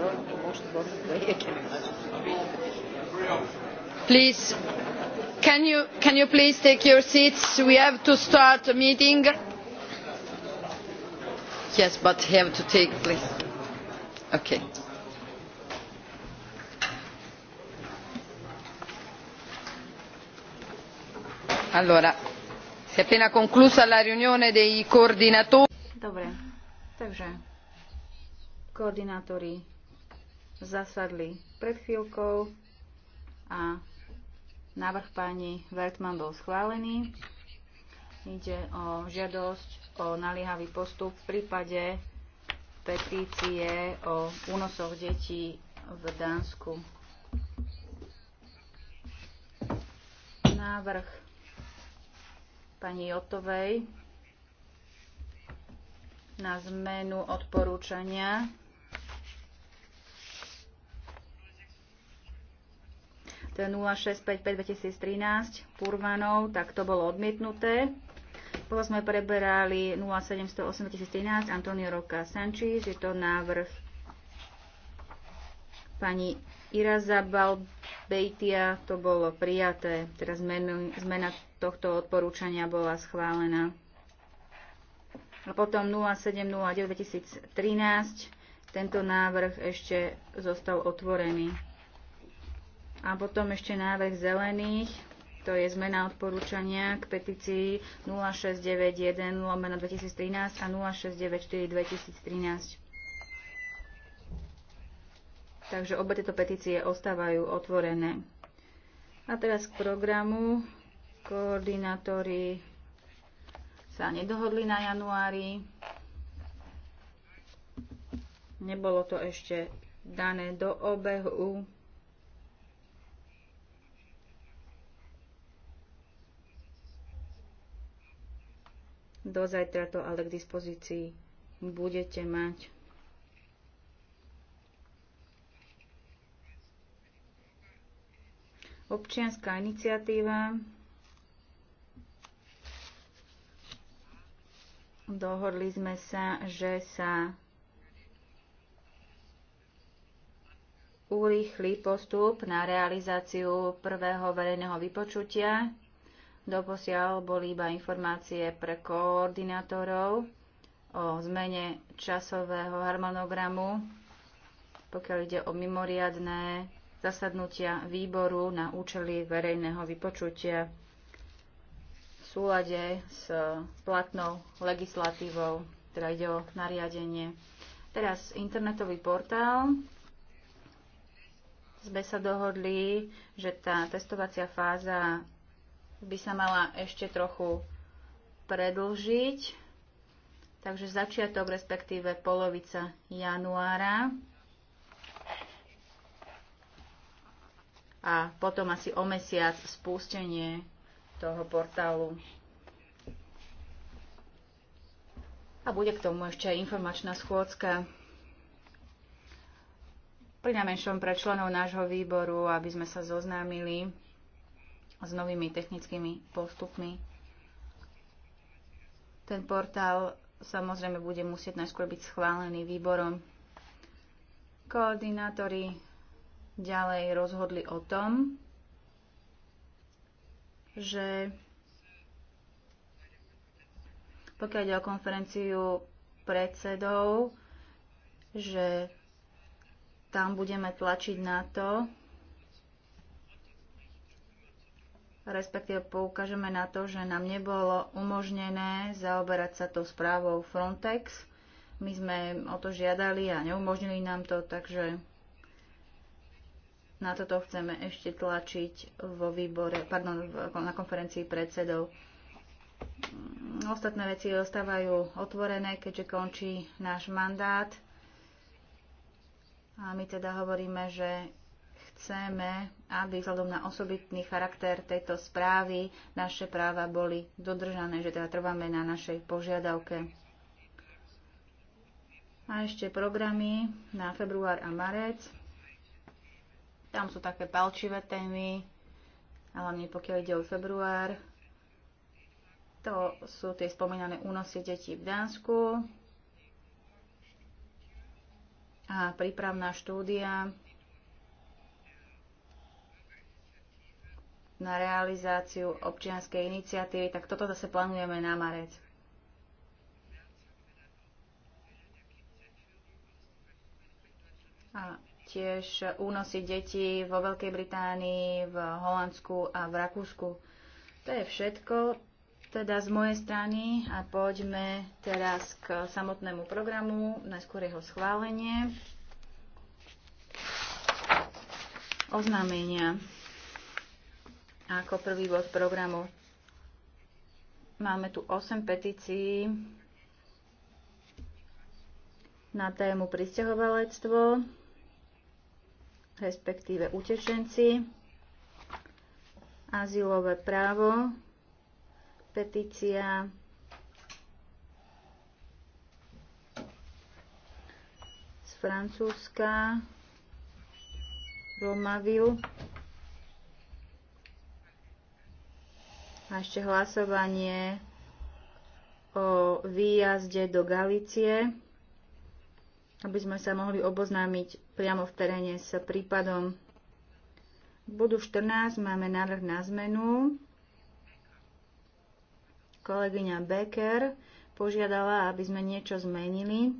role for most probably I can imagine. Please, can you, can you please take your seats? We have to start a meeting. Yes, but have to take, please. Okay. Allora, si è appena conclusa la riunione dei coordinatori. Dobre, takže koordinátori zasadli pred chvíľkou a návrh pani Vertman bol schválený. Ide o žiadosť o naliehavý postup v prípade petície o únosoch detí v Dánsku. Návrh pani Jotovej na zmenu odporúčania 0655-2013 Purvanov, tak to bolo odmietnuté. Potom sme preberali 0708-2013 Antonio Roca Sanchez, je to návrh pani Iraza Balbeitia, to bolo prijaté, teda zmena tohto odporúčania bola schválená. A potom 0709-2013 tento návrh ešte zostal otvorený. A potom ešte návrh zelených, to je zmena odporúčania k petícii 0691 lomeno 2013 a 0694 2013. Takže obe tieto petície ostávajú otvorené. A teraz k programu. Koordinátori sa nedohodli na januári. Nebolo to ešte dané do obehu. Do zajtra to ale k dispozícii budete mať. Občianská iniciatíva. Dohodli sme sa, že sa urýchli postup na realizáciu prvého verejného vypočutia Doposiaľ boli iba informácie pre koordinátorov o zmene časového harmonogramu, pokiaľ ide o mimoriadné zasadnutia výboru na účely verejného vypočutia v súlade s platnou legislatívou, teda ide o nariadenie. Teraz internetový portál. Sme sa dohodli, že tá testovacia fáza by sa mala ešte trochu predlžiť. Takže začiatok, respektíve polovica januára. A potom asi o mesiac spustenie toho portálu. A bude k tomu ešte aj informačná schôdzka pri najmenšom pre členov nášho výboru, aby sme sa zoznámili s novými technickými postupmi. Ten portál samozrejme bude musieť najskôr byť schválený výborom. Koordinátori ďalej rozhodli o tom, že pokiaľ ide o konferenciu predsedov, že tam budeme tlačiť na to, respektíve poukážeme na to, že nám nebolo umožnené zaoberať sa tou správou Frontex. My sme o to žiadali a neumožnili nám to, takže na toto chceme ešte tlačiť vo výbore, pardon, na konferencii predsedov. Ostatné veci ostávajú otvorené, keďže končí náš mandát. A my teda hovoríme, že chceme, aby vzhľadom na osobitný charakter tejto správy naše práva boli dodržané, že teda trváme na našej požiadavke. A ešte programy na február a marec. Tam sú také palčivé témy, hlavne pokiaľ ide o február. To sú tie spomínané únosy detí v Dánsku a prípravná štúdia na realizáciu občianskej iniciatívy, tak toto zase plánujeme na marec. A tiež únosy detí vo Veľkej Británii, v Holandsku a v Rakúsku. To je všetko teda z mojej strany a poďme teraz k samotnému programu, najskôr jeho schválenie. Oznámenia ako prvý bod programu. Máme tu 8 petícií na tému pristahovalectvo, respektíve utečenci, azylové právo, petícia z Francúzska, Romaviu. A ešte hlasovanie o výjazde do Galície, aby sme sa mohli oboznámiť priamo v teréne s prípadom. V bodu 14 máme návrh na zmenu. Kolegyňa Becker požiadala, aby sme niečo zmenili.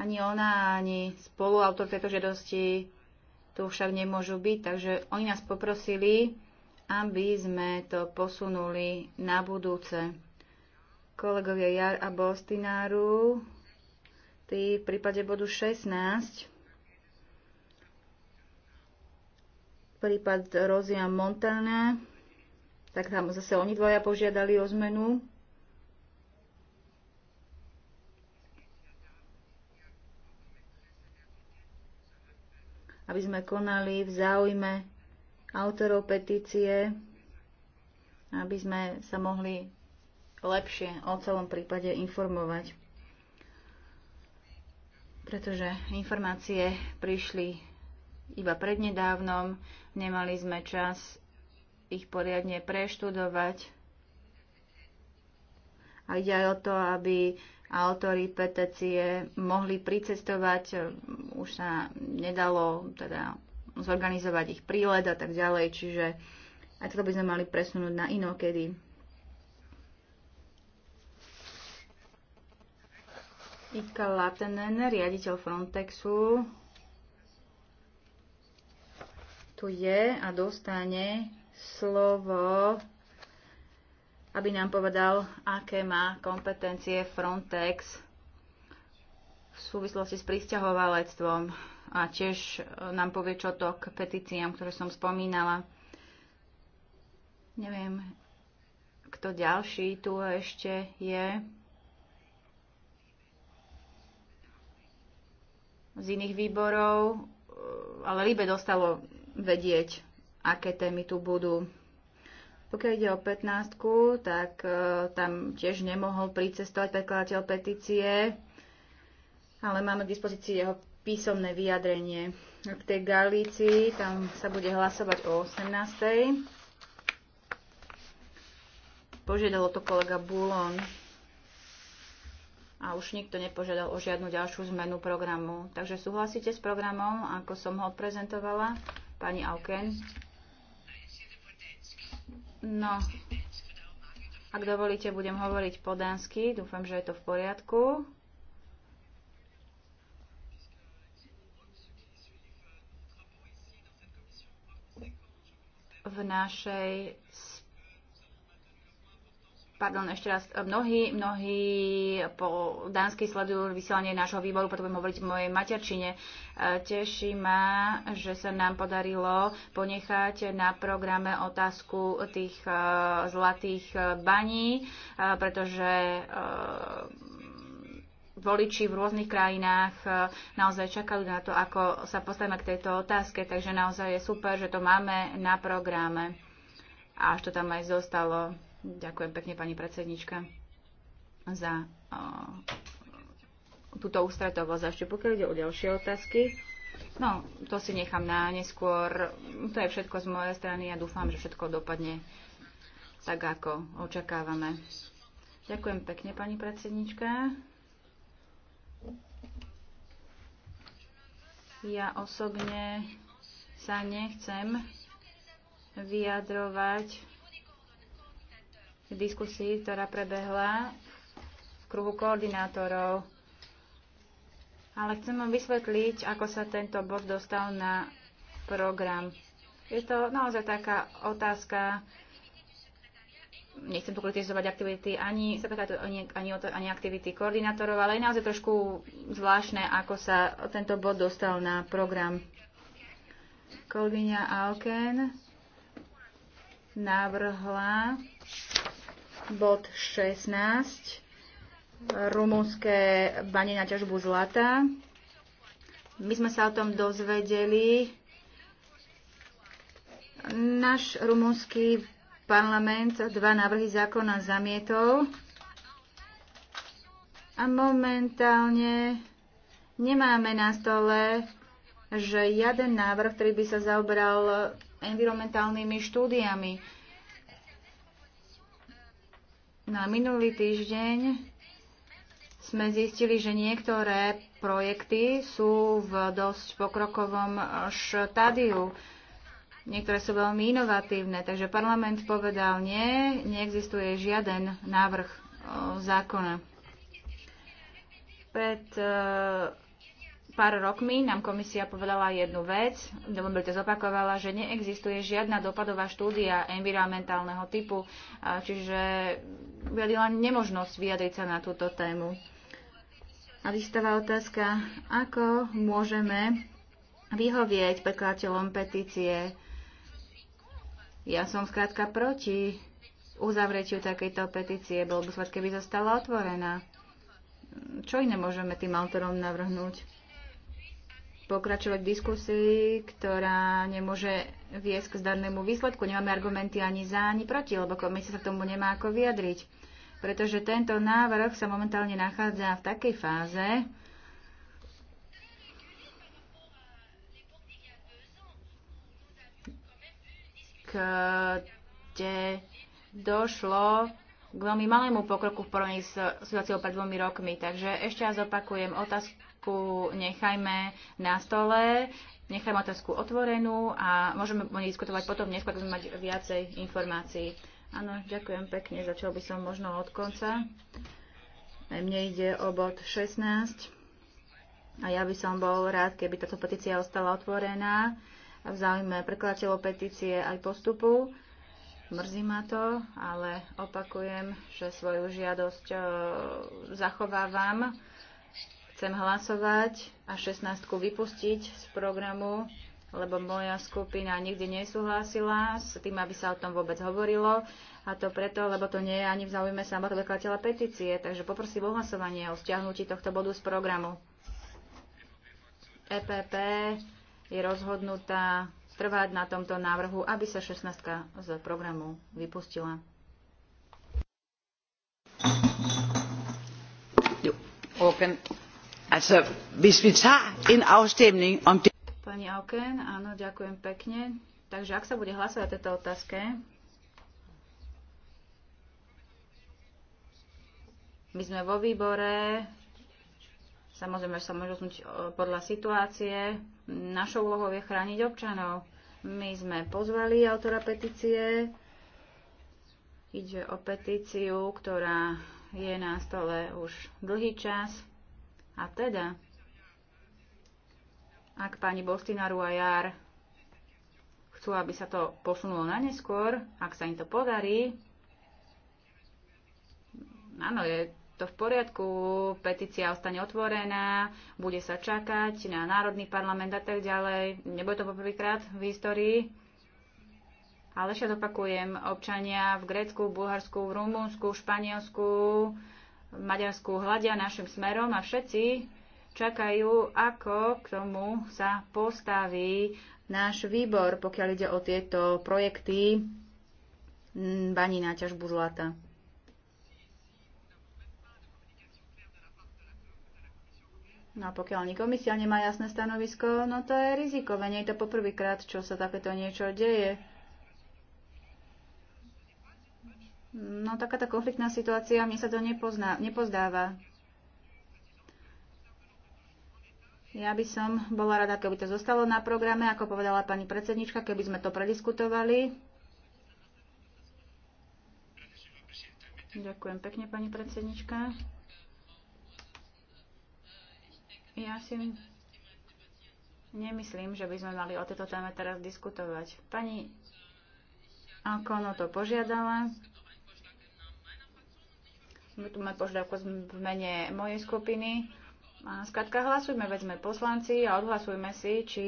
Ani ona, ani spoluautor tejto žiadosti tu však nemôžu byť, takže oni nás poprosili, aby sme to posunuli na budúce. Kolegovia Jar a Bostináru, tí v prípade bodu 16, prípad Rozia Montana, tak tam zase oni dvoja požiadali o zmenu. aby sme konali v záujme autorov petície, aby sme sa mohli lepšie o celom prípade informovať. Pretože informácie prišli iba prednedávnom, nemali sme čas ich poriadne preštudovať. A ide aj o to, aby autory petície mohli pricestovať, e, už sa nedalo teda zorganizovať ich prílet a tak ďalej, čiže aj to by sme mali presunúť na inokedy. Ika Latenen, riaditeľ Frontexu, tu je a dostane slovo aby nám povedal, aké má kompetencie Frontex v súvislosti s pristahovalectvom a tiež e, nám povie, čo to k petíciám, ktoré som spomínala. Neviem, kto ďalší tu ešte je. Z iných výborov, e, ale Libe dostalo vedieť, aké témy tu budú. Pokiaľ ide o 15, tak e, tam tiež nemohol pricestovať predkladateľ petície, ale máme k dispozícii jeho písomné vyjadrenie. K tej Galícii tam sa bude hlasovať o 18. Požiadalo to kolega Bulon a už nikto nepožiadal o žiadnu ďalšiu zmenu programu. Takže súhlasíte s programom, ako som ho prezentovala, pani Auken? No, ak dovolíte, budem hovoriť po dánsky. Dúfam, že je to v poriadku. V našej Pardon, ešte raz. Mnohí, mnohí po dánsky sledujú vysielanie nášho výboru, preto budem hovoriť v mojej materčine. E, teší ma, že sa nám podarilo ponechať na programe otázku tých e, zlatých e, baní, pretože voliči v rôznych krajinách naozaj čakajú na to, ako sa postavíme k tejto otázke, takže naozaj je super, že to máme na programe a až to tam aj zostalo. Ďakujem pekne, pani predsednička, za uh, túto ústretovosť. ešte pokiaľ ide o ďalšie otázky, no, to si nechám na neskôr. To je všetko z mojej strany a ja dúfam, že všetko dopadne tak, ako očakávame. Ďakujem pekne, pani predsednička. Ja osobne sa nechcem vyjadrovať v diskusii, ktorá prebehla v kruhu koordinátorov. Ale chcem vám vysvetliť, ako sa tento bod dostal na program. Je to naozaj taká otázka, nechcem tu kritizovať aktivity ani ani, ani, ani aktivity koordinátorov, ale je naozaj trošku zvláštne, ako sa tento bod dostal na program. Kolegyňa Alken navrhla bod 16, rumúnske bane na ťažbu zlata. My sme sa o tom dozvedeli. Náš rumúnsky parlament dva návrhy zákona zamietol a momentálne nemáme na stole že jeden návrh, ktorý by sa zaoberal environmentálnymi štúdiami na minulý týždeň sme zistili, že niektoré projekty sú v dosť pokrokovom štádiu. Niektoré sú veľmi inovatívne, takže parlament povedal nie, neexistuje žiaden návrh e, zákona. Pred e, pár rokmi nám komisia povedala jednu vec, domobilite zopakovala, že neexistuje žiadna dopadová štúdia environmentálneho typu, čiže vyjadila nemožnosť vyjadriť sa na túto tému. A vystáva otázka, ako môžeme vyhovieť prekladateľom petície. Ja som skrátka proti uzavretiu takejto petície. Bol by svet, keby zostala otvorená. Čo iné môžeme tým autorom navrhnúť? pokračovať v diskusii, ktorá nemôže viesť k zdarnému výsledku. Nemáme argumenty ani za, ani proti, lebo komisia sa k tomu nemá ako vyjadriť. Pretože tento návrh sa momentálne nachádza v takej fáze, kde došlo k veľmi malému pokroku v porovnaní s situáciou pred dvomi rokmi. Takže ešte raz opakujem otázku otázku nechajme na stole, nechajme otázku otvorenú a môžeme o nej diskutovať potom neskôr, budeme mať viacej informácií. Áno, ďakujem pekne. Začal by som možno od konca. Mne ide o bod 16 a ja by som bol rád, keby táto petícia ostala otvorená v záujme prekladateľov petície aj postupu. Mrzí ma to, ale opakujem, že svoju žiadosť e, zachovávam chcem hlasovať a 16 vypustiť z programu, lebo moja skupina nikdy nesúhlasila s tým, aby sa o tom vôbec hovorilo. A to preto, lebo to nie je ani v záujme samotného petície. Takže poprosím o hlasovanie o stiahnutí tohto bodu z programu. EPP je rozhodnutá trvať na tomto návrhu, aby sa 16 z programu vypustila. Open. Pani Auken, áno, ďakujem pekne. Takže ak sa bude hlasovať o tejto otázke, my sme vo výbore, samozrejme, sa môžu znúť podľa situácie. Našou úlohou je chrániť občanov. My sme pozvali autora petície. Ide o petíciu, ktorá je na stole už dlhý čas. A teda, ak pani Bostinaru a Jar chcú, aby sa to posunulo na neskôr, ak sa im to podarí, áno, je to v poriadku, petícia ostane otvorená, bude sa čakať na Národný parlament a tak ďalej. Nebude to poprvýkrát v histórii. Ale ešte opakujem, občania v Grécku, Bulharsku, v Rumunsku, Španielsku, v Maďarsku hľadia našim smerom a všetci čakajú, ako k tomu sa postaví náš výbor, pokiaľ ide o tieto projekty baní na ťažbu zlata. No a pokiaľ ani komisia nemá jasné stanovisko, no to je riziko. je to poprvýkrát, čo sa takéto niečo deje. No takáto konfliktná situácia, mne sa to nepozná, nepozdáva. Ja by som bola rada, keby to zostalo na programe, ako povedala pani predsednička, keby sme to prediskutovali. Ďakujem pekne, pani predsednička. Ja si nemyslím, že by sme mali o tejto téme teraz diskutovať. Pani Akono to požiadala máme požiadavku v mene mojej skupiny. A skrátka hlasujme, veď sme poslanci a odhlasujme si, či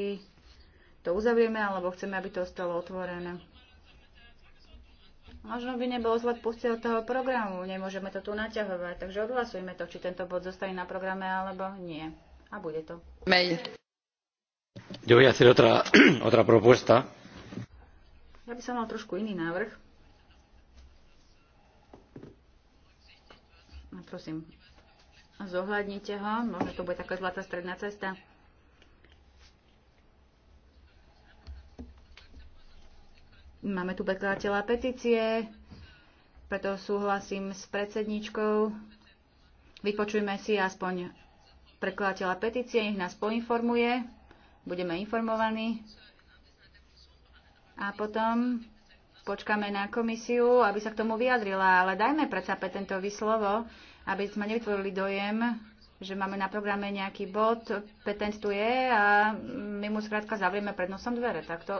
to uzavrieme, alebo chceme, aby to stalo otvorené. Možno by nebolo zle pustiť od toho programu, nemôžeme to tu naťahovať, takže odhlasujme to, či tento bod zostane na programe alebo nie. A bude to. Mail. Yo voy a hacer otra, otra propuesta. Ja by som mal trošku iný návrh. Prosím, zohľadnite ho. Možno to bude taká zlatá stredná cesta. Máme tu prekladateľa petície, preto súhlasím s predsedničkou. Vypočujme si aspoň prekladateľa petície, nech nás poinformuje, budeme informovaní. A potom počkáme na komisiu, aby sa k tomu vyjadrila, ale dajme predsa Petentovi slovo, aby sme nevytvorili dojem, že máme na programe nejaký bod, Petent tu je a my mu skrátka zavrieme pred nosom dvere. Tak to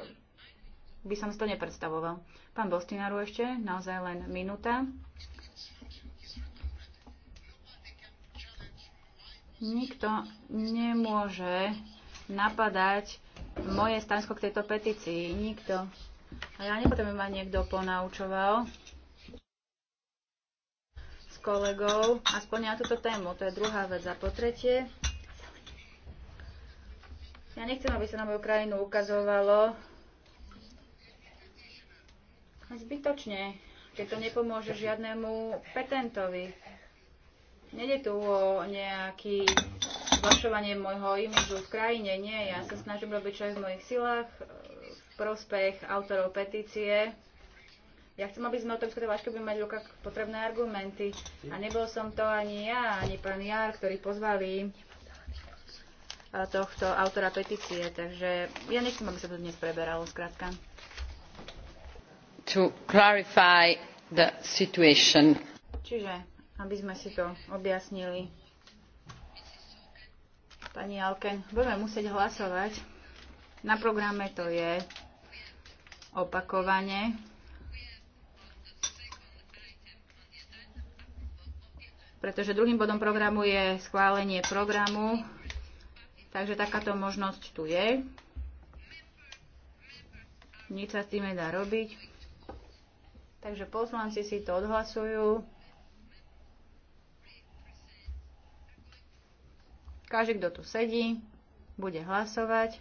by som si to nepredstavoval. Pán Bostinaru ešte, naozaj len minúta. Nikto nemôže napadať moje stanovisko k tejto petícii. Nikto. Ja nepotrebujem ma niekto ponaučoval s kolegou, aspoň na túto tému. To je druhá vec. A po tretie, ja nechcem, aby sa na moju krajinu ukazovalo zbytočne, keď to nepomôže žiadnemu petentovi. Nede tu o nejaký zlepšovanie môjho imidžu v krajine, nie. Ja sa snažím robiť, čo je v mojich silách, prospech autorov petície. Ja chcem, aby sme o tom skutovali, keď budeme mať v rukách potrebné argumenty. A nebol som to ani ja, ani pán Jar, ktorý pozvali eh, tohto autora petície. Takže ja nechcem, aby sa to dnes preberalo, zkrátka. To clarify the situation. Čiže, aby sme si to objasnili. Pani Alken, budeme musieť hlasovať. Na programe to je opakovane. Pretože druhým bodom programu je schválenie programu, takže takáto možnosť tu je. Nič sa s tým nedá robiť. Takže poslanci si to odhlasujú. Každý, kto tu sedí, bude hlasovať.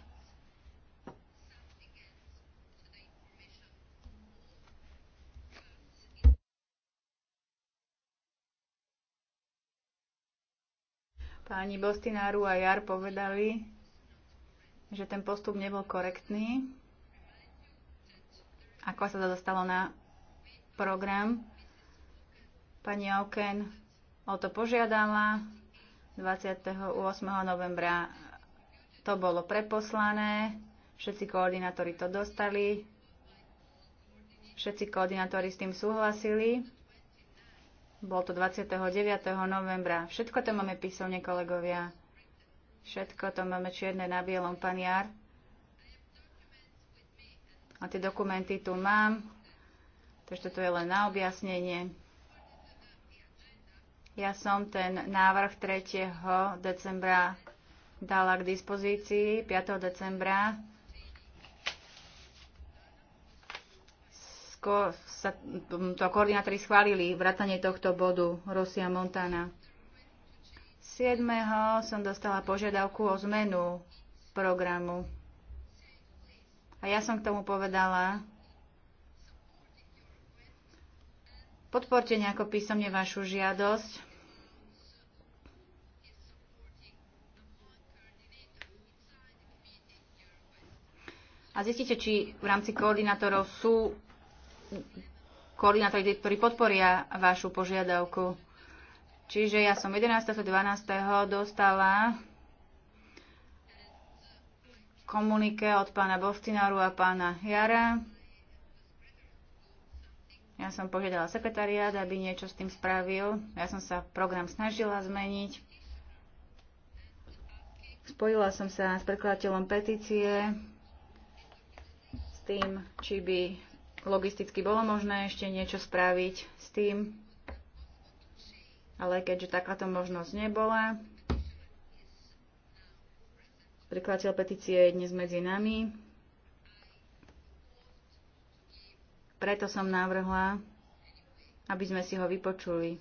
Páni Bostináru a Jar povedali, že ten postup nebol korektný. Ako sa to dostalo na program? Pani Auken. o to požiadala 28. novembra. To bolo preposlané, všetci koordinátori to dostali, všetci koordinátori s tým súhlasili. Bolo to 29. novembra. Všetko to máme písomne, kolegovia. Všetko to máme čierne na bielom, pán Jar. A tie dokumenty tu mám. Takže toto je len na objasnenie. Ja som ten návrh 3. decembra dala k dispozícii 5. decembra všetko sa to koordinátori schválili, vrátanie tohto bodu Rusia Montana. 7. som dostala požiadavku o zmenu programu. A ja som k tomu povedala, podporte nejako písomne vašu žiadosť. a zistite, či v rámci koordinátorov sú koordinátori, ktorí podporia vašu požiadavku. Čiže ja som 11.12. dostala komunike od pána Bostinaru a pána Jara. Ja som požiadala sekretariát, aby niečo s tým spravil. Ja som sa program snažila zmeniť. Spojila som sa s prekladateľom petície s tým, či by Logisticky bolo možné ešte niečo spraviť s tým, ale keďže takáto možnosť nebola, prikladateľ petície je dnes medzi nami. Preto som navrhla, aby sme si ho vypočuli.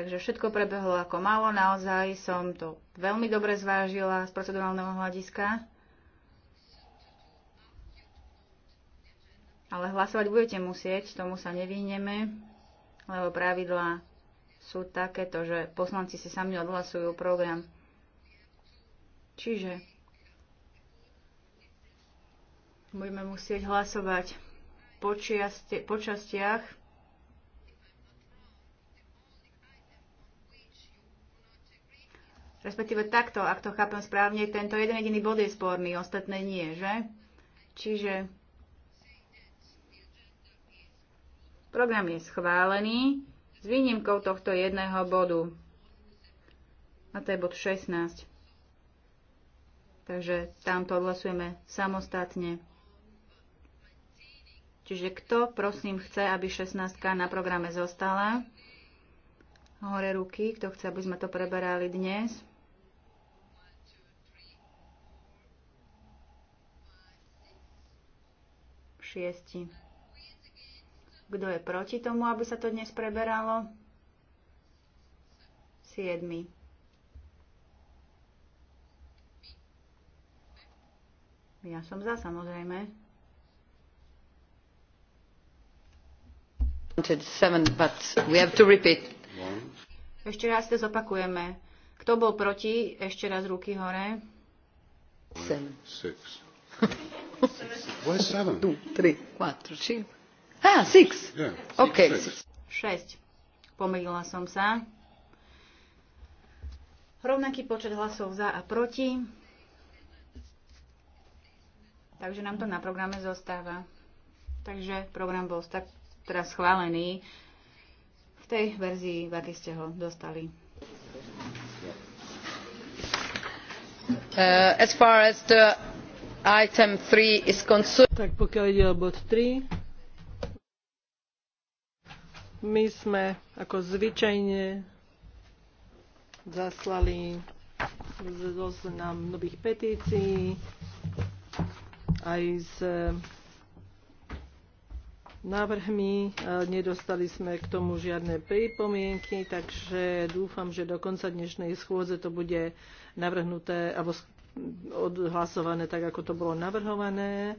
Takže všetko prebehlo ako malo, naozaj som to veľmi dobre zvážila z procedurálneho hľadiska. Ale hlasovať budete musieť, tomu sa nevyhneme, lebo pravidlá sú takéto, že poslanci si sami odhlasujú program. Čiže budeme musieť hlasovať po, po častiach Respektíve takto, ak to chápem správne, tento jeden jediný bod je sporný, ostatné nie, že? Čiže program je schválený s výnimkou tohto jedného bodu. A to je bod 16. Takže tamto odhlasujeme samostatne. Čiže kto, prosím, chce, aby 16 na programe zostala? Hore ruky, kto chce, aby sme to preberali dnes? šiesti. Kto je proti tomu, aby sa to dnes preberalo? Siedmi. Ja som za, samozrejme. Ešte raz to zopakujeme. Kto bol proti? Ešte raz ruky hore. Seven. Six. 6. seven? Two, three, Ah, six. Yeah, okay. Six. Šesť. Pomýlila som sa. Rovnaký počet hlasov za a proti. Takže nám to na programe zostáva. Takže program bol tak teraz schválený v tej verzii, v aký ste ho dostali. Uh, as far as the Item 3 is tak pokiaľ ide o bod 3, my sme ako zvyčajne zaslali zoznam nových petícií aj s e, návrhmi. E, nedostali sme k tomu žiadne pripomienky, takže dúfam, že do konca dnešnej schôdze to bude navrhnuté alebo odhlasované tak, ako to bolo navrhované.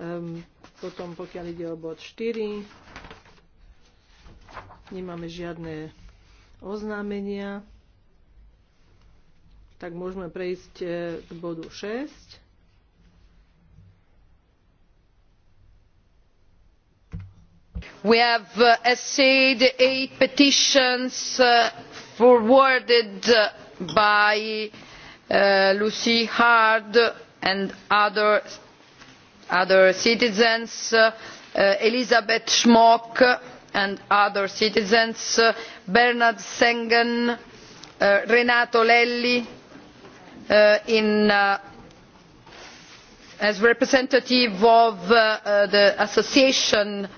Ehm, potom, pokiaľ ide o bod 4, nemáme žiadne oznámenia, tak môžeme prejsť eh, k bodu 6. We have eh, essayed eight petitions eh, forwarded by Uh, lucy hard and other, citizens uh, elisabeth schmock and other citizens uh, bernard sengen renato lelli as representative of the association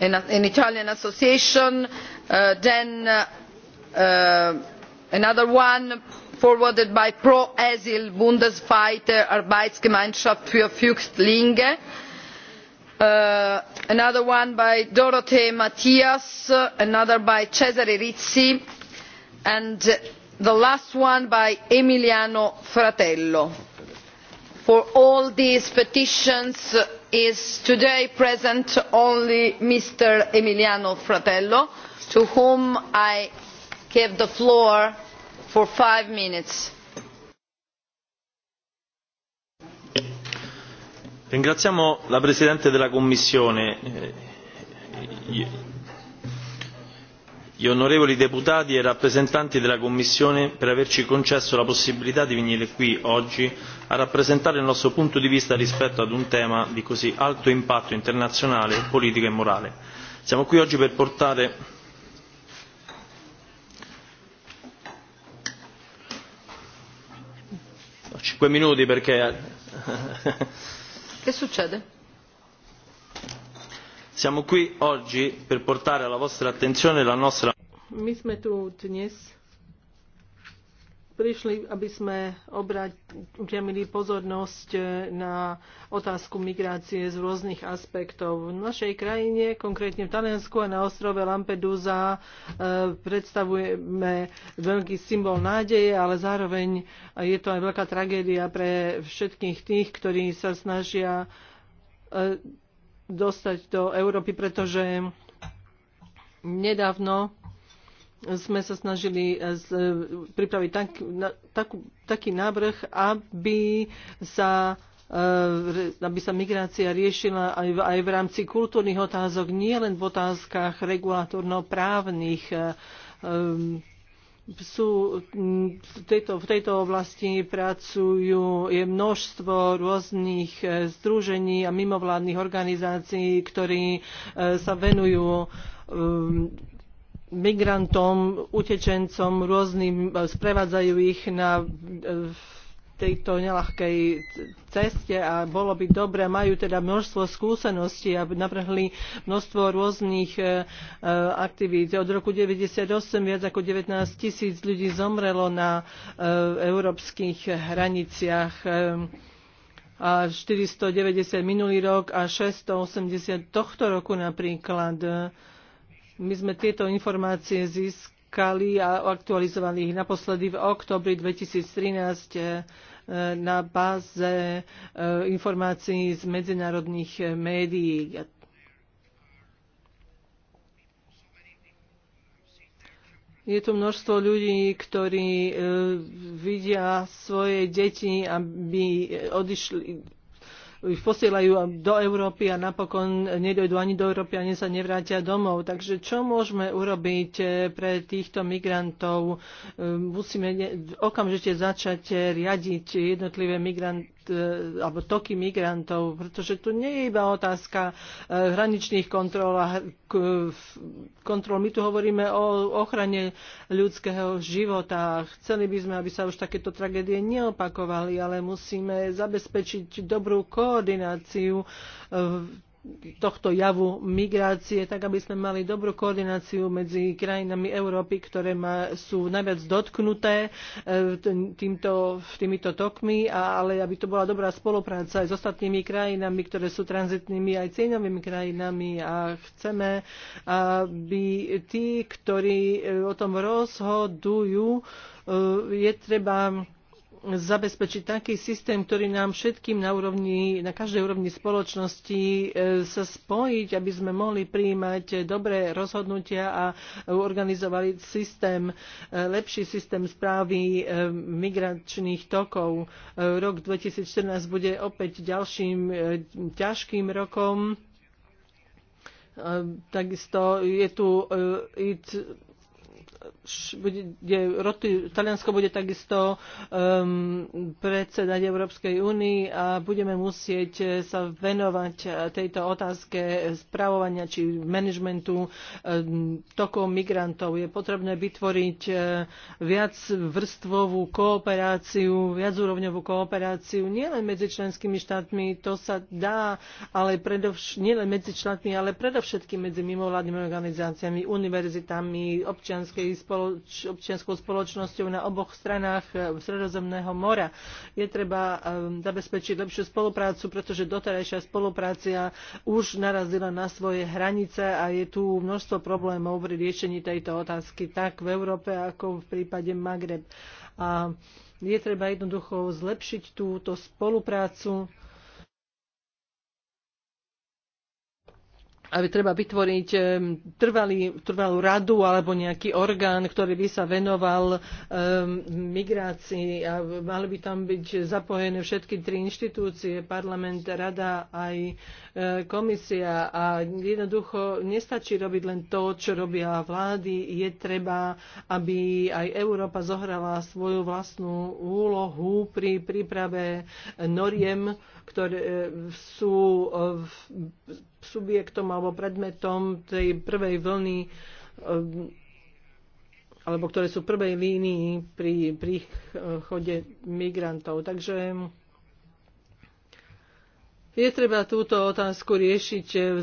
an italian association then another one forwarded by pro asyl bundesweite arbeitsgemeinschaft für flüchtlinge uh, another one by dorothee Matthias, another by cesare rizzi and the last one by emiliano fratello. for all these petitions is today present only mr emiliano fratello to whom i give the floor ringraziamo la presidente della commissione gli onorevoli deputati e rappresentanti della commissione per averci concesso la possibilità di venire qui oggi a rappresentare il nostro punto di vista rispetto ad un tema di così alto impatto internazionale politico e morale. siamo qui oggi per portare cinque minuti perché che succede? siamo qui oggi per portare alla vostra attenzione la nostra my prišli, aby sme obrátili pozornosť e, na otázku migrácie z rôznych aspektov. V našej krajine, konkrétne v Taliansku a na ostrove Lampedusa, e, predstavujeme veľký symbol nádeje, ale zároveň je to aj veľká tragédia pre všetkých tých, ktorí sa snažia e, dostať do Európy, pretože nedávno sme sa snažili e, e, pripraviť tak, na, takú, taký návrh, aby sa e, aby sa migrácia riešila aj v, aj v rámci kultúrnych otázok, nie len v otázkach regulatorno-právnych. Sú, v, tejto, v tejto oblasti pracujú je množstvo rôznych združení a mimovládnych organizácií, ktorí sa venujú migrantom, utečencom rôznym, e, sprevádzajú ich na e, tejto nelahkej ceste a bolo by dobre, majú teda množstvo skúseností a navrhli množstvo rôznych e, e aktivít. Od roku 1998 viac ako 19 tisíc ľudí zomrelo na e, európskych hraniciach e, a 490 minulý rok a 680 tohto roku napríklad. E, my sme tieto informácie získali a aktualizovali ich naposledy v oktobri 2013 eh, na báze eh, informácií z medzinárodných eh, médií. Je tu množstvo ľudí, ktorí vidia svoje deti, aby odišli ich posielajú do Európy a napokon nedojdu ani do Európy ani sa nevrátia domov. Takže čo môžeme urobiť eh, pre týchto migrantov? Eh, musíme okamžite začať eh, riadiť jednotlivé migrant, E, alebo toky migrantov, pretože tu nie je iba otázka e, hraničných kontrol a kontrol. My tu hovoríme o ochrane ľudského života. Chceli by sme, aby sa už takéto tragédie neopakovali, ale musíme zabezpečiť dobrú koordináciu e, tohto javu migrácie, tak aby sme mali dobrú koordináciu medzi krajinami Európy, ktoré ma, sú najviac dotknuté e, týmto, týmito tokmi, a, ale aby to bola dobrá spolupráca aj s ostatnými krajinami, ktoré sú tranzitnými aj cieňovými krajinami a chceme, aby tí, ktorí e, o tom rozhodujú, e, je treba zabezpečiť taký systém, ktorý nám všetkým na, úrovni, na každej úrovni spoločnosti e, sa spojiť, aby sme mohli prijímať dobré rozhodnutia a organizovali systém, e, lepší systém správy e, migračných tokov. Rok 2014 bude opäť ďalším ťažkým rokom. Takisto je tu bude, roty, Taliansko bude takisto um, predsedať Európskej únii a budeme musieť eh, sa venovať eh, tejto otázke správovania či manažmentu um, eh, tokov migrantov. Je potrebné vytvoriť uh, viac vrstvovú kooperáciu, viacúrovňovú kooperáciu, nielen medzi členskými štátmi, to sa dá, ale predovš- nielen medzi štátmi, ale predovšetkým medzi mimovládnymi organizáciami, univerzitami, občianskej spoloč, občianskou spoločnosťou na oboch stranách e, Sredozemného mora. Je treba e, zabezpečiť lepšiu spoluprácu, pretože doterajšia spolupráca už narazila na svoje hranice a je tu množstvo problémov pri riešení tejto otázky tak v Európe ako v prípade Magreb. A je treba jednoducho zlepšiť túto spoluprácu aby treba vytvoriť trvalý, trvalú radu alebo nejaký orgán, ktorý by sa venoval um, migrácii a mali by tam byť zapojené všetky tri inštitúcie, parlament, rada aj e, komisia a jednoducho nestačí robiť len to, čo robia vlády, je treba, aby aj Európa zohrala svoju vlastnú úlohu pri príprave noriem, ktoré e, sú e, v, subjektom alebo predmetom tej prvej vlny eh, alebo ktoré sú v prvej línii pri príchode migrantov. Takže je treba túto otázku riešiť eh,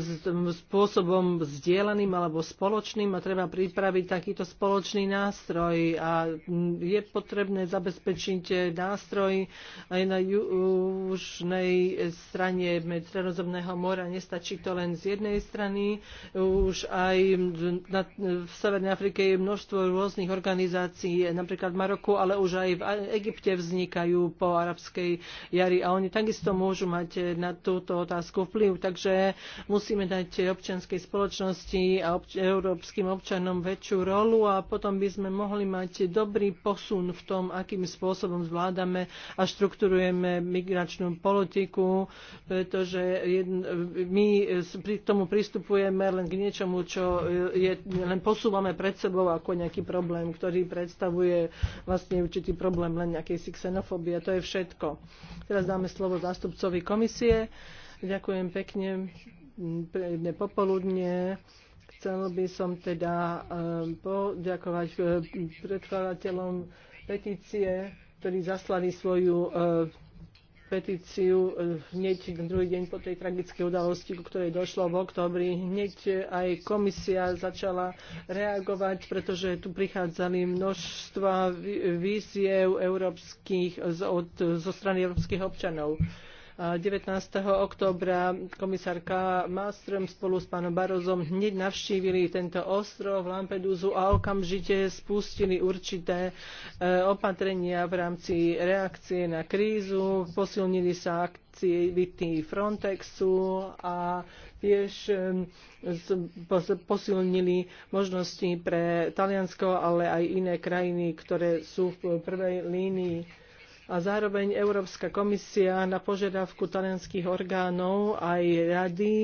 spôsobom zdieľaným alebo spoločným a treba pripraviť takýto spoločný nástroj a je potrebné zabezpečiť eh, nástroj aj na južnej strane Stredozemného mora. Nestačí to len z jednej strany. Už aj na, v Severnej Afrike je množstvo rôznych organizácií, eh, napríklad v Maroku, ale už aj v Egypte vznikajú po arabskej jari a oni takisto môžu mať na túto otázku vplyv. Takže musíme dať občianskej spoločnosti a obč- európskym občanom väčšiu rolu a potom by sme mohli mať dobrý posun v tom, akým spôsobom zvládame a štruktúrujeme migračnú politiku, pretože my k tomu pristupujeme len k niečomu, čo e, je, len posúvame pred sebou ako nejaký problém, ktorý predstavuje vlastne určitý problém len nejakej xenofóbie. To je všetko. Teraz dáme slovo zástupcovi komisie. Ďakujem pekne, príjemné popoludne. Chcel by som teda eh, poďakovať eh, predkladateľom petície, ktorí zaslali svoju eh, petíciu hneď druhý deň po tej tragickej udalosti, ku ktorej došlo v oktobri. Hneď aj komisia začala reagovať, pretože tu prichádzali množstva víziev európskych, zo strany európskych občanov. 19. oktobra komisárka Malmström spolu s pánom Barozom hneď navštívili tento ostrov Lampedusu a okamžite spustili určité e, opatrenia v rámci reakcie na krízu. Posilnili sa aktivity Frontexu a tiež e, posilnili možnosti pre Taliansko, ale aj iné krajiny, ktoré sú v prvej línii a zároveň Európska komisia na požiadavku talianských orgánov aj rady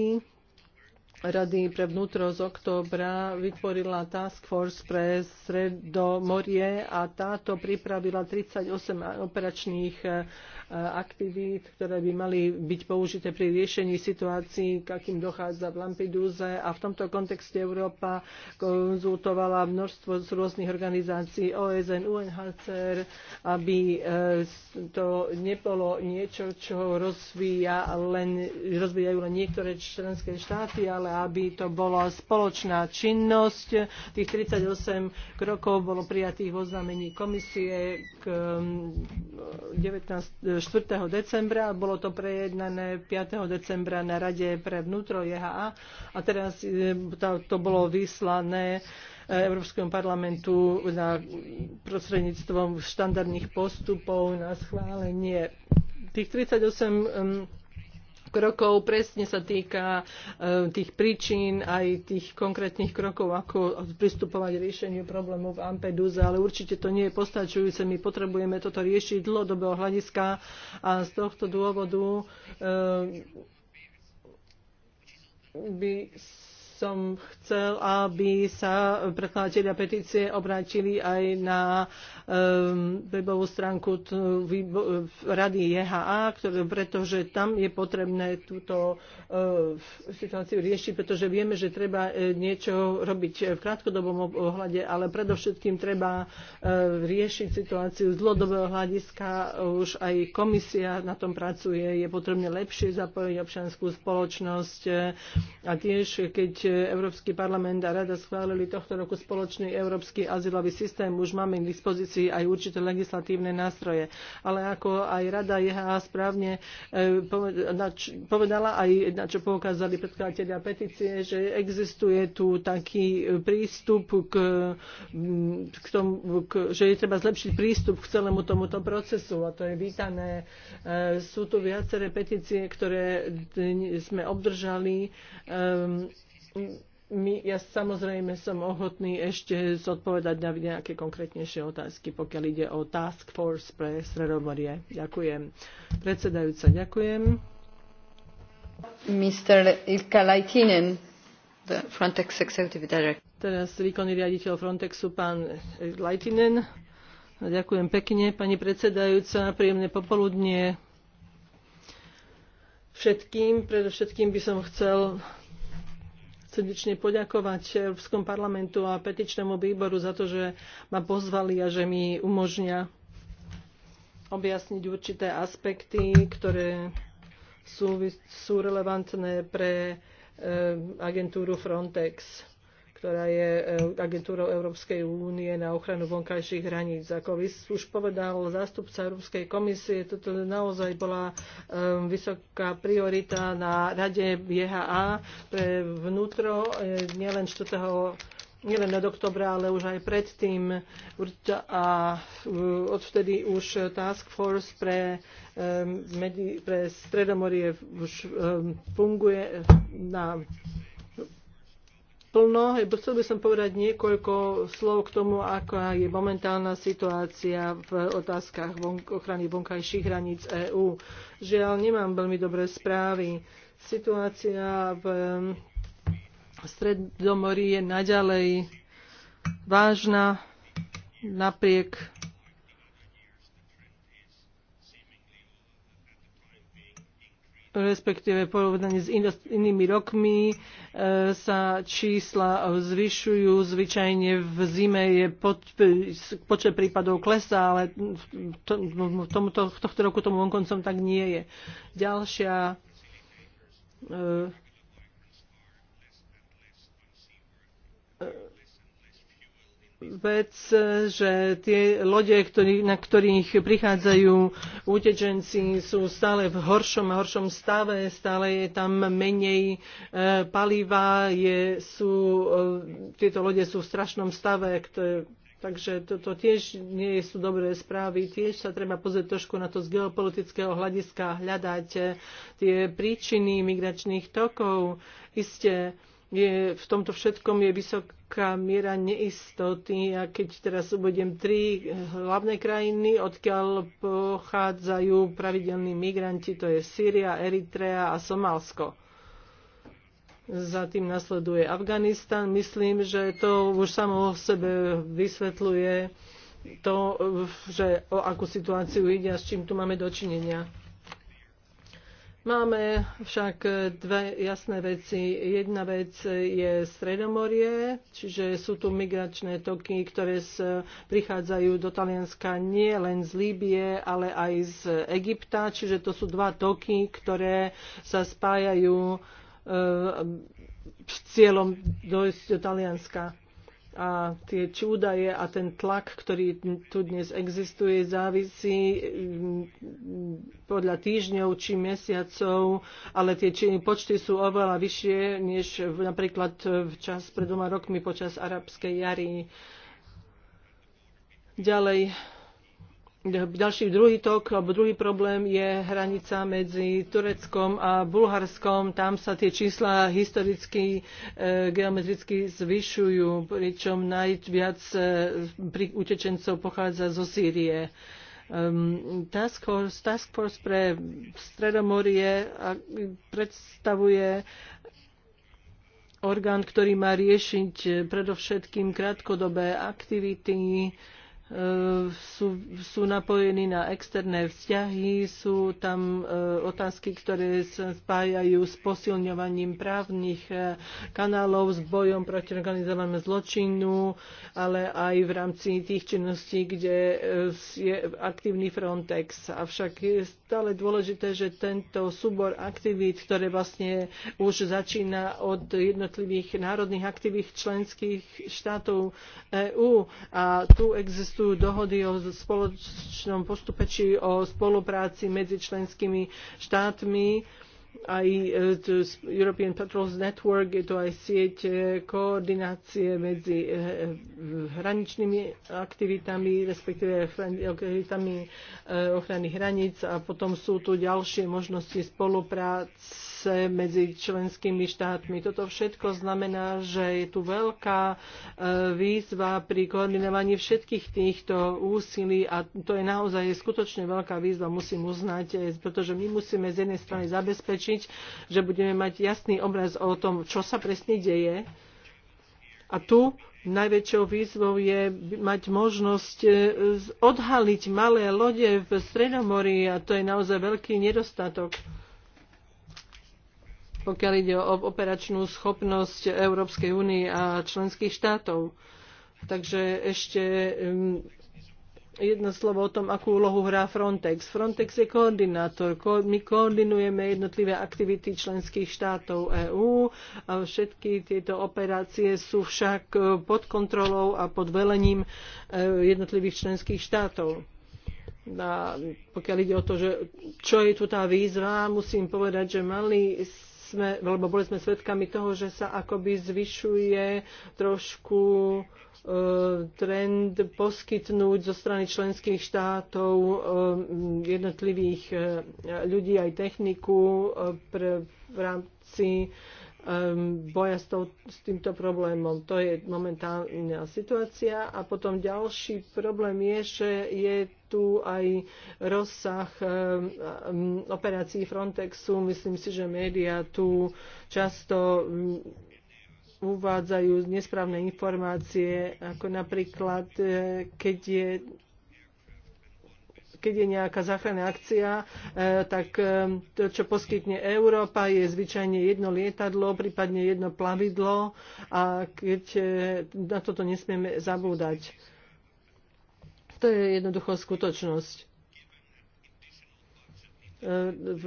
Rady pre vnútro z októbra vytvorila Task Force pre Sredomorie a táto pripravila 38 operačných Eh, aktivít, ktoré by mali byť použité pri riešení situácií, k akým dochádza v Lampedúze. A v tomto kontexte Európa konzultovala množstvo z rôznych organizácií OSN, UNHCR, aby eh, to nebolo niečo, čo rozvíja len, rozvíjajú len niektoré členské štáty, ale aby to bola spoločná činnosť. Tých 38 krokov bolo prijatých v oznámení komisie k 19 eh, 4. decembra, bolo to prejednané 5. decembra na Rade pre vnútro JHA a teraz e, to bolo vyslané e, Európskom parlamentu na prostredníctvom štandardných postupov na schválenie. Tých 38 krokov presne sa týka eh, tých príčin aj tých konkrétnych krokov, ako pristupovať riešeniu problémov v Ampeduze, ale určite to nie je postačujúce. My potrebujeme toto riešiť dlhodobého hľadiska a z tohto dôvodu eh, by som chcel, aby sa predkladateľia petície obrátili aj na Ehm, webovú stránku rady JHA, ktoré, pretože tam je potrebné túto ehm, situáciu riešiť, pretože vieme, že treba e, niečo robiť v krátkodobom ohľade, ale predovšetkým treba e, riešiť situáciu z dlhodobého hľadiska. Už aj komisia na tom pracuje, je potrebné lepšie zapojiť občianskú spoločnosť a tiež, keď Európsky parlament a rada schválili tohto roku spoločný európsky azylový systém, už máme k dispozícii pomoci aj určité legislatívne nástroje. Ale ako aj Rada JHA správne e, povedala, aj na čo poukázali predkladateľia petície, že existuje tu taký prístup k, mm, k tomu, k, že je treba zlepšiť prístup k celému tomuto procesu a to je vítané. E, sú tu viaceré petície, ktoré sme obdržali. Um, my, ja samozrejme som ochotný ešte zodpovedať na nejaké konkrétnejšie otázky, pokiaľ ide o Task Force pre Sredomorie. Ďakujem. Predsedajúca, ďakujem. Mr. Ilka Laitinen, the Frontex Executive Director. Teraz výkonný riaditeľ Frontexu, pán Laitinen. Ďakujem pekne, pani predsedajúca. Príjemné popoludnie všetkým. Predovšetkým by som chcel srdečne poďakovať Európskom parlamentu a petičnému výboru za to, že ma pozvali a že mi umožňa objasniť určité aspekty, ktoré sú, sú relevantné pre eh, agentúru Frontex ktorá je e, agentúrou Európskej únie na ochranu vonkajších hraníc. Ako už povedal zástupca Európskej komisie, toto naozaj bola e, vysoká priorita na rade BHA pre vnútro, e, nielen 4 nielen od oktobra, ale už aj predtým a odvtedy už Task Force pre, pre Stredomorie už funguje na plno. Chcel by som povedať niekoľko slov k tomu, aká je momentálna situácia v otázkach ochrany vonkajších hraníc EÚ. Žiaľ, nemám veľmi dobré správy. Situácia v Stredomorí je naďalej vážna napriek respektíve porovnaní s inými rokmi e, sa čísla zvyšujú. Zvyčajne v zime je pod, počet prípadov klesá, ale v tom v tohto roku tomu vonkoncom tak nie je. Ďalšia e, vec, že tie lode, ktorý, na ktorých prichádzajú utečenci, sú stále v horšom a horšom stave, stále je tam menej e, paliva, je, sú, e, tieto lode sú v strašnom stave, ktoré, takže to, to tiež nie sú dobré správy. Tiež sa treba pozrieť trošku na to z geopolitického hľadiska, hľadať tie príčiny migračných tokov. Isté, je, v tomto všetkom je vysoká miera neistoty a keď teraz uvediem tri hlavné krajiny, odkiaľ pochádzajú pravidelní migranti, to je Sýria, Eritrea a Somálsko. Za tým nasleduje Afganistan. Myslím, že to už samo o sebe vysvetľuje to, že o akú situáciu ide a s čím tu máme dočinenia. Máme však dve jasné veci. Jedna vec je Stredomorie, čiže sú tu migračné toky, ktoré prichádzajú do Talianska nie len z Líbie, ale aj z Egypta, čiže to sú dva toky, ktoré sa spájajú e, s cieľom dojsť do Talianska a tie čúdaje a ten tlak, ktorý tu dnes existuje, závisí mm, podľa týždňov či mesiacov, ale tie počty sú oveľa vyššie než napríklad v čas pred dvoma rokmi počas arabskej jary. Ďalej ďalší druhý tok, alebo druhý problém je hranica medzi Tureckom a Bulharskom. Tam sa tie čísla historicky, e, geometricky zvyšujú, pričom najviac e, pri utečencov pochádza zo Sýrie. Um, task, force, task Force pre Stredomorie a predstavuje orgán, ktorý má riešiť e, predovšetkým krátkodobé aktivity, e, sú, sú napojení na externé vzťahy, sú tam eh, otázky, ktoré sa spájajú s posilňovaním právnych eh, kanálov, s bojom proti organizovanému zločinu, ale aj v rámci tých činností, kde eh, je aktívny Frontex. Avšak je stále dôležité, že tento súbor aktivít, ktoré vlastne už začína od jednotlivých národných aktivít členských štátov EÚ a tu existuje existujú dohody o spoločnom postupe či o spolupráci medzi členskými štátmi aj e, European Patrols Network, je to aj sieť e, koordinácie medzi e, hraničnými aktivitami, respektíve aktivitami ochrany hraníc a potom sú tu ďalšie možnosti spolupráce hranice medzi členskými štátmi. Toto všetko znamená, že je tu veľká e, výzva pri koordinovaní všetkých týchto úsilí a to je naozaj skutočne veľká výzva, musím uznať, e, pretože my musíme z jednej strany zabezpečiť, že budeme mať jasný obraz o tom, čo sa presne deje a tu najväčšou výzvou je mať možnosť e, odhaliť malé lode v Stredomorí a to je naozaj veľký nedostatok pokiaľ ide o operačnú schopnosť Európskej únie a členských štátov. Takže ešte jedno slovo o tom, akú úlohu hrá Frontex. Frontex je koordinátor. My koordinujeme jednotlivé aktivity členských štátov EÚ. A všetky tieto operácie sú však e, pod kontrolou a pod velením e, jednotlivých členských štátov. A pokiaľ ide o to, že čo je tu tá výzva, musím povedať, že mali sme, lebo boli sme svedkami toho, že sa akoby zvyšuje trošku e, trend poskytnúť zo strany členských štátov e, jednotlivých e, ľudí aj techniku v rámci Um, boja s, to, s týmto problémom. To je momentálna situácia. A potom ďalší problém je, že je tu aj rozsah um, um, operácií Frontexu. Myslím si, že médiá tu často uvádzajú nesprávne informácie, ako napríklad, eh, keď je keď je nejaká záchranná akcia, e, tak e, to, čo poskytne Európa, je zvyčajne jedno lietadlo, prípadne jedno plavidlo a keď e, na toto nesmieme zabúdať. To je jednoducho skutočnosť. V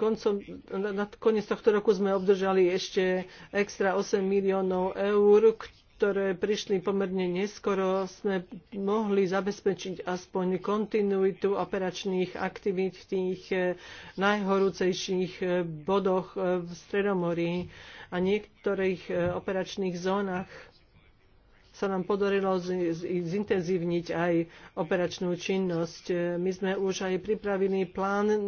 koncom, na, na koniec tohto roku sme obdržali ešte extra 8 miliónov eur, ktoré prišli pomerne neskoro, sme mohli zabezpečiť aspoň kontinuitu operačných aktivít v tých eh, najhorúcejších eh, bodoch eh, v Stredomorí a niektorých operačných zónach sa nám podarilo zintenzívniť aj operačnú činnosť. My sme už aj pripravili plán e,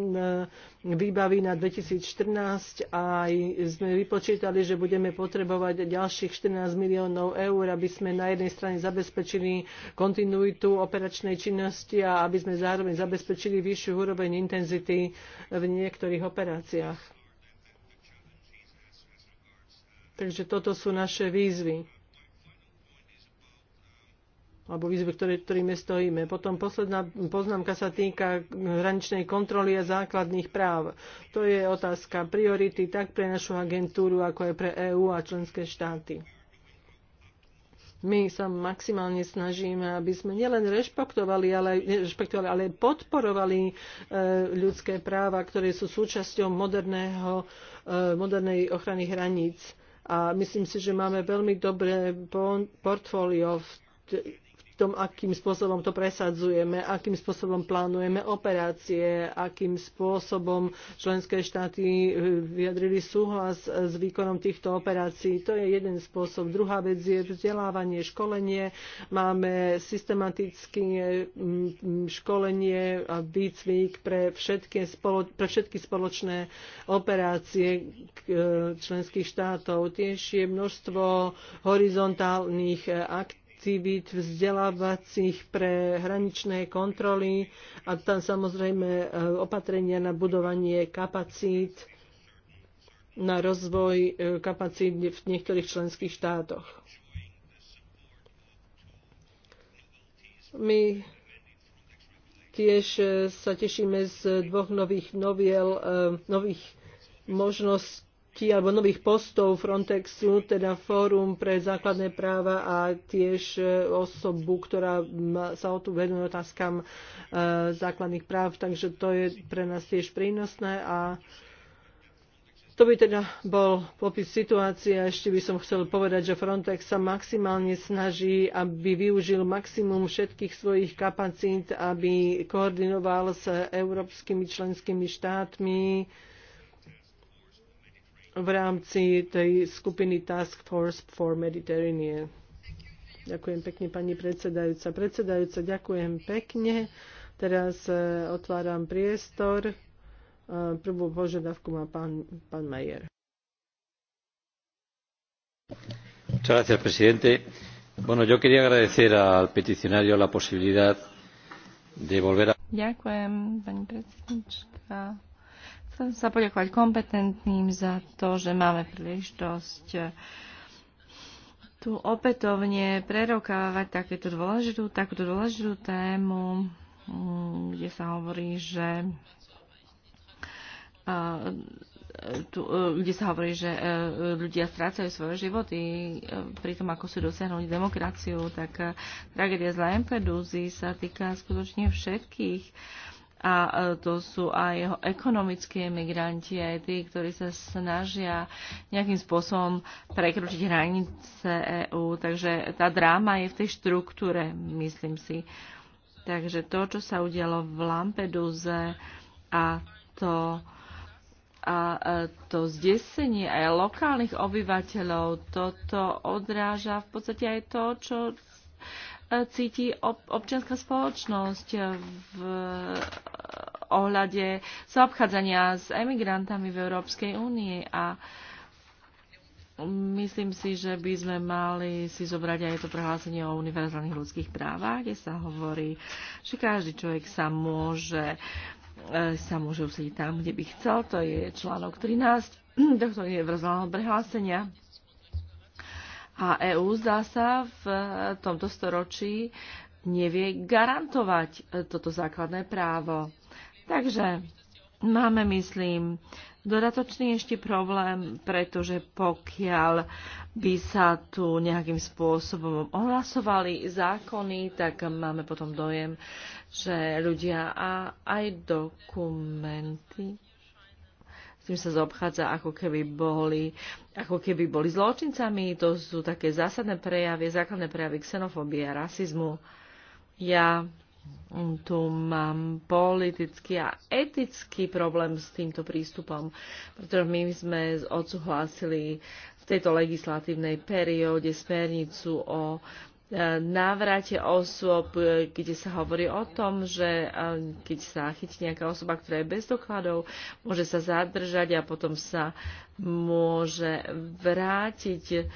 výbavy na 2014 a aj sme vypočítali, že budeme potrebovať ďalších 14 miliónov eur, aby sme na jednej strane zabezpečili kontinuitu operačnej činnosti a aby sme zároveň zabezpečili vyššiu úroveň intenzity v niektorých operáciách. Takže toto sú naše výzvy alebo výzvy, ktoré, ktorými stojíme. Potom posledná poznámka sa týka hraničnej kontroly a základných práv. To je otázka priority tak pre našu agentúru, ako aj pre EÚ a členské štáty. My sa maximálne snažíme, aby sme nielen rešpektovali, ale, rešpektovali, ale podporovali e, ľudské práva, ktoré sú súčasťou moderného, e, modernej ochrany hraníc. A myslím si, že máme veľmi dobré portfólio v tom, akým spôsobom to presadzujeme, akým spôsobom plánujeme operácie, akým spôsobom členské štáty eh, vyjadrili súhlas eh, s výkonom týchto operácií. To je jeden spôsob. Druhá vec je vzdelávanie, školenie. Máme systematické mm, mm, školenie a výcvik pre všetky, spolo, pre všetky spoločné operácie eh, členských štátov. Tiež je množstvo horizontálnych aktivít aktivít vzdelávacích pre hraničné kontroly a tam samozrejme e, opatrenia na budovanie kapacít, na rozvoj e, kapacít v niektorých členských štátoch. My tiež e, sa tešíme z dvoch nových noviel, nových možností, stretnutí alebo nových postov Frontexu, teda Fórum pre základné práva a tiež e, osobu, ktorá sa o tú venuje otázkam e, základných práv. Takže to je pre nás tiež prínosné a to by teda bol popis situácie. Ešte by som chcel povedať, že Frontex sa maximálne snaží, aby využil maximum všetkých svojich kapacít, aby koordinoval s európskymi členskými štátmi, v rámci tej skupiny Task Force for Mediterranean. Ďakujem pekne, pani predsedajúca. Predsedajúca, ďakujem pekne. Teraz e, otváram priestor. E, prvú požiadavku má pán, pán Majer. Muchas gracias, presidente. Bueno, yo quería agradecer al peticionario la posibilidad de volver a. Ďakujem, pani predsednička Chcem sa poďakovať kompetentným za to, že máme príležitosť eh, tu opätovne prerokávať takéto dôležitú, takúto dôležitú tému, mm, kde sa hovorí, že eh, tu, eh, kde sa hovorí, že ľudia strácajú svoje životy pri tom, ako sú dosiahnuť demokraciu, tak tragédia z Lampedusy sa týka skutočne všetkých a e, to sú aj jeho ekonomickí emigranti, aj tí, ktorí sa snažia nejakým spôsobom prekročiť hranice EÚ. Takže tá dráma je v tej štruktúre, myslím si. Takže to, čo sa udialo v Lampeduze a to, a e, to zdesenie aj lokálnych obyvateľov, toto odráža v podstate aj to, čo cíti občianská spoločnosť v eh, ohľade zaobchádzania s emigrantami v Európskej únii a Myslím si, že by sme mali si zobrať aj to prehlásenie o univerzálnych ľudských právach, kde sa hovorí, že každý človek sa môže eh, sa môže usiediť tam, kde by chcel. To je článok 13 tohto univerzálneho prehlásenia. A EÚ zdá sa v e, tomto storočí nevie garantovať e, toto základné právo. Takže máme, myslím, dodatočný ešte problém, pretože pokiaľ by sa tu nejakým spôsobom ohlasovali zákony, tak máme potom dojem, že ľudia a aj dokumenty s tým sa zobchádza, ako keby boli, ako keby boli zločincami. To sú také zásadné prejavy, základné prejavy xenofóbie a rasizmu. Ja tu mám politický a etický problém s týmto prístupom, pretože my sme odsúhlasili v tejto legislatívnej perióde smernicu o návrate osôb, e, kde sa hovorí o tom, že e, keď sa chytí nejaká osoba, ktorá je bez dokladov, môže sa zadržať a potom sa môže vrátiť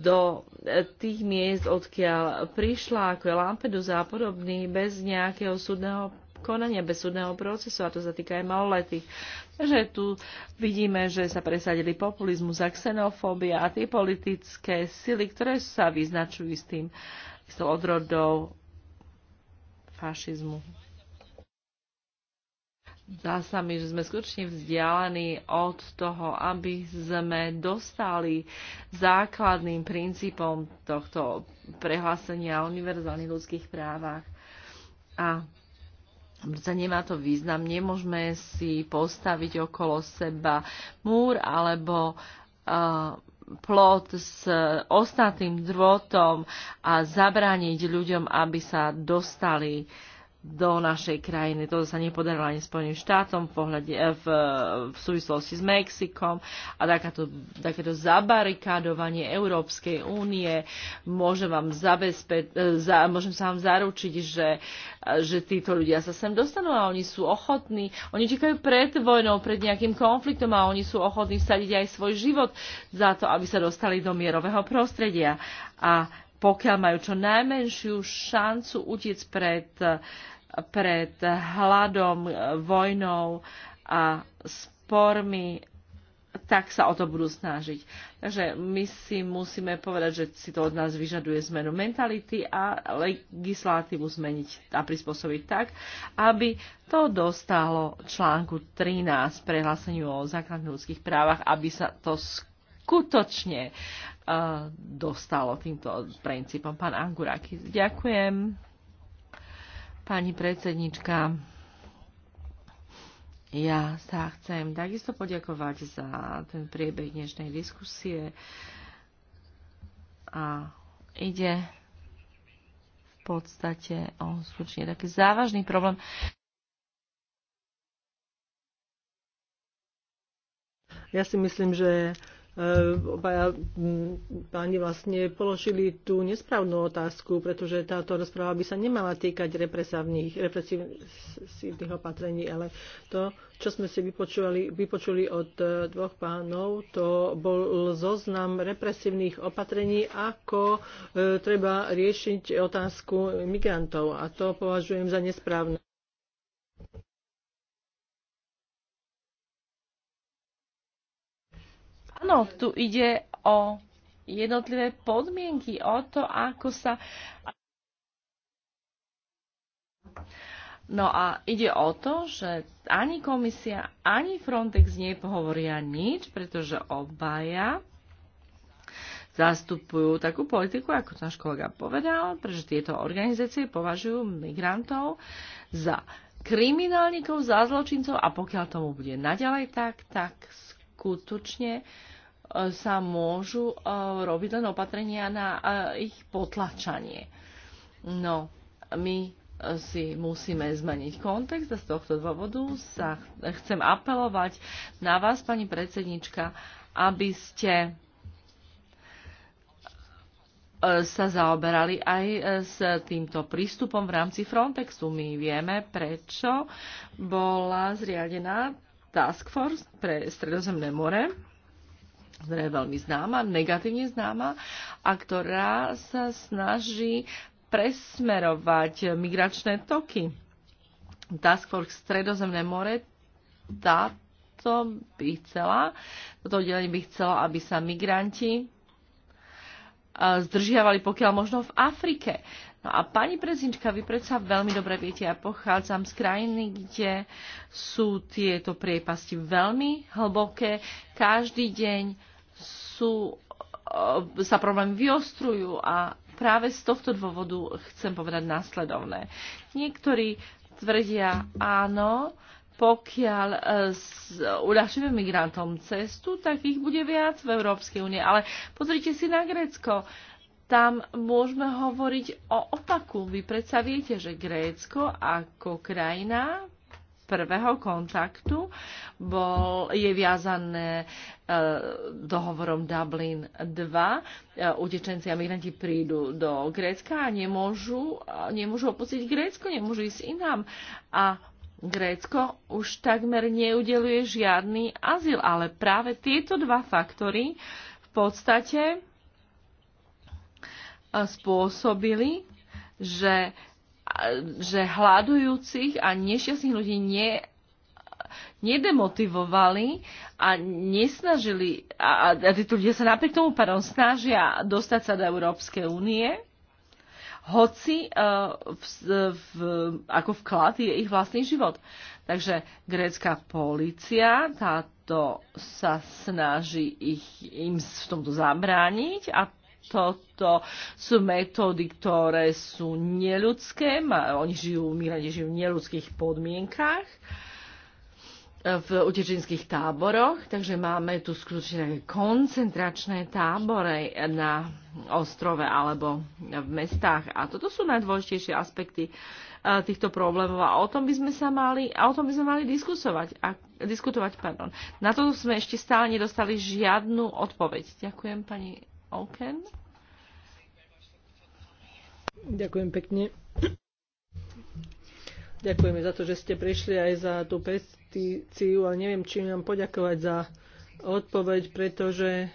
do e, tých miest, odkiaľ prišla, ako je Lampedusa a podobný, bez nejakého súdneho konania bez súdneho procesu a to sa týka aj maloletých. Takže tu vidíme, že sa presadili populizmus a xenofóbia a tie politické sily, ktoré sa vyznačujú s tým, s tou odrodou fašizmu. Zdá sa mi, že sme skutočne vzdialení od toho, aby sme dostali základným princípom tohto prehlásenia o univerzálnych ľudských právach. A sa nemá to význam. Nemôžeme si postaviť okolo seba múr alebo uh, plot s eh, ostatným drôtom a zabrániť ľuďom, aby sa dostali uh, do našej krajiny. To sa nepodarilo ani Spojeným štátom v, pohľade, eh, v, v súvislosti s Mexikom a takáto, takéto zabarikádovanie Európskej únie môže vám zabezpe- eh, za, môžem sa vám zaručiť, že, eh, že títo ľudia sa sem dostanú a oni sú ochotní, oni čakajú pred vojnou, pred nejakým konfliktom a oni sú ochotní vsadiť aj svoj život za to, aby sa dostali do mierového prostredia. A pokiaľ majú čo najmenšiu šancu utiec pred uh, pred hladom, vojnou a spormi, tak sa o to budú snažiť. Takže my si musíme povedať, že si to od nás vyžaduje zmenu mentality a legislatívu zmeniť a prispôsobiť tak, aby to dostalo článku 13 prehláseniu o základných ľudských právach, aby sa to skutočne uh, dostalo týmto princípom. Pán Anguraki, ďakujem. Pani predsednička, ja sa chcem takisto poďakovať za ten priebeh dnešnej diskusie. A ide v podstate o skutočne taký závažný problém. Ja si myslím, že obaja mm, páni vlastne položili tú nesprávnu otázku, pretože táto rozpráva by sa nemala týkať represívnych, represívnych opatrení, ale to, čo sme si vypočuli, vypočuli od e, dvoch pánov, to bol zoznam represívnych opatrení, ako e, treba riešiť otázku migrantov. A to považujem za nesprávne. Áno, tu ide o jednotlivé podmienky, o to, ako sa. No a ide o to, že ani komisia, ani Frontex nepohovoria nič, pretože obaja zastupujú takú politiku, ako náš kolega povedal, pretože tieto organizácie považujú migrantov za kriminálnikov, za zločincov a pokiaľ tomu bude naďalej tak, tak skutočne e, sa môžu e, robiť len opatrenia na e, ich potlačanie. No, my si musíme zmeniť kontext a z tohto dôvodu sa chcem apelovať na vás, pani predsednička, aby ste sa zaoberali aj s týmto prístupom v rámci Frontexu. My vieme, prečo bola zriadená Task Force pre Stredozemné more, ktorá je veľmi známa, negatívne známa a ktorá sa snaží presmerovať migračné toky. Task Force Stredozemné more, táto by chcela, toto oddelenie by chcela, aby sa migranti zdržiavali pokiaľ možno v Afrike. No a pani prezidentka, vy predsa veľmi dobre viete, ja pochádzam z krajiny, kde sú tieto priepasti veľmi hlboké. Každý deň sú, e, sa problémy vyostrujú a práve z tohto dôvodu chcem povedať následovné. Niektorí tvrdia áno, pokiaľ e, uľahčíme migrantom cestu, tak ich bude viac v Európskej únie. Ale pozrite si na Grécko tam môžeme hovoriť o opaku. Vy predsa viete, že Grécko ako krajina prvého kontaktu bol, je viazané e, dohovorom Dublin 2. E, utečenci a migranti prídu do Grécka a nemôžu, e, nemôžu opustiť Grécko, nemôžu ísť inám. A Grécko už takmer neudeluje žiadny azyl, ale práve tieto dva faktory v podstate spôsobili, že, že hľadujúcich a nešťastných ľudí nie, nedemotivovali a nesnažili, a, a títo ľudia sa napriek tomu pardon, snažia dostať sa do Európskej únie, hoci uh, v, e, v, ako vklad je ich vlastný život. Takže grécka policia táto sa snaží ich, im v tomto zabrániť a toto sú metódy, ktoré sú neľudské. Oni žijú, migranti žijú v neľudských podmienkách v utečenských táboroch, takže máme tu skutočne také koncentračné tábore na ostrove alebo v mestách. A toto sú najdôležitejšie aspekty e, týchto problémov a o tom by sme sa mali, a o tom by sme mali diskusovať, a, diskutovať. Pardon. Na to sme ešte stále nedostali žiadnu odpoveď. Ďakujem pani Oken. Ďakujem pekne. Ďakujeme za to, že ste prišli aj za tú petíciu, ale neviem, či mám poďakovať za odpoveď, pretože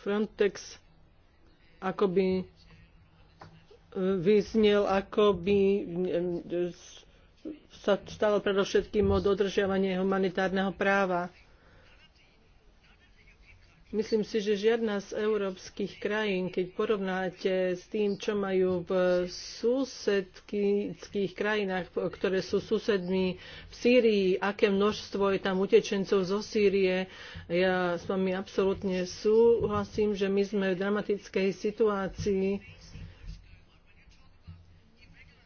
Frontex akoby e, vyznel akoby e, e, sa stalo predovšetkým o dodržiavanie humanitárneho práva. Myslím si, že žiadna z európskych krajín, keď porovnáte s tým, čo majú v susedských krajinách, ktoré sú susedmi v Sýrii, aké množstvo je tam utečencov zo Sýrie, ja s vami absolútne súhlasím, že my sme v dramatickej situácii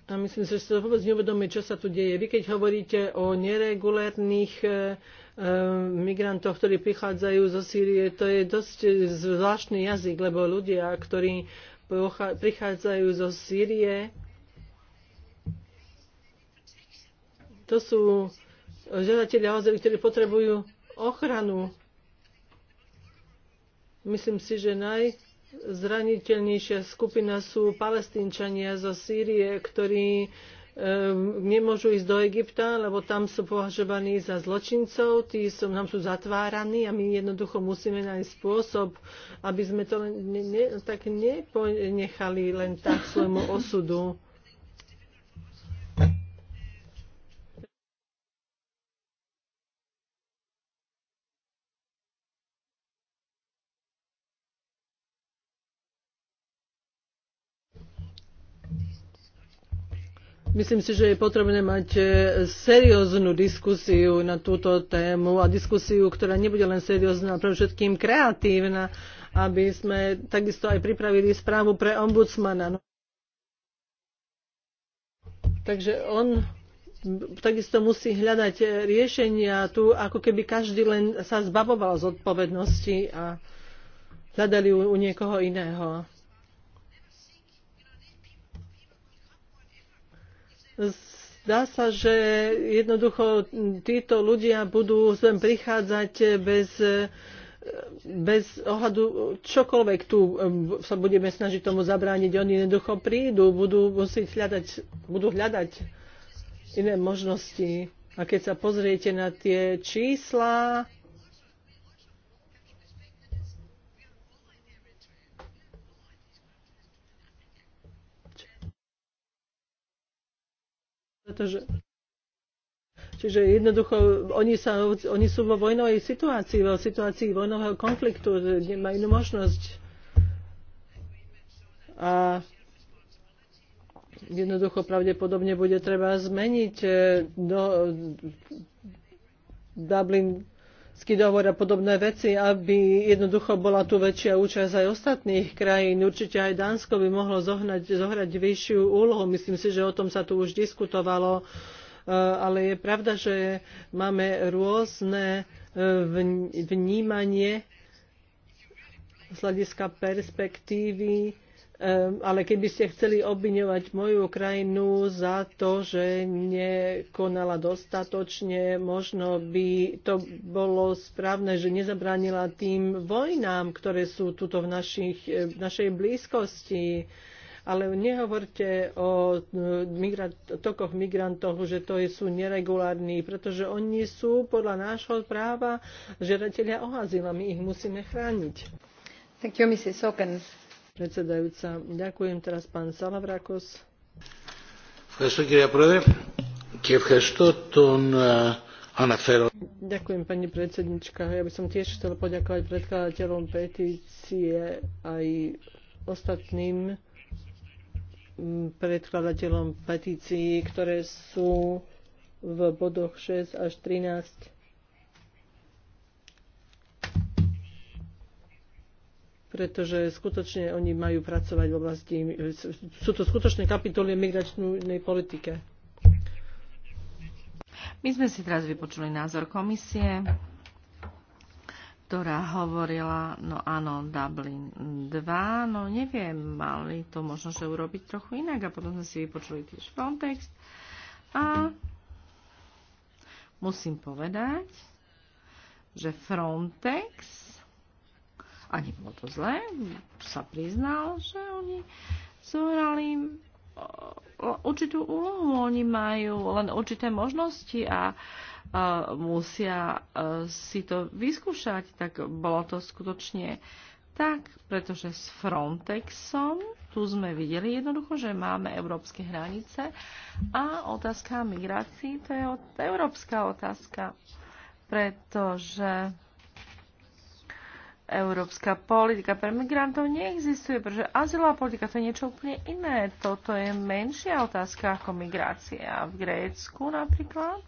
a myslím si, že sa vôbec neuvedomuje, čo sa tu deje. Vy keď hovoríte o neregulárnych e, e migrantov, ktorí prichádzajú zo Sýrie, to je dosť zvláštny jazyk, lebo ľudia, ktorí prichádzajú zo Sýrie, to sú žiadatelia azylu, ktorí potrebujú ochranu. Myslím si, že naj zraniteľnejšia skupina sú palestínčania zo Sýrie, ktorí nemôžu ísť do Egypta, lebo tam sú považovaní za zločincov, tí sú, nám sú zatváraní a my jednoducho musíme nájsť spôsob, aby sme to len, ne, ne, tak neponechali len tak svojmu osudu. Myslím si, že je potrebné mať e, serióznu diskusiu na túto tému a diskusiu, ktorá nebude len seriózna, ale všetkým kreatívna, aby sme takisto aj pripravili správu pre ombudsmana. No. Takže on takisto musí hľadať riešenia tu, ako keby každý len sa zbavoval z odpovednosti a hľadali u niekoho iného. Zdá sa, že jednoducho títo ľudia budú sem prichádzať bez bez ohľadu čokoľvek tu um, sa budeme snažiť tomu zabrániť, oni jednoducho prídu, budú musieť hľadať, budú hľadať iné možnosti. A keď sa pozriete na tie čísla, Pretože Čiže jednoducho oni, sa, oni sú vo vojnovej situácii, vo situácii vojnového konfliktu, nemajú inú možnosť. A jednoducho pravdepodobne bude treba zmeniť eh, do Dublin dohovor a podobné veci, aby jednoducho bola tu väčšia účasť aj ostatných krajín. Určite aj Dánsko by mohlo zohnať, zohrať vyššiu úlohu. Myslím si, že o tom sa tu už diskutovalo. E, ale je pravda, že máme rôzne e, vnímanie z hľadiska perspektívy Ehm, ale keby ste chceli obviňovať moju krajinu za to, že nekonala dostatočne, možno by to bolo správne, že nezabránila tým vojnám, ktoré sú tuto v, našich, e, v našej blízkosti. Ale nehovorte o e, migrant, tokoch migrantov, že to sú neregulárni, pretože oni sú podľa nášho práva žiadatelia o azyl a my ich musíme chrániť. Thank you, Mrs. Predsedajúca, ďakujem teraz pán Salavrakos. Ďakujem pani predsednička. Ja by som tiež chcel poďakovať predkladateľom petície aj ostatným mm, predkladateľom petícií, ktoré sú v bodoch 6 až 13 pretože skutočne oni majú pracovať v oblasti, sú to skutočné kapitoly migračnej politike. My sme si teraz vypočuli názor komisie, ktorá hovorila, no áno, Dublin 2, no neviem, mali to možno, že urobiť trochu inak a potom sme si vypočuli tiež Frontex a musím povedať, že Frontex a nebolo to zlé, sa priznal, že oni zohrali určitú úlohu. Oni majú len určité možnosti a, musia e, si to vyskúšať. Tak bolo to skutočne tak, pretože s Frontexom tu sme videli jednoducho, že máme európske hranice a otázka migrácií to je európska otázka, pretože európska politika pre migrantov neexistuje, pretože azylová politika to je niečo úplne iné. Toto je menšia otázka ako migrácia. V Grécku napríklad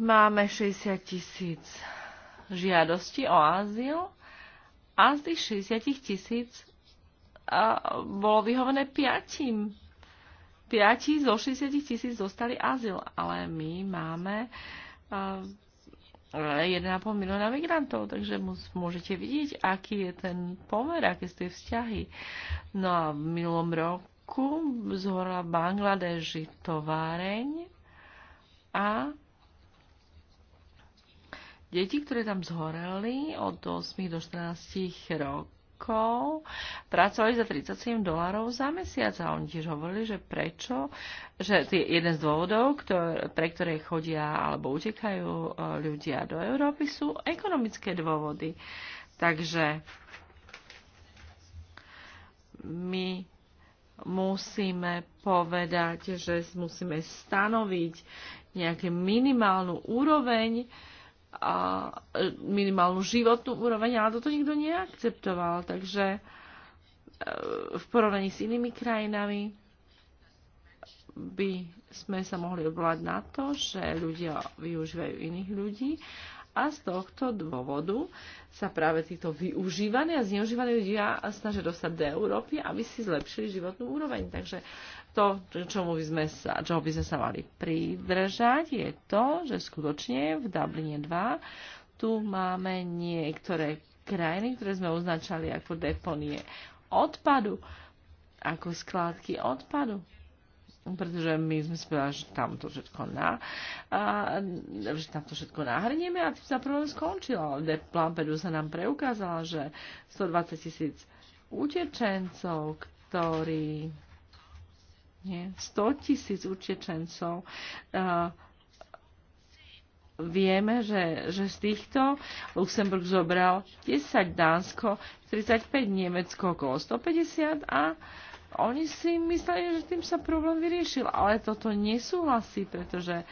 máme 60 tisíc žiadosti o azyl a z tých 60 tisíc bolo vyhovené piatim. Piati zo 60 tisíc dostali azyl, ale my máme 1,5 milióna migrantov, takže môžete vidieť, aký je ten pomer, aké sú tie vzťahy. No a v minulom roku zhorla Bangladeži továreň a deti, ktoré tam zhoreli od 8 do 14 rokov, rokov pracovali za 37 dolárov za mesiac. A oni tiež hovorili, že prečo, že jeden z dôvodov, ktor- pre ktoré chodia alebo utekajú e, ľudia do Európy, sú ekonomické dôvody. Takže my musíme povedať, že musíme stanoviť nejakú minimálnu úroveň a e, minimálnu životnú úroveň, ale toto nikto neakceptoval. Takže e, v porovnaní s inými krajinami by sme sa mohli obvolať na to, že ľudia využívajú iných ľudí a z tohto dôvodu sa práve títo využívaní a zneužívaní ľudia snažia dostať do Európy, aby si zlepšili životnú úroveň. Takže to, čomu by sme sa, čoho by sme sa mali pridržať, je to, že skutočne v Dubline 2 tu máme niektoré krajiny, ktoré sme označali ako deponie odpadu, ako skládky odpadu. Pretože my sme povedali, že tam to všetko na, a, že tam to všetko nahrnieme a tým sa problém skončil. Ale Lampedu sa nám preukázala, že 120 tisíc utečencov, ktorí nie, 100 tisíc utečencov. Uh, vieme, že, že z týchto Luxemburg zobral 10 Dánsko, 35 Nemecko, okolo 150 a oni si mysleli, že tým sa problém vyriešil, ale toto nesúhlasí, pretože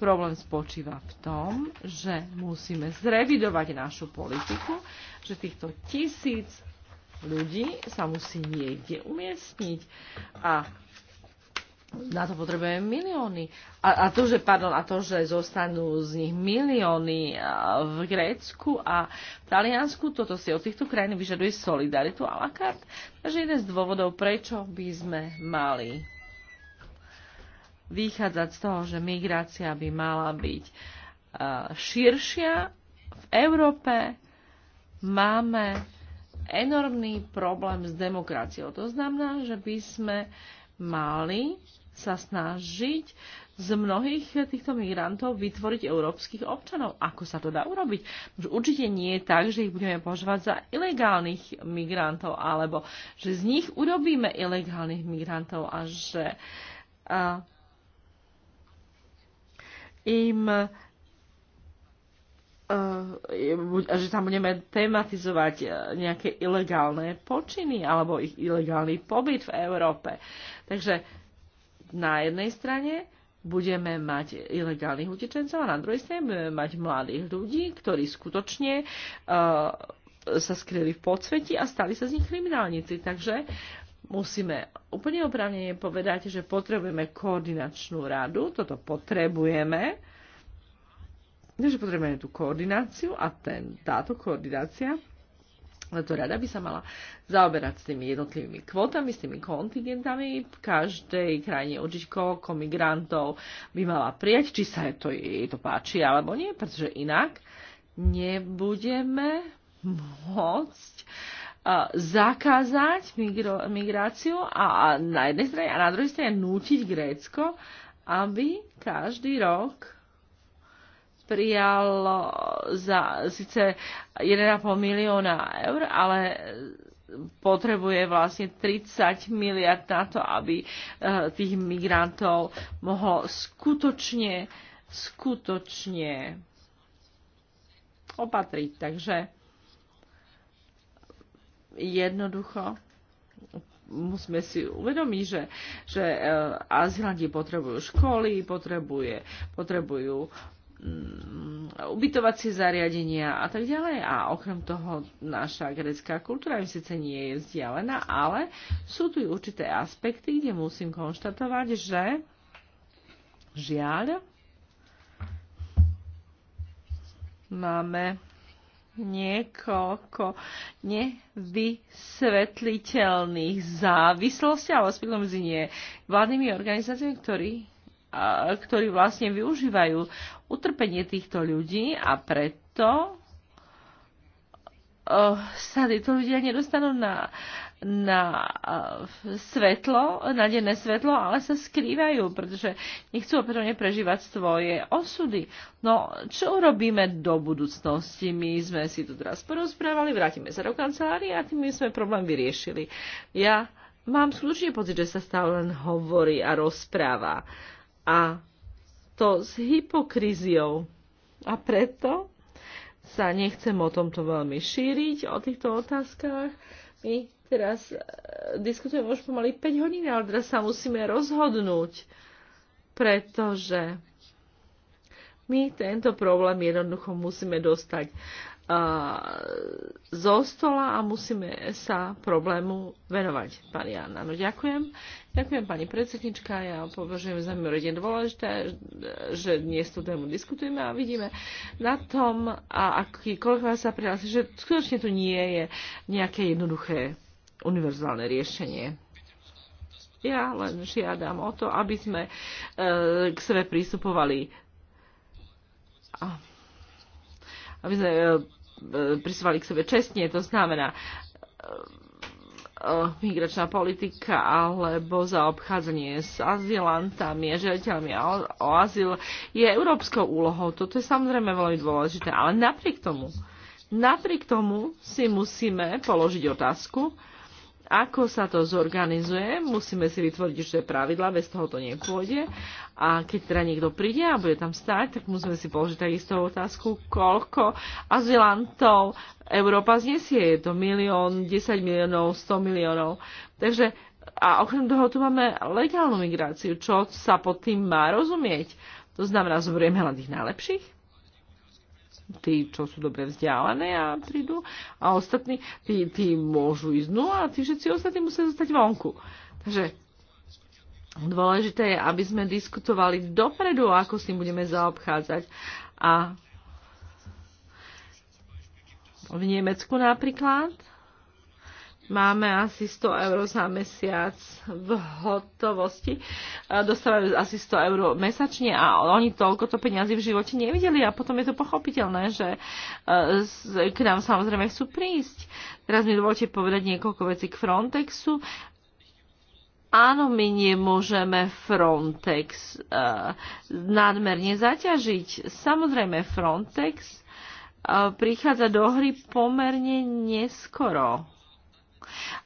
problém spočíva v tom, že musíme zrevidovať našu politiku, že týchto tisíc ľudí sa musí niekde umiestniť. A na to potrebujeme milióny. A, a, to, že, pardon, a to, že zostanú z nich milióny e, v Grécku a v Taliansku, toto si od týchto krajín vyžaduje solidaritu a la carte. Takže jeden z dôvodov, prečo by sme mali vychádzať z toho, že migrácia by mala byť e, širšia. V Európe máme enormný problém s demokraciou. To znamená, že by sme mali sa snažiť z mnohých týchto migrantov vytvoriť európskych občanov. Ako sa to dá urobiť? Už určite nie je tak, že ich budeme považovať za ilegálnych migrantov, alebo že z nich urobíme ilegálnych migrantov a že a, im a že tam budeme tematizovať e, nejaké ilegálne počiny alebo ich ilegálny pobyt v Európe. Takže na jednej strane budeme mať ilegálnych utečencov a na druhej strane budeme mať mladých ľudí, ktorí skutočne uh, sa skryli v podsveti a stali sa z nich kriminálnici. Takže musíme úplne oprávnene povedať, že potrebujeme koordinačnú radu, toto potrebujeme, takže potrebujeme tú koordináciu a ten, táto koordinácia to rada by sa mala zaoberať s tými jednotlivými kvótami, s tými kontingentami. V každej krajine určite koľko migrantov by mala prijať, či sa to, jej to páči alebo nie, pretože inak nebudeme môcť uh, zakázať migro, migráciu a, a na jednej strane a na druhej strane nútiť Grécko, aby každý rok Prijal za síce 1,5 milióna eur, ale potrebuje vlastne 30 miliard na to, aby e, tých migrantov mohlo skutočne, skutočne opatriť. Takže jednoducho musíme si uvedomiť, že, že e, azylanti potrebujú školy, potrebuje, potrebujú Mm, ubytovacie zariadenia a tak ďalej. A okrem toho naša grecká kultúra im síce nie je vzdialená, ale sú tu určité aspekty, kde musím konštatovať, že žiaľ máme niekoľko nevysvetliteľných závislostí, ale späť medzi nie vládnymi organizáciami, ktorí ktorí vlastne využívajú utrpenie týchto ľudí a preto sa títo ľudia nedostanú na, na svetlo, na denné svetlo, ale sa skrývajú, pretože nechcú opätovne prežívať svoje osudy. No, čo urobíme do budúcnosti? My sme si tu teraz porozprávali, vrátime sa do kancelárie a tým sme problém vyriešili. Ja mám skutočne pocit, že sa stále len hovorí a rozpráva. Uh, a to s hypokriziou. A preto sa nechcem o tomto veľmi šíriť, o týchto otázkach. My teraz e, diskutujeme už pomaly 5 hodín, ale teraz sa musíme rozhodnúť, pretože my tento problém jednoducho musíme dostať zo stola a musíme sa problému venovať. pani Anna. No ďakujem. Ďakujem pani predsednička, ja považujem za mimoriadne dôležité, že dnes tú tému diskutujeme a vidíme na tom, a akýkoľvek vás sa prihlási, že skutočne tu nie je nejaké jednoduché univerzálne riešenie. Ja len žiadam o to, aby sme e, k sebe prístupovali. A aby sme e, e, prisvali k sebe čestne, to znamená e, migračná politika alebo zaobchádzanie s azylantami a žiadateľmi o azyl je európskou úlohou. Toto je samozrejme veľmi dôležité, ale napriek tomu, napriek tomu si musíme položiť otázku, ako sa to zorganizuje, musíme si vytvoriť určité pravidla, bez toho to nepôjde. A keď teda niekto príde a bude tam stať, tak musíme si položiť takisto otázku, koľko azilantov Európa znesie. Je to milión, 10 miliónov, 100 miliónov. Takže a okrem toho tu máme legálnu migráciu. Čo sa pod tým má rozumieť? To znamená, zoberieme len tých najlepších? tí, čo sú dobre vzdialené a prídu a ostatní, tí, tí môžu ísť no a tí všetci ostatní musia zostať vonku. Takže dôležité je, aby sme diskutovali dopredu, ako s tým budeme zaobchádzať. A v Nemecku napríklad máme asi 100 eur za mesiac v hotovosti. Dostávajú asi 100 eur mesačne a oni toľko to peniazy v živote nevideli a potom je to pochopiteľné, že e, k nám samozrejme chcú prísť. Teraz mi dovolte povedať niekoľko vecí k Frontexu. Áno, my nemôžeme Frontex uh, nadmerne zaťažiť. Samozrejme, Frontex uh, prichádza do hry pomerne neskoro.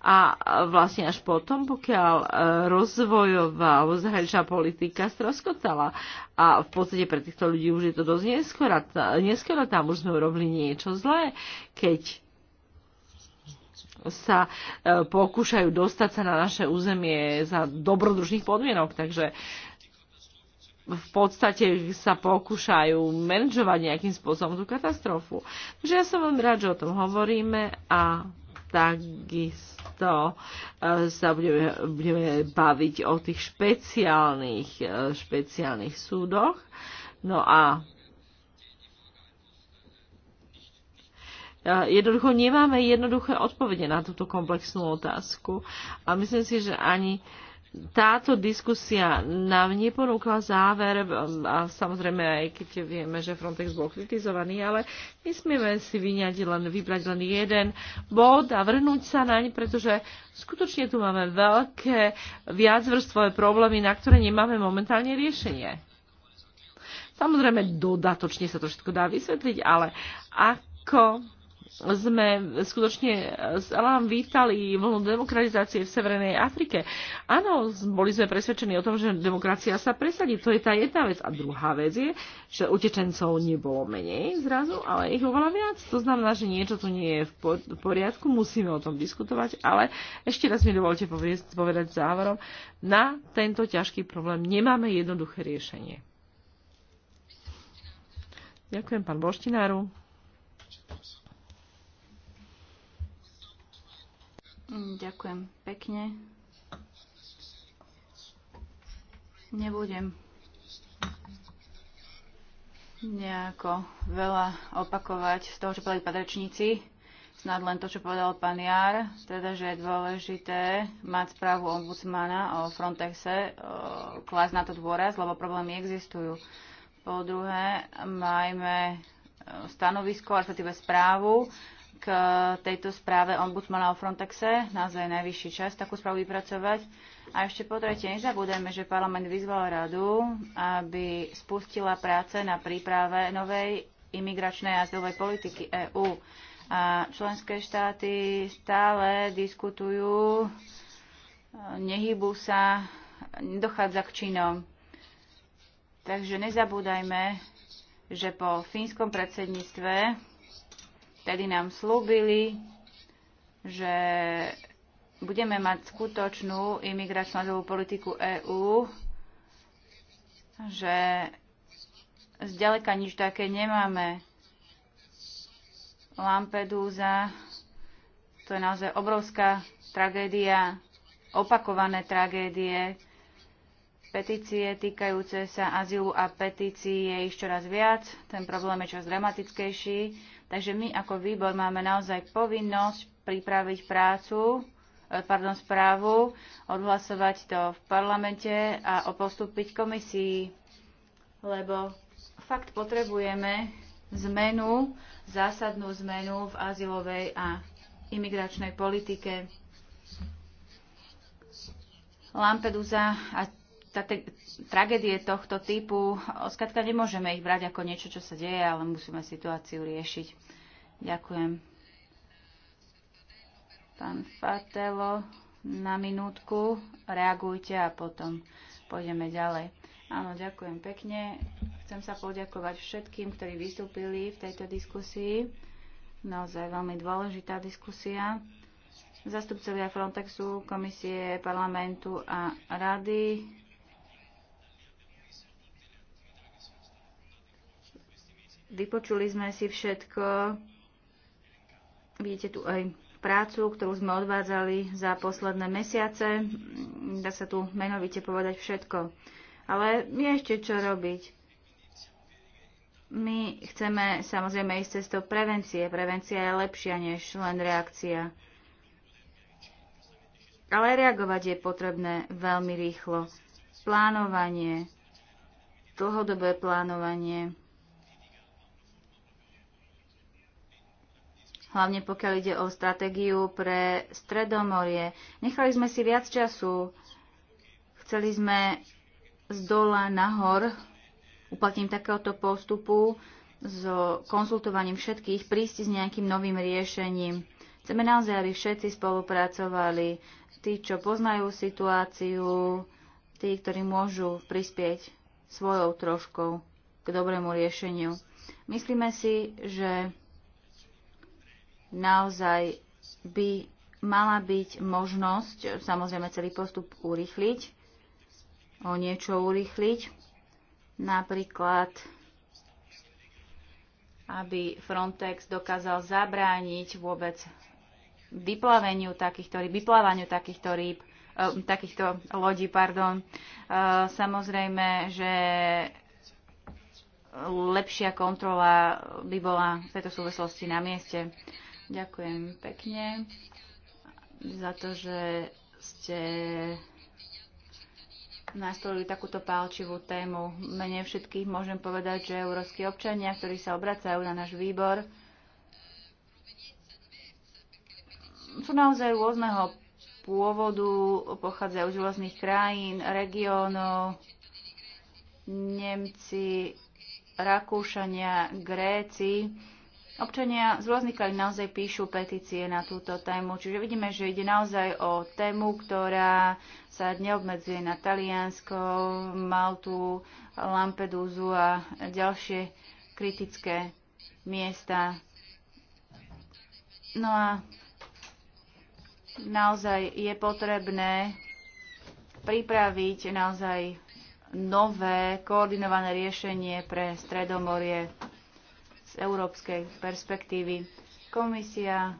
A vlastne až potom, pokiaľ e, rozvojová alebo zahraničná politika stroskotala a v podstate pre týchto ľudí už je to dosť neskoro, neskoro tam už sme urobili niečo zlé, keď sa e, pokúšajú dostať sa na naše územie za dobrodružných podmienok. Takže v podstate sa pokúšajú manažovať nejakým spôsobom tú katastrofu. Takže ja som veľmi rád, že o tom hovoríme a takisto e, sa budeme, budeme baviť o tých špeciálnych, e, špeciálnych súdoch. No a e, Jednoducho nemáme jednoduché odpovede na túto komplexnú otázku a myslím si, že ani uh, táto diskusia nám neponúkla záver um, a samozrejme aj keď vieme, že Frontex bol kritizovaný, ale nesmieme si vyňať len, vybrať len jeden bod a vrhnúť sa naň, pretože skutočne tu máme veľké viacvrstvové problémy, na ktoré nemáme momentálne riešenie. Samozrejme, dodatočne sa to všetko dá vysvetliť, ale ako sme skutočne s Elam vítali vlnu demokratizácie v Severnej Afrike. Áno, boli sme presvedčení o tom, že demokracia sa presadí. To je tá jedna vec. A druhá vec je, že utečencov nebolo menej zrazu, ale ich oveľa viac. To znamená, že niečo tu nie je v poriadku, musíme o tom diskutovať, ale ešte raz mi dovolte povedať záverom, na tento ťažký problém nemáme jednoduché riešenie. Ďakujem pán Boštináru. Mm, ďakujem pekne. Nebudem nejako veľa opakovať z toho, čo povedali padrečníci. Snad len to, čo povedal pán Jar, teda, že je dôležité mať správu ombudsmana o Frontexe, klásť na to dôraz, lebo problémy existujú. Po druhé, majme e, stanovisko, respektíve správu, k tejto správe ombudsmana o Frontexe. Naozaj najvyšší čas takú správu vypracovať. A ešte po tretie, nezabúdajme, že parlament vyzval radu, aby spustila práce na príprave novej imigračnej a azylovej politiky EÚ. A členské štáty stále diskutujú, nehybú sa, dochádza k činom. Takže nezabúdajme, že po fínskom predsedníctve Vtedy nám slúbili, že budeme mať skutočnú imigračnú azylovú politiku EÚ, že zďaleka nič také nemáme. Lampedusa, to je naozaj obrovská tragédia, opakované tragédie, petície týkajúce sa azylu a petícií je ešte raz viac, ten problém je čas dramatickejší Takže my ako výbor máme naozaj povinnosť pripraviť prácu, eh, pardon, správu, odhlasovať to v parlamente a opostúpiť komisii, lebo fakt potrebujeme zmenu, zásadnú zmenu v azylovej a imigračnej politike. Lampedusa a tragédie tohto typu, skratka nemôžeme ich brať ako niečo, čo sa deje, ale musíme situáciu riešiť. Ďakujem. Pán Fatelo, na minútku reagujte a potom pôjdeme ďalej. Áno, ďakujem pekne. Chcem sa poďakovať všetkým, ktorí vystúpili v tejto diskusii. Naozaj veľmi dôležitá diskusia. Zastupcovia Frontexu, komisie, parlamentu a rady Vypočuli sme si všetko. Vidíte tu aj prácu, ktorú sme odvádzali za posledné mesiace. Dá sa tu menovite povedať všetko. Ale je ešte čo robiť. My chceme samozrejme ísť cestou prevencie. Prevencia je lepšia než len reakcia. Ale reagovať je potrebné veľmi rýchlo. Plánovanie, dlhodobé plánovanie, hlavne pokiaľ ide o stratégiu pre Stredomorie. Nechali sme si viac času, chceli sme z dola nahor uplatním takéhoto postupu s konzultovaním všetkých prísť s nejakým novým riešením. Chceme naozaj, aby všetci spolupracovali, tí, čo poznajú situáciu, tí, ktorí môžu prispieť svojou troškou k dobrému riešeniu. Myslíme si, že naozaj by mala byť možnosť samozrejme celý postup urýchliť, o niečo urýchliť, napríklad aby Frontex dokázal zabrániť vôbec vyplaveniu takýchto rýb, vyplávaniu takýchto rýb, e, takýchto lodí, pardon. E, samozrejme, že lepšia kontrola by bola v tejto súvislosti na mieste. E, Ďakujem pekne za to, že ste nastolili takúto pálčivú tému. Mene všetkých môžem povedať, že európsky občania, ktorí sa obracajú na náš výbor, sú naozaj rôzneho pôvodu, pochádzajú z rôznych krajín, regiónov, Nemci, Rakúšania, Gréci Občania z rôznych krajín naozaj píšu petície na túto tému, čiže vidíme, že ide naozaj o tému, ktorá sa neobmedzuje na Taliansko, Maltu, Lampedúzu a ďalšie kritické miesta. No a naozaj je potrebné pripraviť naozaj nové koordinované riešenie pre Stredomorie európskej perspektívy. Komisia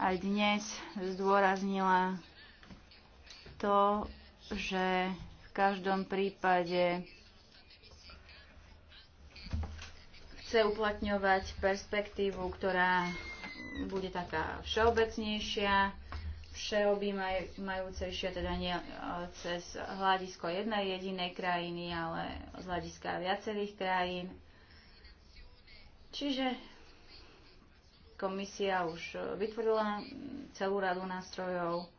aj dnes zdôraznila to, že v každom prípade chce uplatňovať perspektívu, ktorá bude taká všeobecnejšia, všeobjímajúcejšia, teda nie e, cez hľadisko jednej jedinej krajiny, ale z hľadiska viacerých krajín. Čiže komisia už eh, vytvorila celú radu nástrojov.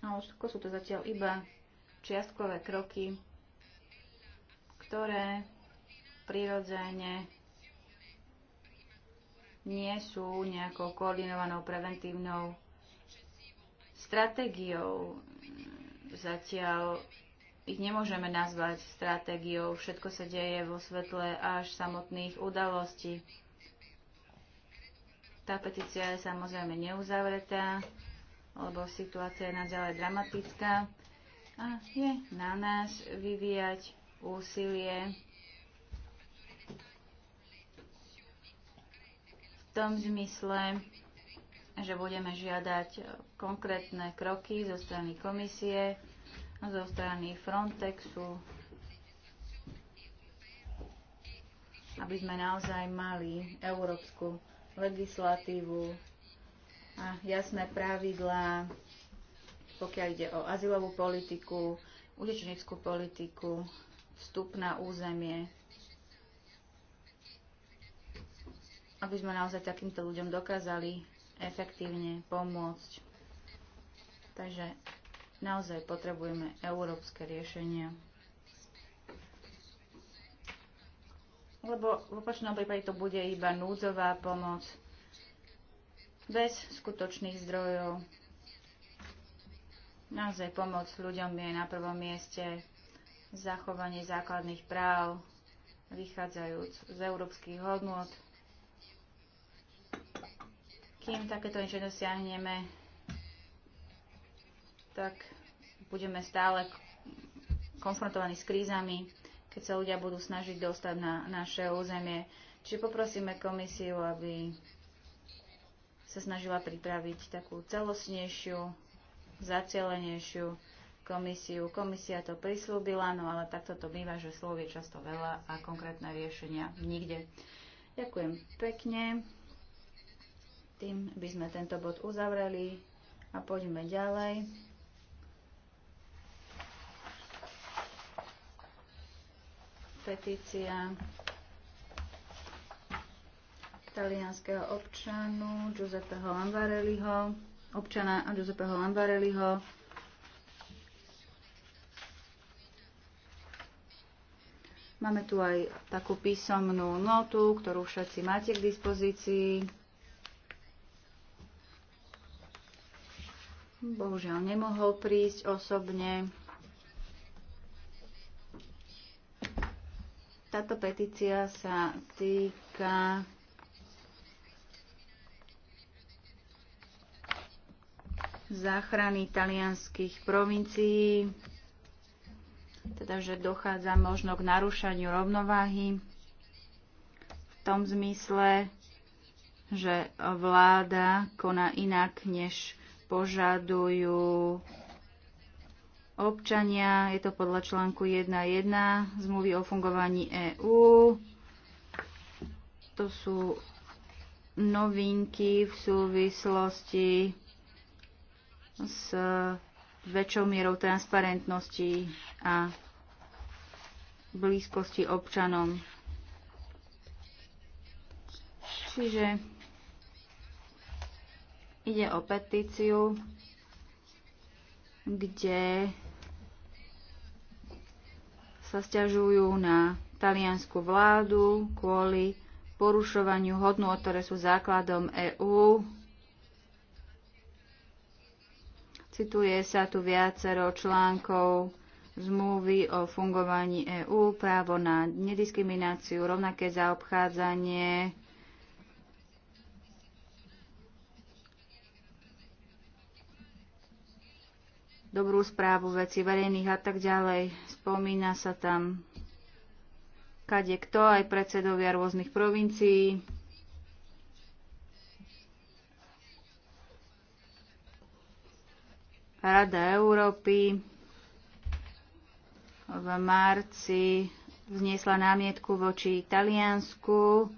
Ale všetko sú to zatiaľ iba čiastkové kroky, ktoré prirodzene nie sú nejakou koordinovanou preventívnou stratégiou, Zatiaľ ich nemôžeme nazvať stratégiou. Všetko sa deje vo svetle až samotných udalostí. Tá petícia je samozrejme neuzavretá, lebo situácia je naďalej dramatická a je na nás vyvíjať úsilie v tom zmysle, že budeme žiadať e, konkrétne kroky zo strany komisie, zo strany Frontexu, aby sme naozaj mali európsku legislatívu a jasné pravidlá, pokiaľ ide o azylovú politiku, utečenickú politiku, vstup na územie, aby sme naozaj takýmto ľuďom dokázali efektívne pomôcť. Takže naozaj potrebujeme európske riešenia. Lebo v opačnom prípade to bude iba núdzová pomoc bez skutočných zdrojov. Naozaj pomoc ľuďom je na prvom mieste zachovanie základných práv, vychádzajúc z európskych hodnot, kým takéto niečo dosiahneme, tak budeme stále konfrontovaní s krízami, keď sa ľudia budú snažiť dostať na naše územie. Čiže poprosíme komisiu, aby sa snažila pripraviť takú celosnejšiu, zacielenejšiu komisiu. Komisia to prislúbila, no ale takto to býva, že slov je často veľa a konkrétne riešenia nikde. Ďakujem pekne. Tým by sme tento bod uzavreli a poďme ďalej. Petícia talianského občanu Giuseppeho Lambarelliho, občana Giuseppeho Lambarelliho, Máme tu aj takú písomnú notu, ktorú všetci máte k dispozícii. bohužiaľ nemohol prísť osobne. Táto petícia sa týka záchrany talianských provincií, teda že dochádza možno k narušaniu rovnováhy v tom zmysle, že vláda koná inak, než požadujú občania. Je to podľa článku 1.1 zmluvy o fungovaní EÚ. To sú novinky v súvislosti s väčšou mierou transparentnosti a blízkosti občanom. Čiže Ide o petíciu, kde sa stiažujú na taliansku vládu kvôli porušovaniu hodnú, ktoré sú základom EÚ. Cituje sa tu viacero článkov zmluvy o fungovaní EÚ, právo na nediskrimináciu, rovnaké zaobchádzanie, dobrú správu veci verejných a tak ďalej. Spomína sa tam kade kto, aj predsedovia rôznych provincií. Rada Európy v marci vzniesla námietku voči Taliansku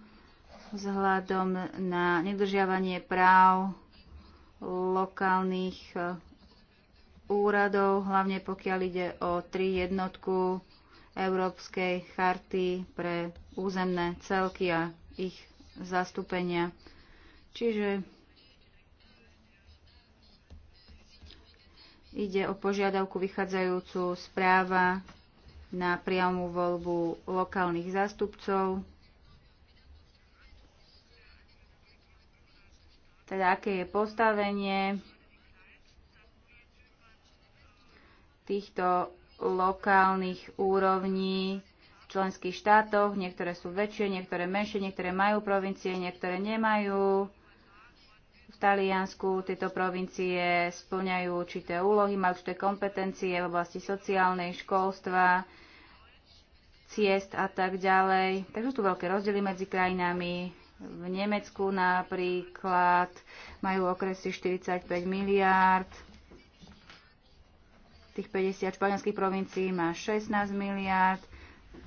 vzhľadom na nedržiavanie práv lokálnych úradov, hlavne pokiaľ ide o tri jednotku Európskej charty pre územné celky a ich zastúpenia. Čiže ide o požiadavku vychádzajúcu z práva na priamu voľbu lokálnych zástupcov, teda aké je postavenie týchto lokálnych úrovní v členských štátoch. Niektoré sú väčšie, niektoré menšie, niektoré majú provincie, niektoré nemajú. V Taliansku tieto provincie splňajú určité úlohy, majú určité kompetencie v oblasti sociálnej, školstva, ciest a tak ďalej. Takže sú tu veľké rozdiely medzi krajinami. V Nemecku napríklad majú okresy 45 miliárd, Tých 50 španielských provincií má 16 miliard,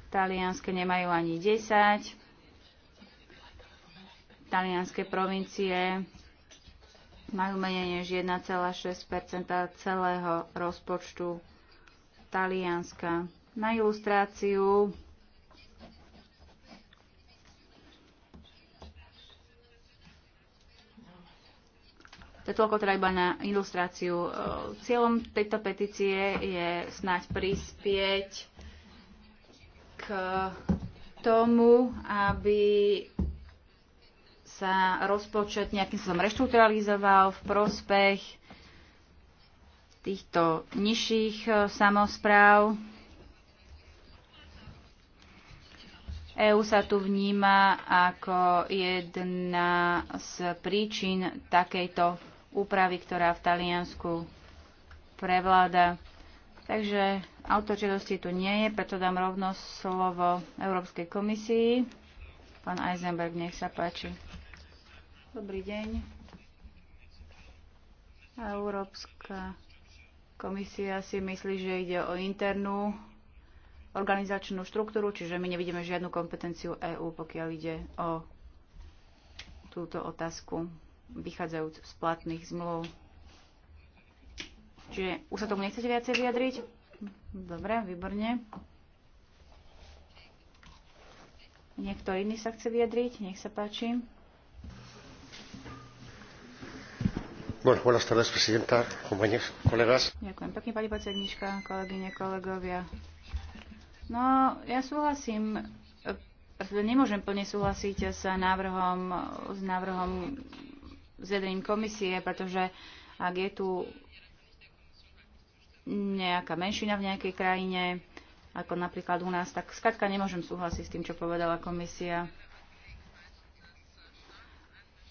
talianske nemajú ani 10. Talianske provincie majú menej než 1,6 celého rozpočtu Talianska. Na ilustráciu To je toľko teda iba na ilustráciu. E, cieľom tejto petície je snáď prispieť k tomu, aby sa rozpočet nejakým som reštrukturalizoval v prospech týchto nižších e, samozpráv. EÚ sa tu vníma ako jedna z príčin takejto úpravy, ktorá v Taliansku prevláda. Takže autor žiadosti tu nie je, preto dám rovno slovo Európskej komisii. Pán Eisenberg, nech sa páči. Dobrý deň. Európska komisia si myslí, že ide o internú organizačnú štruktúru, čiže my nevidíme žiadnu kompetenciu EÚ, pokiaľ ide o túto otázku vychádzajúc z platných zmluv. Čiže už sa tomu nechcete viacej vyjadriť? Dobre, výborne. Niekto iný sa chce vyjadriť? Nech sa páči. Bueno, buenas tardes, presidenta, compañeros, colegas. Ďakujem pekne, pani predsednička, kolegyne, kolegovia. No, ja súhlasím, e, teda nemôžem plne súhlasiť s návrhom, s návrhom zjedením komisie, pretože ak je tu nejaká menšina v nejakej krajine, ako napríklad u nás, tak skladka nemôžem súhlasiť s tým, čo povedala komisia.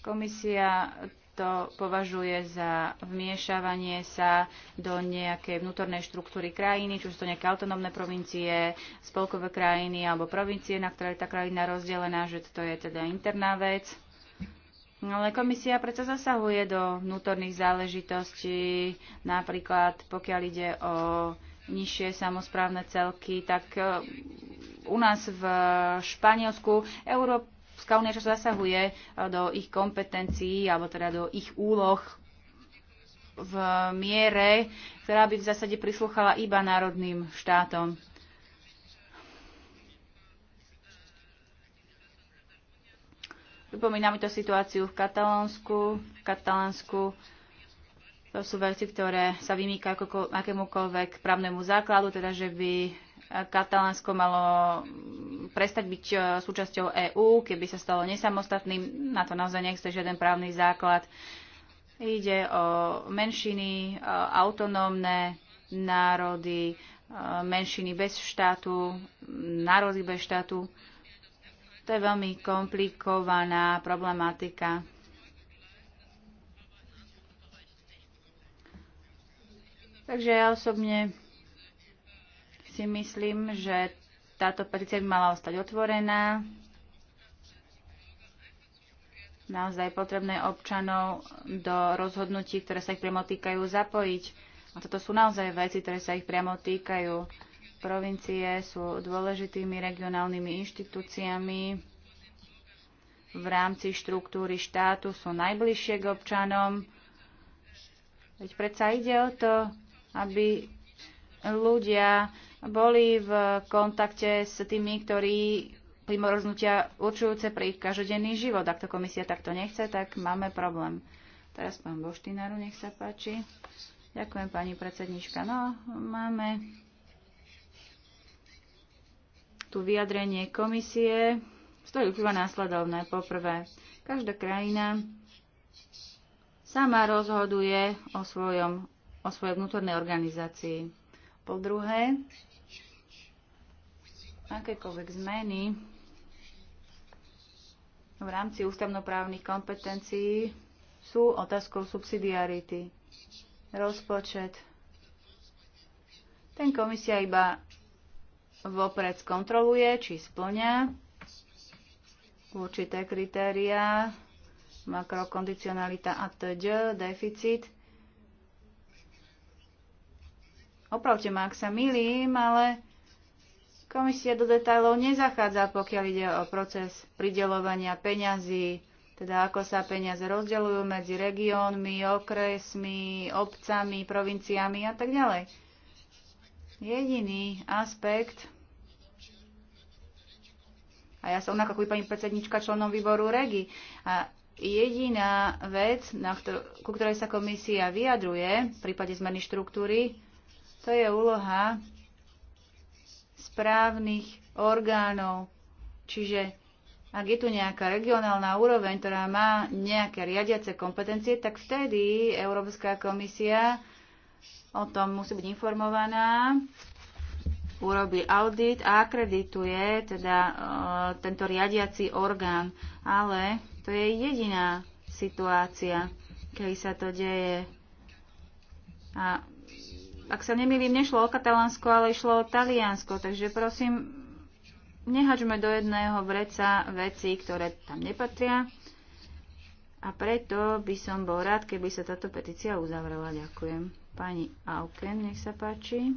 Komisia to považuje za vmiešavanie sa do nejakej vnútornej štruktúry krajiny, či sú to nejaké autonómne provincie, spolkové krajiny alebo provincie, na ktoré je tá krajina rozdelená, že to je teda interná vec. Ale komisia predsa zasahuje do vnútorných záležitostí, napríklad pokiaľ ide o nižšie samozprávne celky, tak e, u nás v Španielsku Európska únia čo zasahuje e, do ich kompetencií, alebo teda do ich úloh v miere, ktorá by v zásade prislúchala iba národným štátom. Pripomína mi to situáciu v Katalónsku. V Katalánsku to sú veci, ktoré sa vymýka akémukoľvek právnemu základu, teda že by Katalánsko malo prestať byť e, súčasťou EÚ, keby sa stalo nesamostatným. Na to naozaj neexistuje žiaden právny základ. Ide o menšiny, e, autonómne národy, e, menšiny bez štátu, národy bez štátu. To je veľmi komplikovaná problematika. Takže ja osobne si myslím, že táto petícia by mala ostať otvorená. Naozaj potrebné občanov do rozhodnutí, ktoré sa ich priamo týkajú, zapojiť. A toto sú naozaj veci, ktoré sa ich priamo týkajú provincie sú dôležitými regionálnymi inštitúciami v rámci štruktúry štátu, sú najbližšie k občanom. Veď predsa ide o to, aby ľudia boli v kontakte s tými, ktorí príjmu rozhodnutia určujúce pre ich každodenný život. Ak to komisia takto nechce, tak máme problém. Teraz pán Boštinaru, nech sa páči. Ďakujem, pani predsednička. No, máme tu vyjadrenie komisie, z toho vyplýva následovné. Poprvé, každá krajina sama rozhoduje o, svojom, o svojej vnútornej organizácii. Po druhé, akékoľvek zmeny v rámci ústavnoprávnych kompetencií sú otázkou subsidiarity. Rozpočet. Ten komisia iba vopred skontroluje, či splňa určité kritéria, makrokondicionalita a td, deficit. Opravte ma, ak sa milím, ale komisia do detajlov nezachádza, pokiaľ ide o proces pridelovania peňazí, teda ako sa peniaze rozdeľujú medzi regiónmi, okresmi, obcami, provinciami a tak ďalej. Jediný aspekt, a ja som ako pani predsednička členom výboru REGI. A jediná vec, na ktor- ku ktorej sa komisia vyjadruje v prípade zmeny štruktúry, to je úloha správnych orgánov. Čiže ak je tu nejaká regionálna úroveň, ktorá má nejaké riadiace kompetencie, tak vtedy Európska komisia o tom musí byť informovaná urobí audit a akredituje teda e, tento riadiaci orgán. Ale to je jediná situácia, keď sa to deje. A ak sa nemýlim, nešlo o Katalánsko, ale išlo o Taliansko. Takže prosím, nehačme do jedného vreca veci, ktoré tam nepatria. A preto by som bol rád, keby sa táto petícia uzavrela. Ďakujem. Pani Auken, nech sa páči.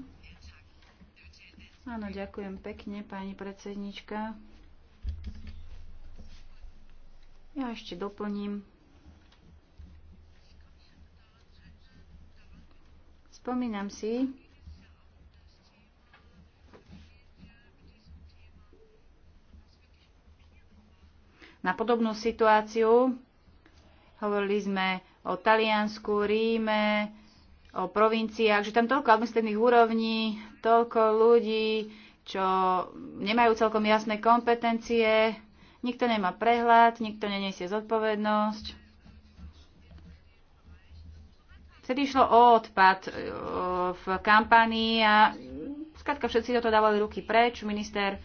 Áno, ďakujem pekne, pani predsednička. Ja ešte doplním. Spomínam si, na podobnú situáciu. Hovorili sme o Taliansku, Ríme, o provinciách, že tam toľko administratívnych úrovní, toľko ľudí, čo nemajú celkom jasné kompetencie, nikto nemá prehľad, nikto neniesie zodpovednosť. Vtedy išlo o odpad v kampanii a skladka všetci do toho dávali ruky preč. Minister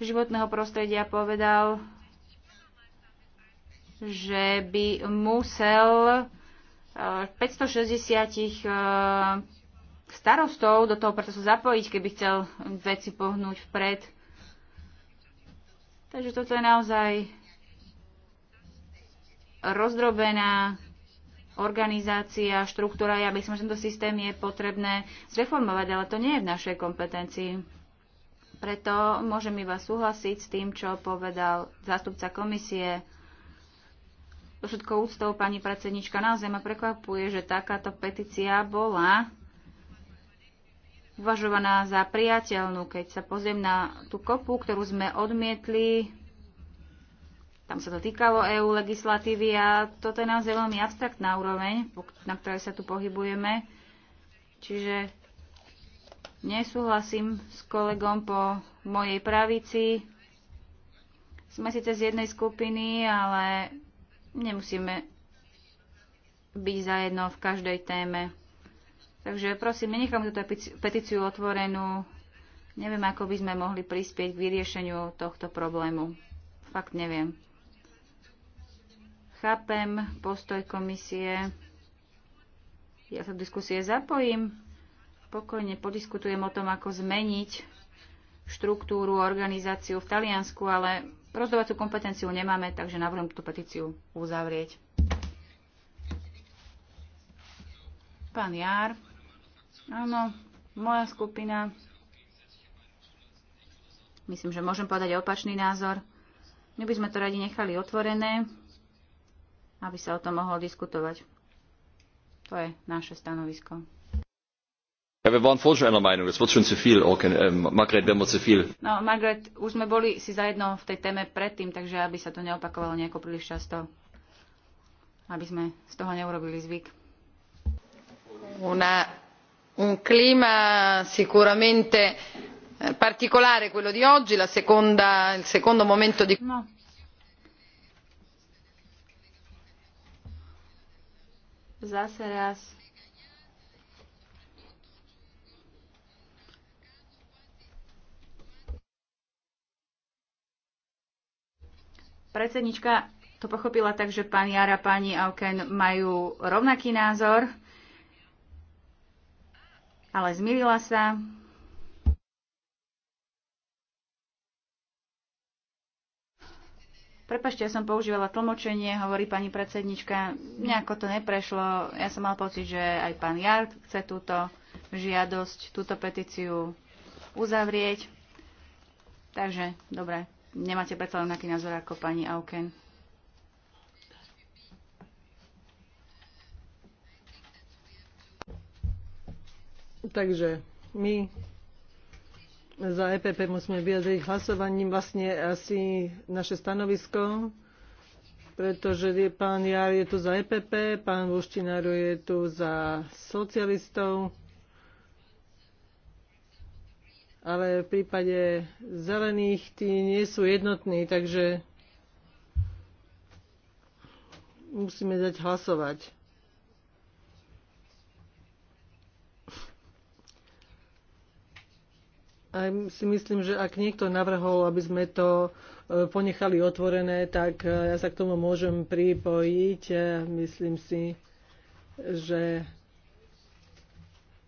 životného prostredia povedal, že by musel 560 eh, starostov do toho procesu zapojiť, keby chcel veci pohnúť vpred. Takže toto je naozaj rozdrobená organizácia, štruktúra. Ja myslím, som tento systém je potrebné zreformovať, ale to nie je v našej kompetencii. Preto môžem iba súhlasiť s tým, čo povedal zástupca komisie so všetkou úctou, pani predsednička, naozaj ma prekvapuje, že takáto petícia bola uvažovaná za priateľnú. Keď sa pozriem na tú kopu, ktorú sme odmietli, tam sa to týkalo EU legislatívy a toto je naozaj veľmi abstraktná úroveň, na ktorej sa tu pohybujeme. Čiže nesúhlasím s kolegom po mojej pravici. Sme síce z jednej skupiny, ale nemusíme byť zajedno v každej téme. Takže prosím, nenechám túto petíciu otvorenú. Neviem, ako by sme mohli prispieť k vyriešeniu tohto problému. Fakt neviem. Chápem postoj komisie. Ja sa do diskusie zapojím. Pokojne podiskutujem o tom, ako zmeniť štruktúru, organizáciu v Taliansku, ale Rozhodovaciu kompetenciu nemáme, takže navrhujem túto petíciu uzavrieť. Pán Jár. Áno, moja skupina. Myslím, že môžem povedať opačný názor. My by sme to radi nechali otvorené, aby sa o tom mohlo diskutovať. To je naše stanovisko. Ja, wir waren vorher schon einer Meinung, das wird schon zu viel, okay, äh, Margret, wenn wir zu viel. No, Margaret, už sme boli si zajedno v tej téme predtým, takže aby sa to neopakovalo nejako príliš často, aby sme z toho neurobili zvyk. Una, un clima sicuramente particolare quello di oggi, la seconda, il secondo momento di... No. Zase raz Predsednička to pochopila tak, že pán Jara, pani Auken majú rovnaký názor, ale zmýlila sa. Prepašte, ja som používala tlmočenie, hovorí pani predsednička. Nejako to neprešlo. Ja som mal pocit, že aj pán Jar chce túto žiadosť, túto petíciu uzavrieť. Takže, dobre, nemáte predsa rovnaký názor ako pani Auken. Takže my za EPP musíme vyjadriť hlasovaním vlastne asi naše stanovisko, pretože je pán Jar je tu za EPP, pán Vuštinár je tu za socialistov ale v prípade zelených tí nie sú jednotní, takže musíme dať hlasovať. A si myslím, že ak niekto navrhol, aby sme to e, ponechali otvorené, tak e, ja sa k tomu môžem pripojiť. E, myslím si, že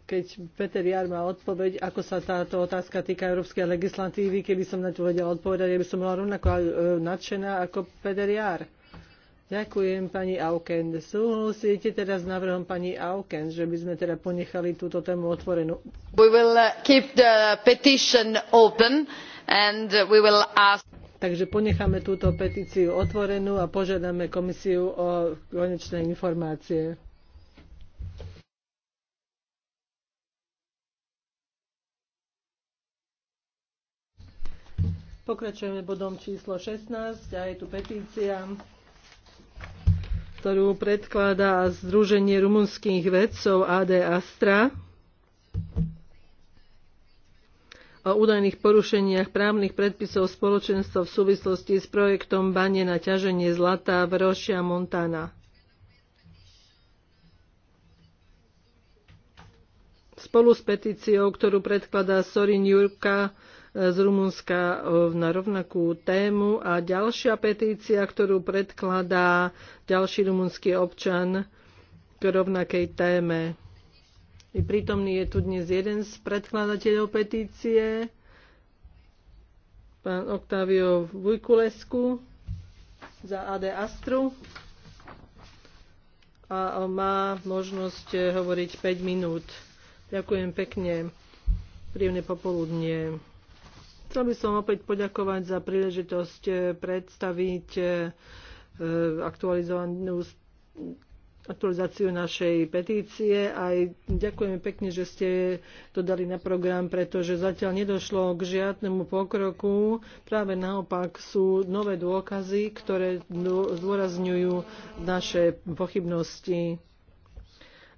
keď Peter Jar má odpoveď, ako sa táto otázka týka európskej legislatívy, keby som na to vedela odpovedať, ja by som bola rovnako e, nadšená ako Peter Jar. Ďakujem pani Auken. Súhlasíte teraz s návrhom pani Auken, že by sme teda ponechali túto tému otvorenú? We will uh, keep the petition open and we will ask Takže ponecháme túto petíciu otvorenú a požiadame komisiu o konečné informácie. Pokračujeme bodom číslo 16 a je tu petícia, ktorú predkladá Združenie rumunských vedcov AD Astra o údajných porušeniach právnych predpisov spoločenstva v súvislosti s projektom Bane na ťaženie zlata v Rošia Montana. Spolu s petíciou, ktorú predkladá Sorin Jurka, z Rumunska e, na rovnakú tému. A ďalšia petícia, ktorú predkladá ďalší rumunský občan k rovnakej téme. I prítomný je tu dnes jeden z predkladateľov petície, pán Octavio Vujkulescu za AD Astru a má možnosť hovoriť 5 minút. Ďakujem pekne. Príjemné popoludnie. Chcel by som opäť poďakovať za príležitosť eh, predstaviť eh, eh, aktualizovanú aktualizáciu našej petície. Aj ďakujeme pekne, že ste to dali na program, pretože zatiaľ nedošlo k žiadnemu pokroku. Práve naopak sú nové dôkazy, ktoré zdôrazňujú naše pochybnosti.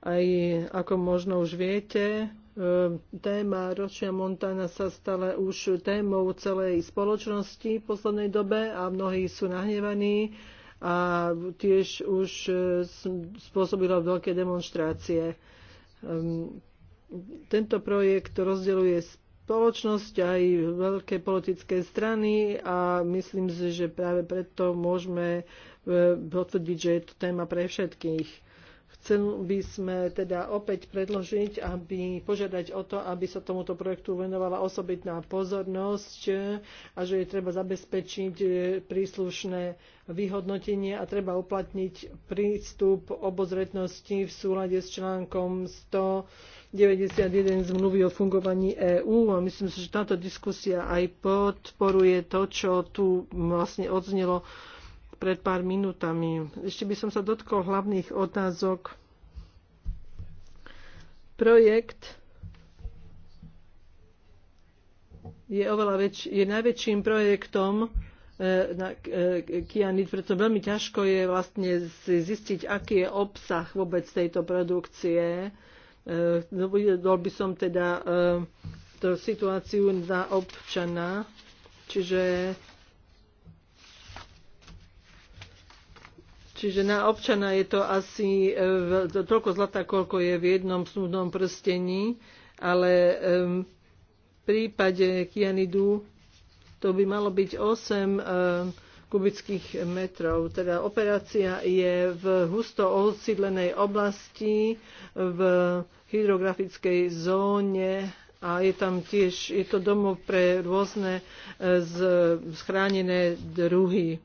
Aj ako možno už viete, Ehm, téma ročia Montana sa stala už témou celej spoločnosti v poslednej dobe a mnohí sú nahnevaní a tiež už eh, spôsobila veľké demonstrácie. Ehm, tento projekt rozdeľuje spoločnosť aj veľké politické strany a myslím si, že práve preto môžeme eh, potvrdiť, že je to téma pre všetkých chcel by sme teda opäť predložiť, aby požiadať o to, aby sa tomuto projektu venovala osobitná pozornosť a že je treba zabezpečiť e, príslušné vyhodnotenie a treba uplatniť prístup obozretnosti v súlade s článkom 191 zmluvy o fungovaní EÚ a myslím si, že táto diskusia aj podporuje to, čo tu vlastne odznelo pred pár minútami. Ešte by som sa dotkol hlavných otázok. Projekt je oveľa väč- je najväčším projektom e, na e, kianit, preto veľmi ťažko je vlastne zistiť, aký je obsah vôbec tejto produkcie. E, no, Dol by som teda tú situáciu na občana, čiže Čiže na občana je to asi e, toľko zlata, koľko je v jednom snúdnom prstení, ale v prípade kianidu to by malo byť 8 e, kubických metrov. Teda operácia je v husto osídlenej oblasti, v hydrografickej zóne a je tam tiež, je to domov pre rôzne e, z, schránené druhy.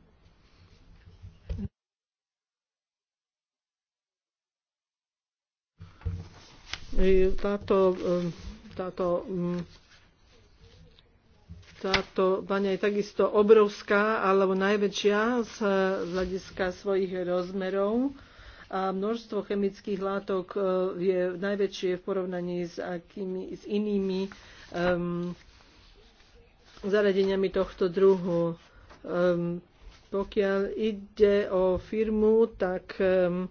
Táto, um, táto um, táto baňa je takisto obrovská alebo najväčšia z hľadiska svojich rozmerov a množstvo chemických látok uh, je najväčšie v porovnaní s, akými, s inými um, zaradeniami tohto druhu. Um, pokiaľ ide o firmu, tak um,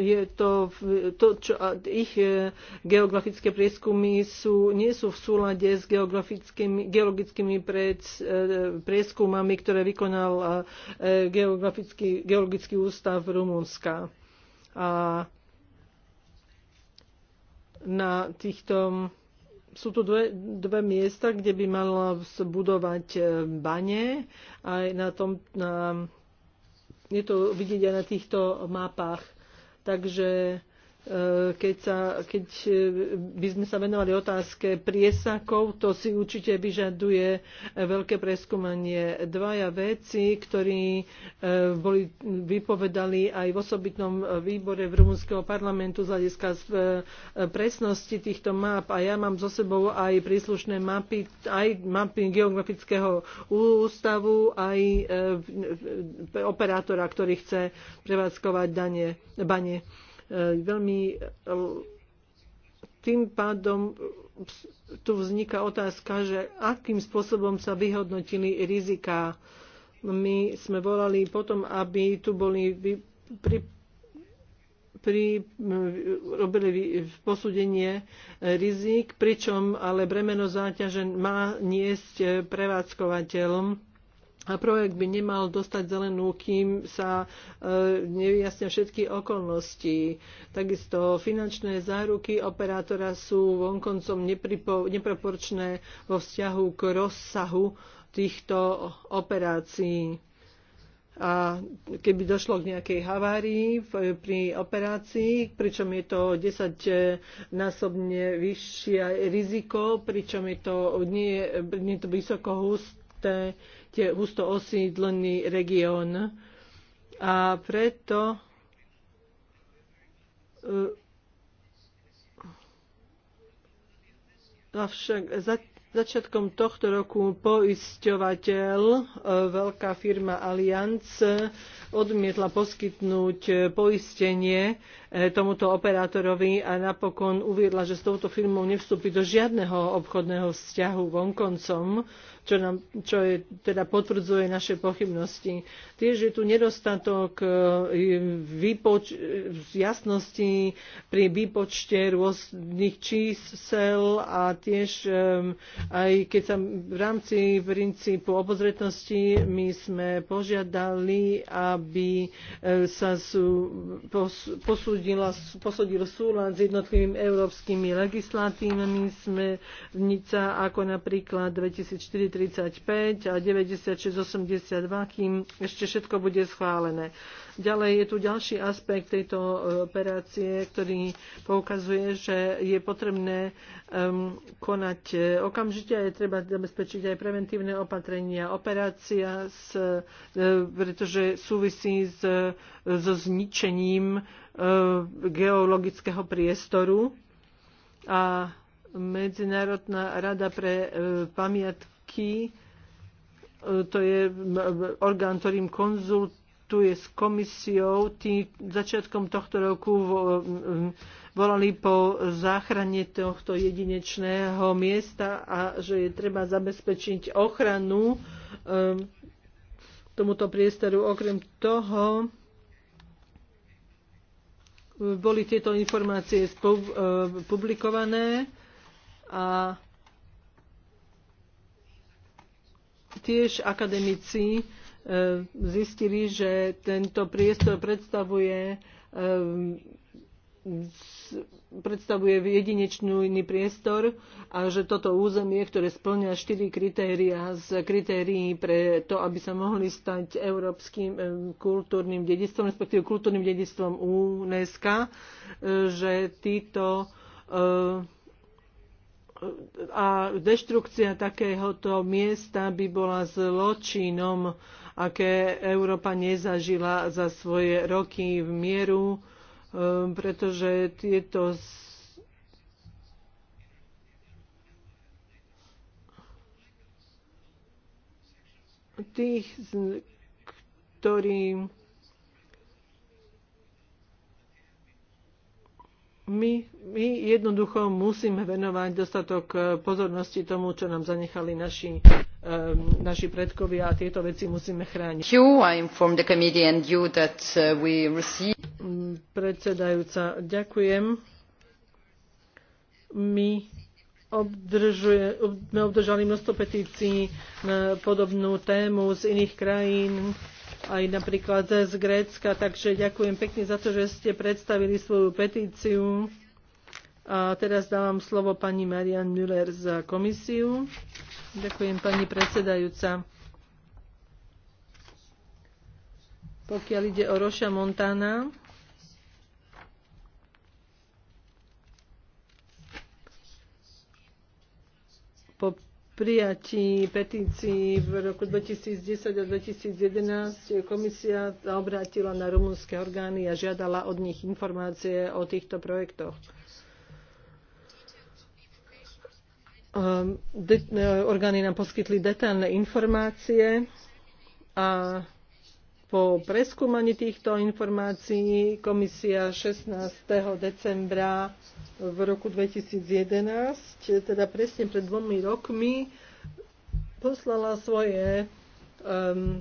je to, to čo, ich e, geografické prieskumy sú, nie sú v súlade s geografickými, geologickými pred, e, prieskumami, ktoré vykonal e, geografický, geologický ústav Rumunska. A na týchto sú tu dve, dve miesta, kde by mala budovať bane. Aj na tom, na, je to vidieť aj na týchto mapách. Takže E, keď, sa, keď e, by sme sa venovali otázke priesakov, to si určite vyžaduje veľké preskúmanie. Dvaja veci, ktorí e, boli, vypovedali aj v osobitnom výbore v Rumunského parlamentu z hľadiska presnosti týchto map a ja mám so sebou aj príslušné mapy, aj mapy geografického ústavu, aj operátora, ktorý chce prevádzkovať dane, bane. E, veľmi e, tým pádom tu vzniká otázka, že akým spôsobom sa vyhodnotili rizika. My sme volali potom, aby tu boli pri, pri, robili posúdenie e, rizik, pričom ale bremeno záťaže má niesť prevádzkovateľom a projekt by nemal dostať zelenú, kým sa e, nevyjasnia všetky okolnosti. Takisto finančné záruky operátora sú vonkoncom nepripo, neproporčné vo vzťahu k rozsahu týchto operácií. A keby došlo k nejakej havárii v, pri operácii, pričom je to 10 násobne vyššie riziko, pričom je to, nie, nie je to vysoko husté, tie husto osídlený región. A preto e, Avšak za, začiatkom tohto roku poisťovateľ, e, veľká firma Allianz, odmietla poskytnúť e, poistenie e, tomuto operátorovi a napokon uviedla, že s touto firmou nevstúpi do žiadneho obchodného vzťahu vonkoncom, čo, nám, čo je, teda potvrdzuje naše pochybnosti. Tiež je tu nedostatok e, výpoč- jasnosti pri výpočte rôznych čísel a tiež aj keď sa v rámci princípu obozretnosti my sme požiadali, a aby e, sa posúdil súlad s jednotlivými európskymi legislatívami smernica ako napríklad 2435 a 9682, kým ešte všetko bude schválené. Ďalej je tu ďalší aspekt tejto e, operácie, ktorý poukazuje, že je potrebné konať e, okamžite a je treba zabezpečiť aj preventívne opatrenia. Operácia, s, pretože súvisí súvisí s, so zničením e, geologického priestoru. A Medzinárodná rada pre e, pamiatky, e, to je orgán, ktorým konzultuje s komisiou. Tí začiatkom tohto roku volali po záchrane tohto jedinečného miesta a že je treba zabezpečiť ochranu tomuto priestoru. Okrem toho boli tieto informácie e, publikované a tiež akademici e, zistili, že tento priestor predstavuje e, predstavuje jedinečný priestor a že toto územie, ktoré splňa štyri kritéria z kritérií pre to, aby sa mohli stať európskym kultúrnym dedistvom, respektíve kultúrnym dedistvom UNESCO, e, že títo e, a deštrukcia takéhoto miesta by bola zločinom, aké Európa nezažila za svoje roky v mieru Ehm, pretože tieto tých, ktorí my, my jednoducho musíme venovať dostatok eh, pozornosti tomu, čo nám zanechali naši Ehm, naši predkovia a tieto veci musíme chrániť. Uh, mm, predsedajúca, ďakujem. My sme obdržali množstvo petícií na podobnú tému z iných krajín, aj napríklad z Grécka, takže ďakujem pekne za to, že ste predstavili svoju petíciu. A teraz dávam slovo pani Marian Müller za komisiu. Ďakujem, pani predsedajúca. Pokiaľ ide o Roša Montana, po prijatí petícií v roku 2010 a 2011 komisia obrátila na rumunské orgány a žiadala od nich informácie o týchto projektoch. Ehm, e, orgány nám poskytli detailné informácie a po preskúmaní týchto informácií komisia 16. decembra v roku 2011, teda presne pred dvomi rokmi, poslala svoje um,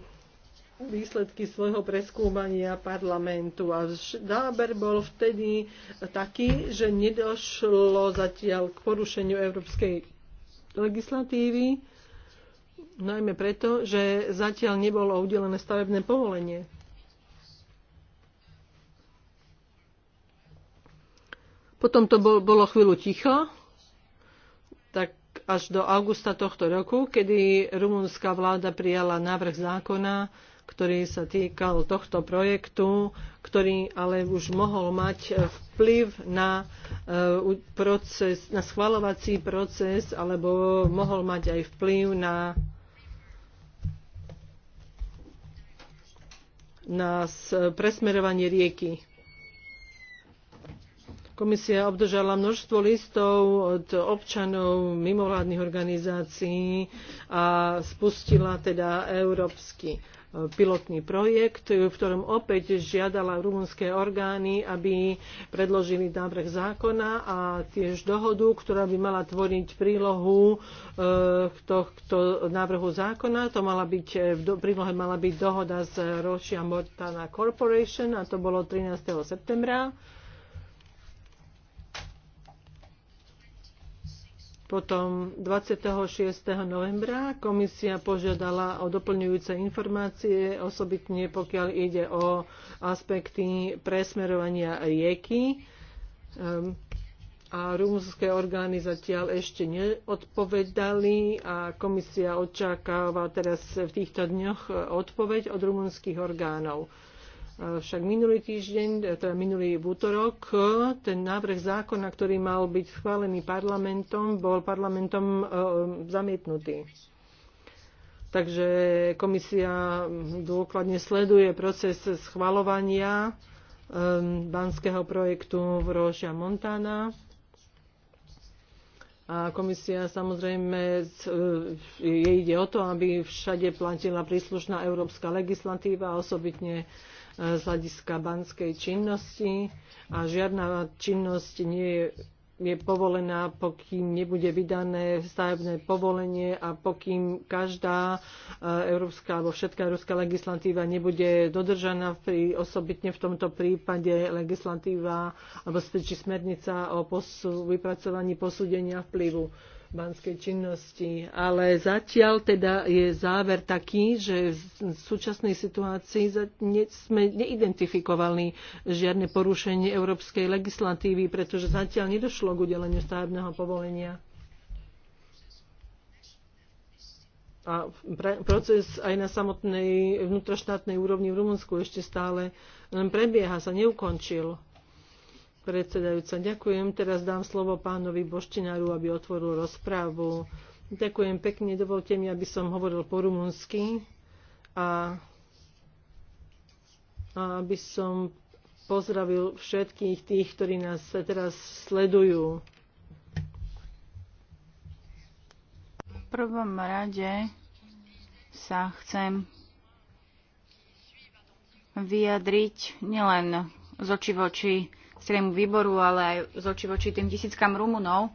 výsledky svojho preskúmania parlamentu. A záber bol vtedy taký, že nedošlo zatiaľ k porušeniu európskej legislatívy, najmä preto, že zatiaľ nebolo udelené stavebné povolenie. Potom to bolo chvíľu ticho, tak až do augusta tohto roku, kedy rumunská vláda prijala návrh zákona, ktorý sa týkal tohto projektu, ktorý ale už mohol mať eh, vplyv na, eh, proces, na schvalovací proces alebo mohol mať aj vplyv na na presmerovanie rieky. Komisia obdržala množstvo listov od občanov mimovládnych organizácií a spustila teda Európsky pilotný projekt, v ktorom opäť žiadala rumunské orgány, aby predložili návrh zákona a tiež dohodu, ktorá by mala tvoriť prílohu eh, tohto návrhu zákona. To mala byť, eh, v prílohe mala byť dohoda z Rošia Mortana Corporation a to bolo 13. septembra. Potom 26. novembra komisia požiadala o doplňujúce informácie, osobitne pokiaľ ide o aspekty presmerovania rieky. Ehm, a rumúnske orgány zatiaľ ešte neodpovedali a komisia očakáva teraz v týchto dňoch odpoveď od rumúnskych orgánov. Však minulý týždeň, teda minulý útorok, ten návrh zákona, ktorý mal byť schválený parlamentom, bol parlamentom e, zamietnutý. Takže komisia dôkladne sleduje proces schvalovania banského projektu v Rošia Montana. A komisia samozrejme e, jej ide o to, aby všade platila príslušná európska legislatíva, osobitne z hľadiska banskej činnosti a žiadna činnosť nie je je povolená, pokým nebude vydané stavebné povolenie a pokým každá eh, európska alebo všetká európska legislatíva nebude dodržaná pri, osobitne v tomto prípade legislatíva alebo či smernica o posu, vypracovaní posúdenia vplyvu banskej činnosti. Ale zatiaľ teda je záver taký, že v súčasnej situácii sme neidentifikovali žiadne porušenie európskej legislatívy, pretože zatiaľ nedošlo k udeleniu stavebného povolenia. A proces aj na samotnej vnútroštátnej úrovni v Rumunsku ešte stále len prebieha, sa neukončil predsedajúca. Ďakujem. Teraz dám slovo pánovi Boštináru, aby otvoril rozprávu. Ďakujem pekne. Dovolte mi, aby som hovoril po rumunsky a aby som pozdravil všetkých tých, ktorí nás teraz sledujú. V prvom rade sa chcem vyjadriť nielen z očí v oči extrému výboru, ale aj z oči voči tým tisíckam Rumunov,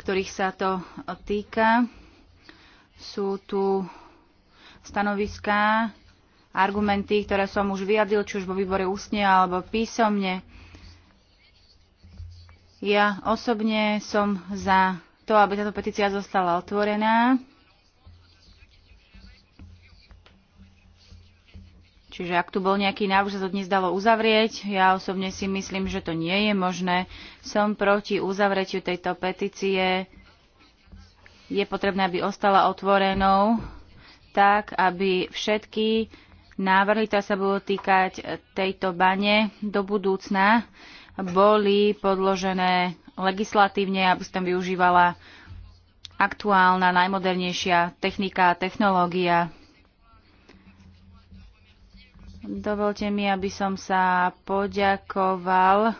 ktorých sa to týka. Sú tu stanoviská, argumenty, ktoré som už vyjadil, či už vo výbore ústne alebo písomne. Ja osobne som za to, aby táto petícia zostala otvorená Čiže ak tu bol nejaký návrh, že sa to dnes dalo uzavrieť, ja osobne si myslím, že to nie je možné. Som proti uzavretiu tejto petície. Je potrebné, aby ostala otvorenou, tak aby všetky návrhy, ktoré sa budú týkať tejto bane do budúcna, boli podložené legislatívne, aby sa tam využívala aktuálna, najmodernejšia technika a technológia. Dovolte mi, aby som sa poďakoval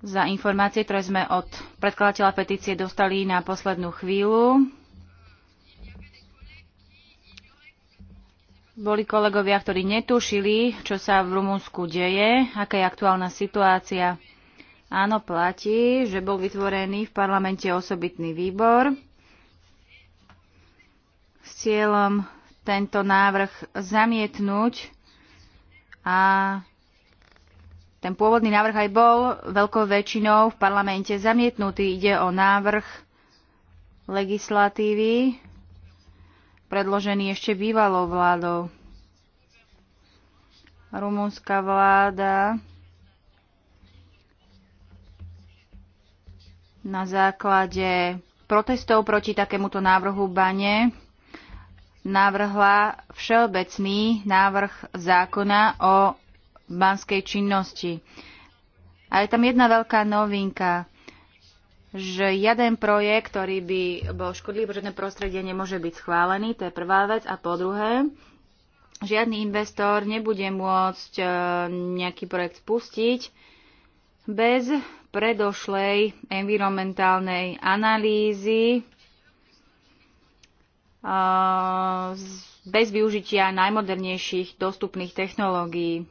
za informácie, ktoré sme od predkladateľa petície dostali na poslednú chvíľu. Boli kolegovia, ktorí netušili, čo sa v Rumunsku deje, aká je aktuálna situácia. Áno, platí, že bol vytvorený v parlamente osobitný výbor s cieľom tento návrh zamietnúť a ten pôvodný návrh aj bol veľkou väčšinou v parlamente zamietnutý. Ide o návrh legislatívy predložený ešte bývalou vládou. Rumúnska vláda na základe protestov proti takémuto návrhu bane navrhla všeobecný návrh zákona o banskej činnosti. A je tam jedna veľká novinka, že jeden projekt, ktorý by bol škodlivý pre životné prostredie, nemôže byť schválený. To je prvá vec. A po druhé, žiadny investor nebude môcť e, nejaký projekt spustiť bez predošlej environmentálnej analýzy bez využitia najmodernejších dostupných technológií.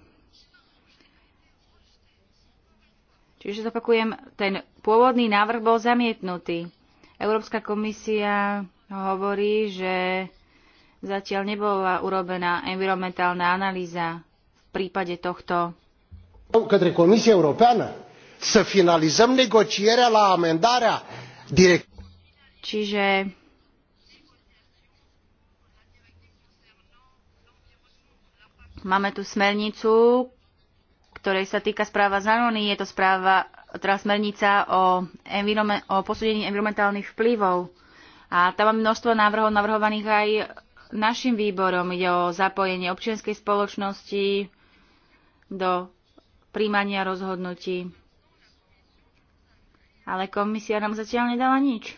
Čiže zopakujem, ten pôvodný návrh bol zamietnutý. Európska komisia hovorí, že zatiaľ nebola urobená environmentálna analýza v prípade tohto. Către Comisia Europeană să finalizăm negocierea la amendarea direct. Čiže Máme tu smernicu, ktorej sa týka správa Zanony. Je to správa, teda smernica o, o posúdení environmentálnych vplyvov. A tam máme množstvo návrhov navrhovaných aj našim výborom. Ide o zapojenie občianskej spoločnosti do príjmania rozhodnutí. Ale komisia nám zatiaľ nedala nič.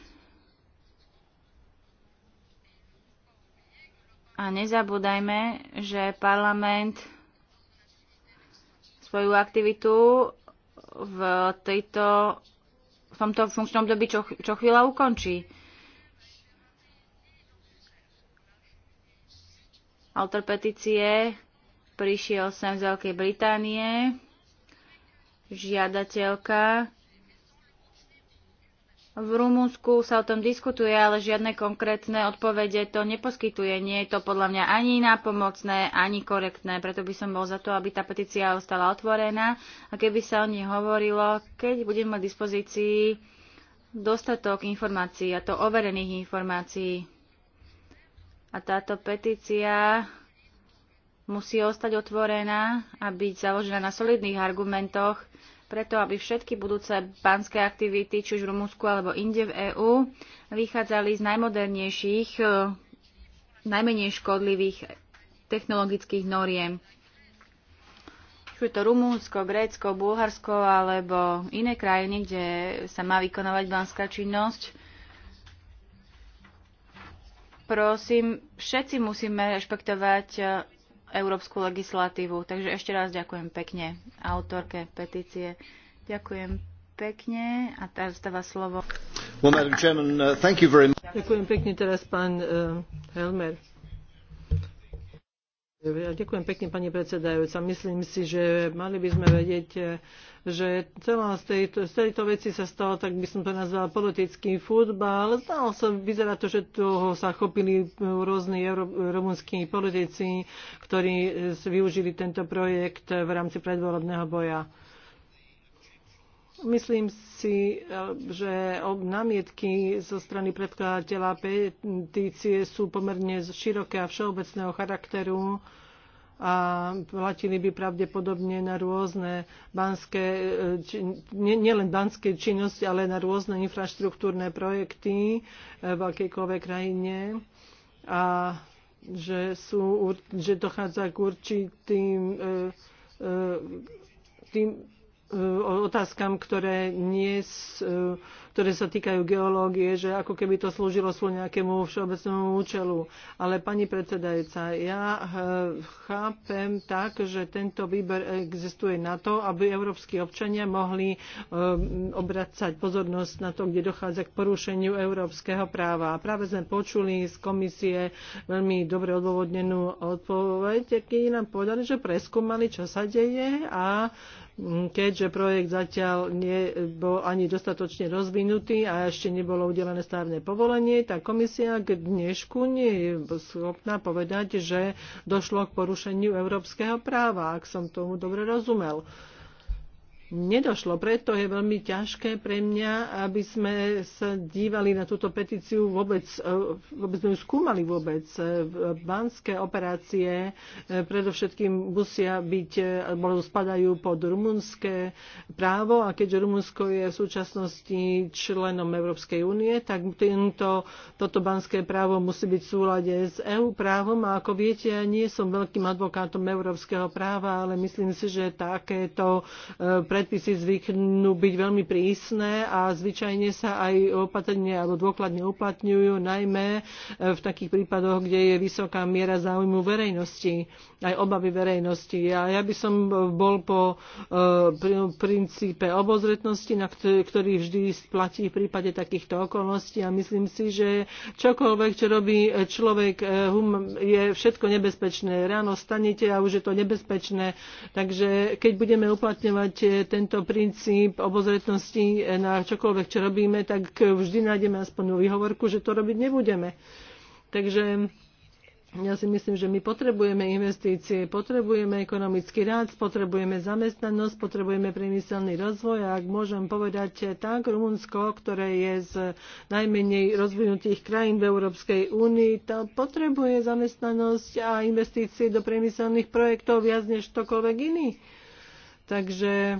A nezabúdajme, že parlament svoju aktivitu v, tejto, v tomto funkčnom období čo, čo chvíľa ukončí. Autor petície prišiel sem z Veľkej Británie, žiadateľka v Rumunsku sa o tom diskutuje, ale žiadne konkrétne odpovede to neposkytuje. Nie je to podľa mňa ani nápomocné, ani korektné. Preto by som bol za to, aby tá petícia ostala otvorená. A keby sa o nej hovorilo, keď budeme mať dispozícii dostatok informácií, a to overených informácií. A táto petícia musí ostať otvorená a byť založená na solidných argumentoch, preto, aby všetky budúce banské aktivity, či už v Rumúnsku alebo inde v EÚ, vychádzali z najmodernejších, e, najmenej škodlivých technologických noriem. Či je to Rumúnsko, Grécko, Bulharsko alebo iné krajiny, kde sa má vykonávať banská činnosť, prosím, všetci musíme rešpektovať e, európsku legislatívu. Takže ešte raz ďakujem pekne autorke petície. Ďakujem pekne a teraz dáva slovo. Well, Madam Chairman, uh, thank you very much. Ďakujem pekne teraz pán uh, Helmer. Ďakujem pekne, pani predsedajúca. Myslím si, že mali by sme vedieť, že celá z tejto, z tejto veci sa stalo, tak by som to nazval politický futbal. Zdalo sa, vyzerá to, že toho sa chopili rôzni rumunskí politici, ktorí využili tento projekt v rámci predvolebného boja. Myslím si, e, že námietky zo strany predkladateľa petície sú pomerne široké a všeobecného charakteru a platili by pravdepodobne na rôzne banské, e, nielen nie banské činnosti, ale na rôzne infraštruktúrne projekty e, v akejkoľvek krajine. A že, sú, že dochádza k určitým tým, E, otázkam, ktoré, nie, e, ktoré sa týkajú geológie, že ako keby to slúžilo svoj nejakému všeobecnému účelu. Ale pani predsedajúca, ja e, chápem tak, že tento výber existuje na to, aby európsky občania mohli obracať pozornosť na to, kde dochádza k porušeniu európskeho práva. A práve sme počuli z komisie veľmi dobre odôvodnenú odpoveď, keď nám povedali, že preskúmali, čo sa deje a keďže projekt zatiaľ nebol ani dostatočne rozvinutý a ešte nebolo udelené stavebné povolenie, tá komisia k dnešku nie je schopná povedať, že došlo k porušeniu európskeho práva, ak som tomu dobre rozumel nedošlo. Preto je veľmi ťažké pre mňa, aby sme sa dívali na túto petíciu vôbec, e, vôbec sme ju skúmali vôbec. E, banské operácie e, predovšetkým musia byť, alebo spadajú pod rumunské právo a keďže Rumunsko je v súčasnosti členom Európskej únie, tak tento, toto banské právo musí byť v súlade s EU právom a ako viete, ja nie som veľkým advokátom európskeho práva, ale myslím si, že takéto pre predpisy zvyknú byť veľmi prísne a zvyčajne sa aj opatrne alebo dôkladne uplatňujú, najmä e, v takých prípadoch, kde je vysoká miera záujmu verejnosti, aj obavy verejnosti. A ja by som bol po e, princípe obozretnosti, na ktorý vždy platí v prípade takýchto okolností a myslím si, že čokoľvek, čo robí človek, e, je všetko nebezpečné. Ráno stanete a už je to nebezpečné. Takže keď budeme uplatňovať tento princíp obozretnosti na čokoľvek, čo robíme, tak vždy nájdeme aspoň výhovorku, že to robiť nebudeme. Takže ja si myslím, že my potrebujeme investície, potrebujeme ekonomický rád, potrebujeme zamestnanosť, potrebujeme priemyselný rozvoj a ak môžem povedať tak, Rumunsko, ktoré je z najmenej rozvinutých krajín v Európskej únii, to potrebuje zamestnanosť a investície do priemyselných projektov viac než ktokoľvek iný. Takže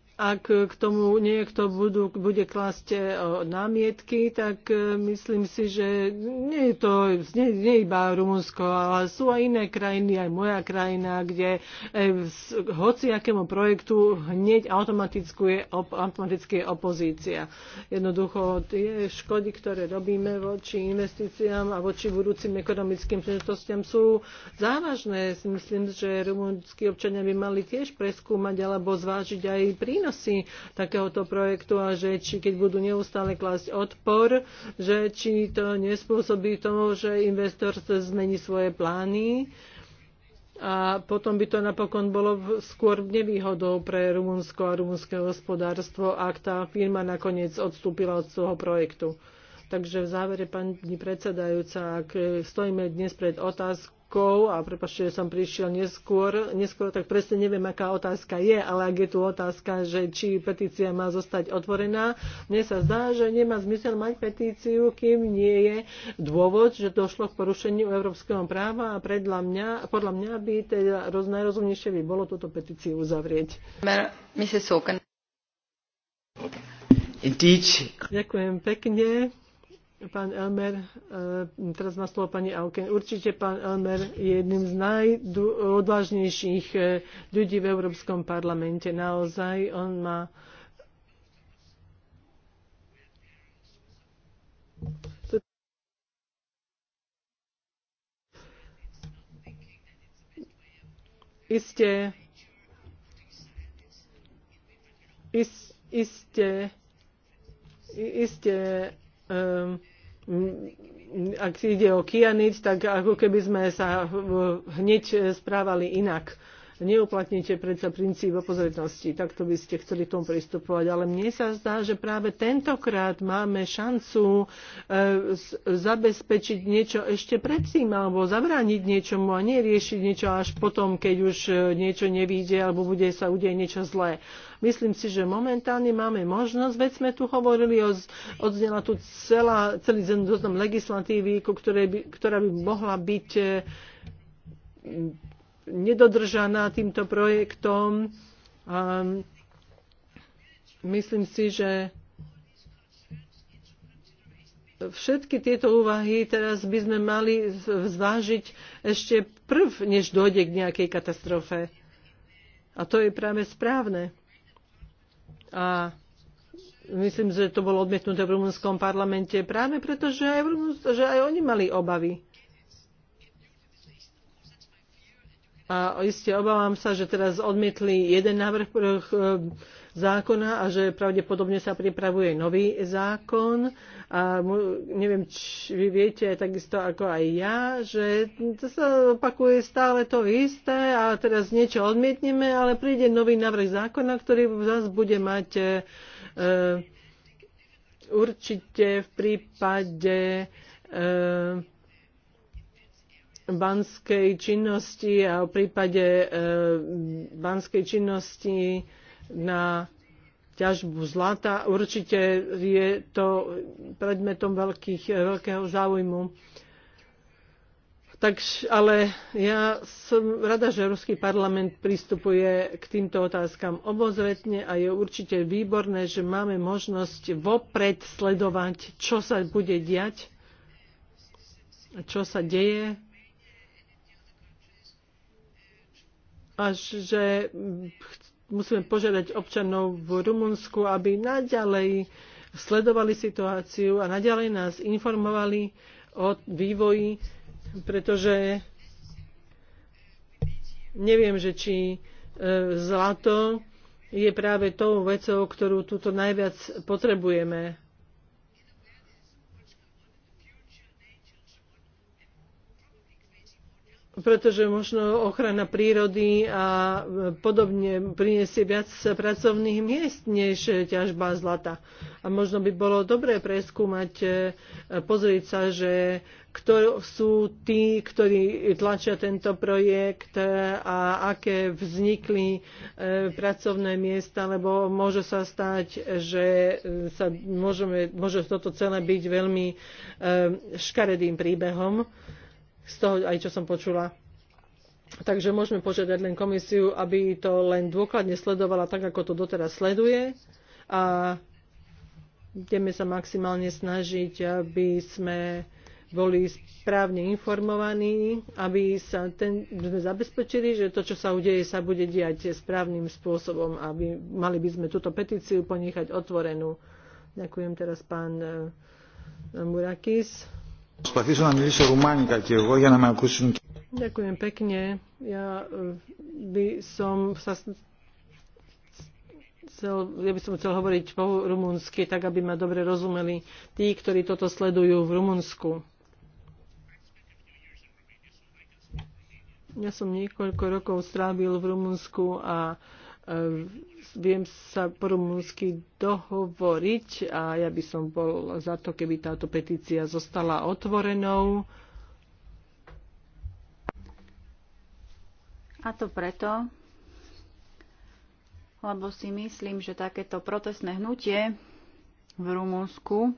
Ak k tomu niekto budú, bude klásť e, námietky, tak e, myslím si, že nie je to nie, nie iba Rumunsko, ale sú aj iné krajiny, aj moja krajina, kde e, hoci akému projektu hneď automaticky je, automaticky je opozícia. Jednoducho tie škody, ktoré robíme voči investíciám a voči budúcim ekonomickým príležitostiam sú závažné. Myslím, že rumunskí občania by mali tiež preskúmať alebo zvážiť aj prínos prínosy takéhoto projektu a že či keď budú neustále klásť odpor, že či to nespôsobí tomu, že investor zmení svoje plány a potom by to napokon bolo skôr nevýhodou pre Rumunsko a rumunské hospodárstvo, ak tá firma nakoniec odstúpila od svojho projektu. Takže v závere, pani predsedajúca, ak stojíme dnes pred otázkou, otázkou a prepáčte, že som prišiel neskôr, neskôr tak presne neviem, aká otázka je, ale ak je tu otázka, že či petícia má zostať otvorená, mne sa zdá, že nemá zmysel mať petíciu, kým nie je dôvod, že došlo k porušeniu európskeho práva a predľa mňa, podľa mňa by teda najrozumnejšie by bolo túto petíciu uzavrieť. Ďakujem pekne. Pán Elmer, e, teraz má slovo pani Auken. Určite pán Elmer je jedným z najodvážnejších e, ľudí v Európskom parlamente. Naozaj on má Isté, isté, isté, um, Mm, ak ide o kyanid tak ako keby sme sa hneď správali inak neuplatníte predsa princíp tak Takto by ste chceli tomu pristupovať. Ale mne sa zdá, že práve tentokrát máme šancu e, zabezpečiť niečo ešte predtým alebo zabrániť niečomu a neriešiť niečo až potom, keď už e, niečo nevíde alebo bude sa udeje niečo zlé. Myslím si, že momentálne máme možnosť, veď sme tu hovorili, o, odznela tu celá, celý zoznam legislatívy, ktoré by, ktorá by mohla byť e, nedodržaná týmto projektom. A myslím si, že všetky tieto úvahy teraz by sme mali zvážiť ešte prv, než dojde k nejakej katastrofe. A to je práve správne. A myslím, že to bolo odmietnuté v rumunskom parlamente práve preto, že aj, že aj oni mali obavy. A iste obávam sa, že teraz odmietli jeden návrh e, zákona a že pravdepodobne sa pripravuje nový zákon. A neviem, či vy viete takisto ako aj ja, že to sa opakuje stále to isté a teraz niečo odmietneme, ale príde nový návrh zákona, ktorý zás bude mať e, určite v prípade e, banskej činnosti a o prípade e, banskej činnosti na ťažbu zlata. Určite je to predmetom veľkých, veľkého záujmu. Tak, ale ja som rada, že Ruský parlament pristupuje k týmto otázkam obozretne a je určite výborné, že máme možnosť vopred sledovať, čo sa bude diať, čo sa deje a že mm, musíme požiadať občanov v Rumunsku, aby naďalej sledovali situáciu a naďalej nás informovali o vývoji, pretože neviem, že či e, zlato je práve tou vecou, ktorú tuto najviac potrebujeme. pretože možno ochrana prírody a e, podobne priniesie viac pracovných miest než ťažba zlata. A možno by bolo dobré preskúmať, e, e, pozrieť sa, že kto sú tí, ktorí tlačia tento projekt a aké vznikli pracovné miesta, lebo môže sa stať, že sa môžeme, môže toto celé byť veľmi škaredým príbehom z toho aj čo som počula. Takže môžeme požiadať len komisiu, aby to len dôkladne sledovala tak, ako to doteraz sleduje. A budeme sa maximálne snažiť, aby sme boli správne informovaní, aby sa ten, sme zabezpečili, že to, čo sa udeje, sa bude diať správnym spôsobom, aby mali by sme túto petíciu ponechať otvorenú. Ďakujem teraz pán eh, Murakis. Ďakujem pekne. Ja eh, by som sa chcel, ja by som chcel hovoriť po rumunsky, tak aby ma dobre rozumeli tí, ktorí toto sledujú v Rumunsku. Ja som niekoľko rokov strávil v Rumunsku a eh, viem sa po rumúnsky dohovoriť a ja by som bol za to, keby táto petícia zostala otvorenou. A to preto, lebo si myslím, že takéto protestné hnutie v Rumúnsku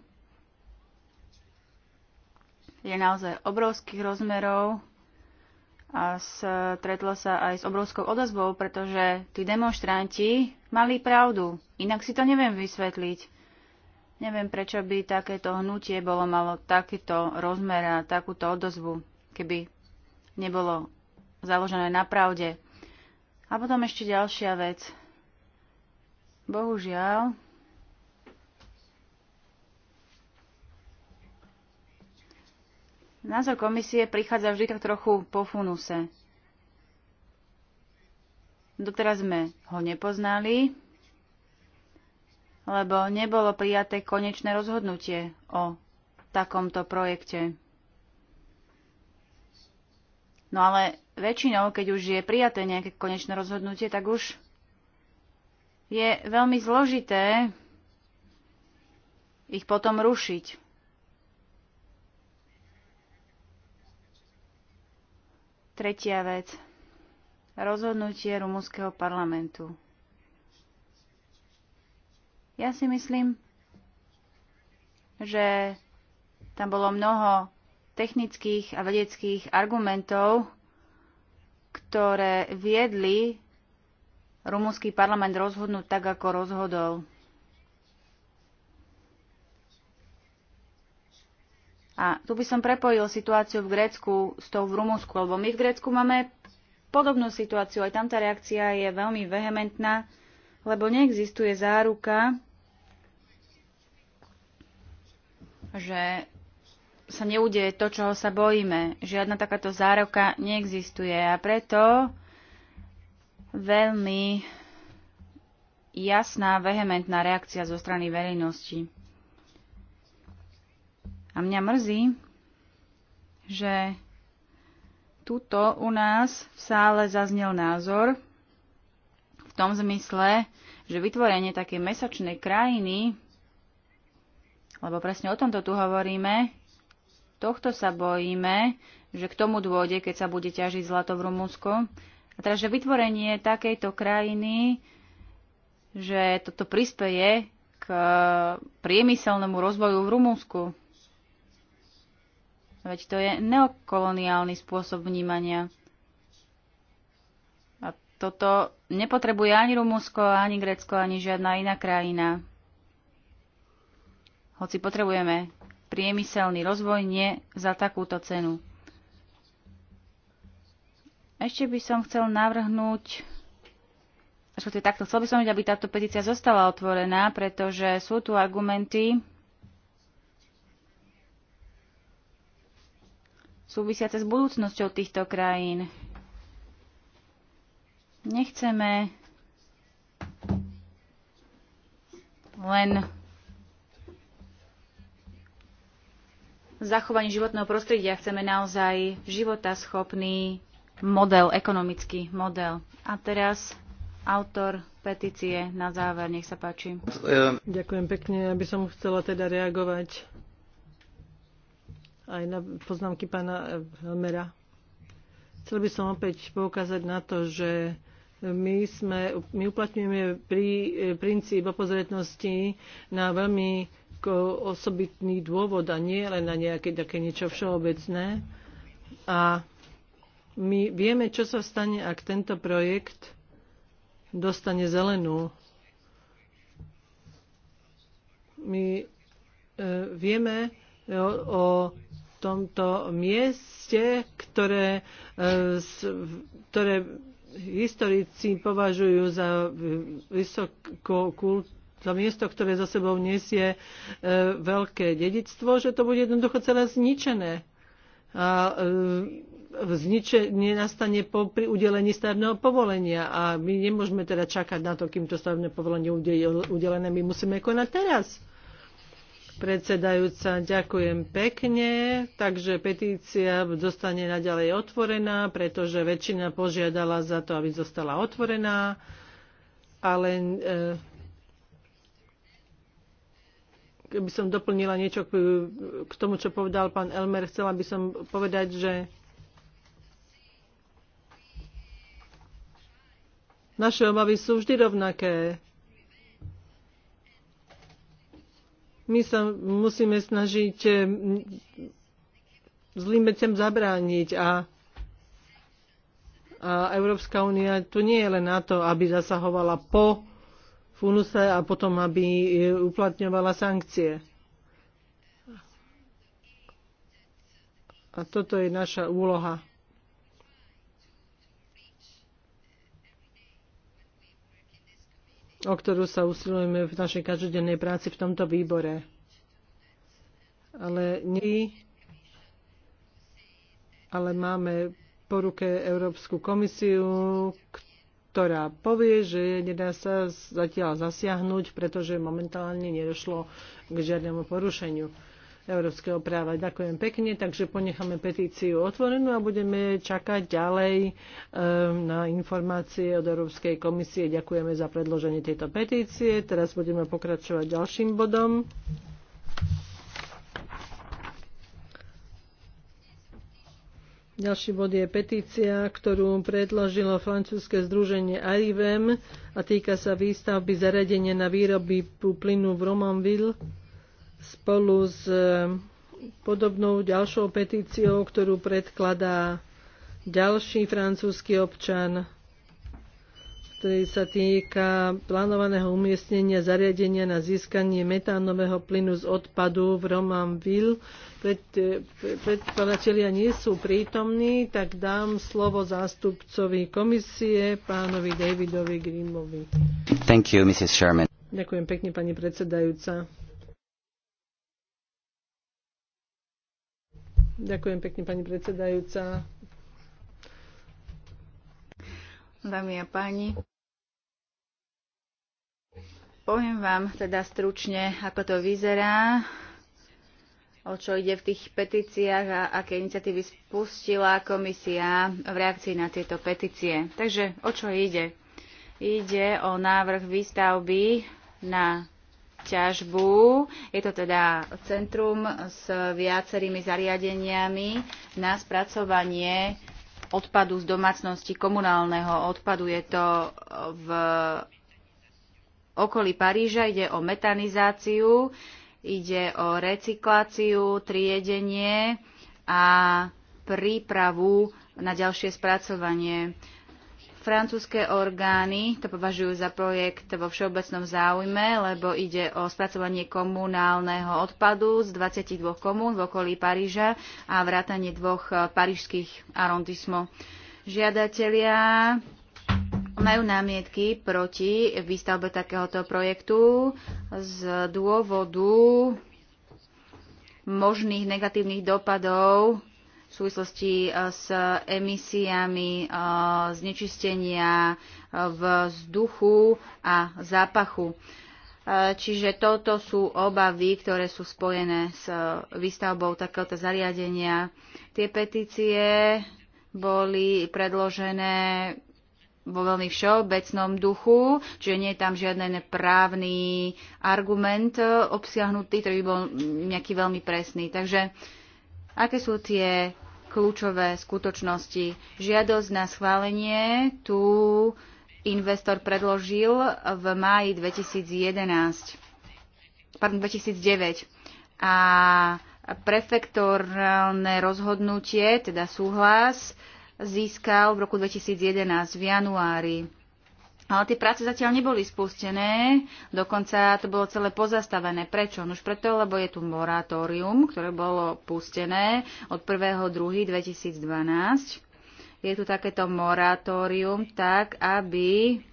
je naozaj obrovských rozmerov a stretlo sa aj s obrovskou odozvou, pretože tí demonstranti mali pravdu. Inak si to neviem vysvetliť. Neviem, prečo by takéto hnutie bolo malo takýto rozmer a takúto odozvu, keby nebolo založené na pravde. A potom ešte ďalšia vec. Bohužiaľ, Názor komisie prichádza vždy tak trochu po funuse. Doteraz sme ho nepoznali, lebo nebolo prijaté konečné rozhodnutie o takomto projekte. No ale väčšinou, keď už je prijaté nejaké konečné rozhodnutie, tak už je veľmi zložité ich potom rušiť. Tretia vec. Rozhodnutie rumúnskeho parlamentu. Ja si myslím, že tam bolo mnoho technických a vedeckých argumentov, ktoré viedli rumúnsky parlament rozhodnúť tak, ako rozhodol. A tu by som prepojil situáciu v Grécku s tou v Rumunsku, lebo my v Grécku máme podobnú situáciu. Aj tam tá reakcia je veľmi vehementná, lebo neexistuje záruka, že sa neudeje to, čoho sa bojíme. Žiadna takáto zároka neexistuje a preto veľmi jasná, vehementná reakcia zo strany verejnosti. A mňa mrzí, že tuto u nás v sále zaznel názor v tom zmysle, že vytvorenie takej mesačnej krajiny, lebo presne o tomto tu hovoríme, tohto sa bojíme, že k tomu dôjde, keď sa bude ťažiť zlato v Rumúnsku. A teda, že vytvorenie takejto krajiny, že toto prispeje k priemyselnému rozvoju v Rumúnsku. Veď to je neokoloniálny spôsob vnímania. A toto nepotrebuje ani Rumunsko, ani Grécko, ani žiadna iná krajina. Hoci potrebujeme priemyselný rozvoj, nie za takúto cenu. Ešte by som chcel navrhnúť je takto. Chcel by som, aby táto petícia zostala otvorená, pretože sú tu argumenty, súvisiace s budúcnosťou týchto krajín. Nechceme len zachovanie životného prostredia. Chceme naozaj schopný model, ekonomický model. A teraz autor petície na záver, nech sa páči. Ďakujem pekne, aby som chcela teda reagovať aj na poznámky pána eh, Helmera. Chcel by som opäť poukázať na to, že my, sme, my uplatňujeme pri, eh, princíp opozretnosti na veľmi osobitný dôvod a nie len na nejaké také niečo všeobecné. A my vieme, čo sa stane, ak tento projekt dostane zelenú. My e, vieme, o, tomto mieste, ktoré, e, ktoré historici považujú za vysoko kultúru to miesto, ktoré za sebou nesie e, veľké dedictvo, že to bude jednoducho celé zničené. A e, zničenie nastane po, pri udelení stavebného povolenia a my nemôžeme teda čakať na to, kým to stavebné povolenie je udelené, my musíme konať teraz. Predsedajúca, ďakujem pekne. Takže petícia zostane naďalej otvorená, pretože väčšina požiadala za to, aby zostala otvorená. Ale eh, keby som doplnila niečo k tomu, čo povedal pán Elmer, chcela by som povedať, že naše obavy sú vždy rovnaké My sa musíme snažiť eh, zlým veciam zabrániť a, a Európska únia tu nie je len na to, aby zasahovala po funuse a potom, aby eh, uplatňovala sankcie. A toto je naša úloha. o ktorú sa usilujeme v našej každodennej práci v tomto výbore. Ale nie, ale máme po ruke Európsku komisiu, ktorá povie, že nedá sa zatiaľ zasiahnuť, pretože momentálne nedošlo k žiadnemu porušeniu európskeho práva. Ďakujem pekne, takže ponecháme petíciu otvorenú a budeme čakať ďalej e, na informácie od Európskej komisie. Ďakujeme za predloženie tejto petície. Teraz budeme pokračovať ďalším bodom. Ďalší bod je petícia, ktorú predložilo francúzske združenie Arivem a týka sa výstavby zariadenia na výroby plynu v Romanville spolu s e, podobnou ďalšou petíciou, ktorú predkladá ďalší francúzsky občan, ktorý sa týka plánovaného umiestnenia zariadenia na získanie metánového plynu z odpadu v Romanville. Pred, e, predkladatelia nie sú prítomní, tak dám slovo zástupcovi komisie, pánovi Davidovi Grimovi. Thank you, Mrs. Sherman. Ďakujem pekne, pani predsedajúca. Ďakujem pekne, pani predsedajúca. Dámy a páni, poviem vám teda stručne, ako to vyzerá, o čo ide v tých petíciách a aké iniciatívy spustila komisia v reakcii na tieto petície. Takže o čo ide? Ide o návrh výstavby na ťažbu. Je to teda centrum s viacerými zariadeniami na spracovanie odpadu z domácnosti komunálneho odpadu. Je to v okolí Paríža, ide o metanizáciu, ide o recykláciu, triedenie a prípravu na ďalšie spracovanie. Francúzske orgány to považujú za projekt vo všeobecnom záujme, lebo ide o spracovanie komunálneho odpadu z 22 komún v okolí Paríža a vrátanie dvoch eh, parížských arondismo Žiadatelia majú námietky proti výstavbe takéhoto projektu z dôvodu možných negatívnych dopadov v súvislosti eh, s emisiami eh, znečistenia eh, vzduchu a zápachu. Čiže toto sú obavy, ktoré sú spojené s výstavbou takéhoto zariadenia. Tie petície boli predložené vo veľmi všeobecnom duchu, čiže nie je tam žiadny právny argument obsiahnutý, ktorý by bol nejaký veľmi presný. Takže aké sú tie kľúčové skutočnosti. Žiadosť na schválenie tu investor predložil v máji 2011, pardon, 2009. A prefektorálne rozhodnutie, teda súhlas, získal v roku 2011 v januári ale tie práce zatiaľ neboli spustené, dokonca to bolo celé pozastavené. Prečo? Už preto, lebo je tu moratórium, ktoré bolo pustené od 1.2.2012. Je tu takéto moratórium tak, aby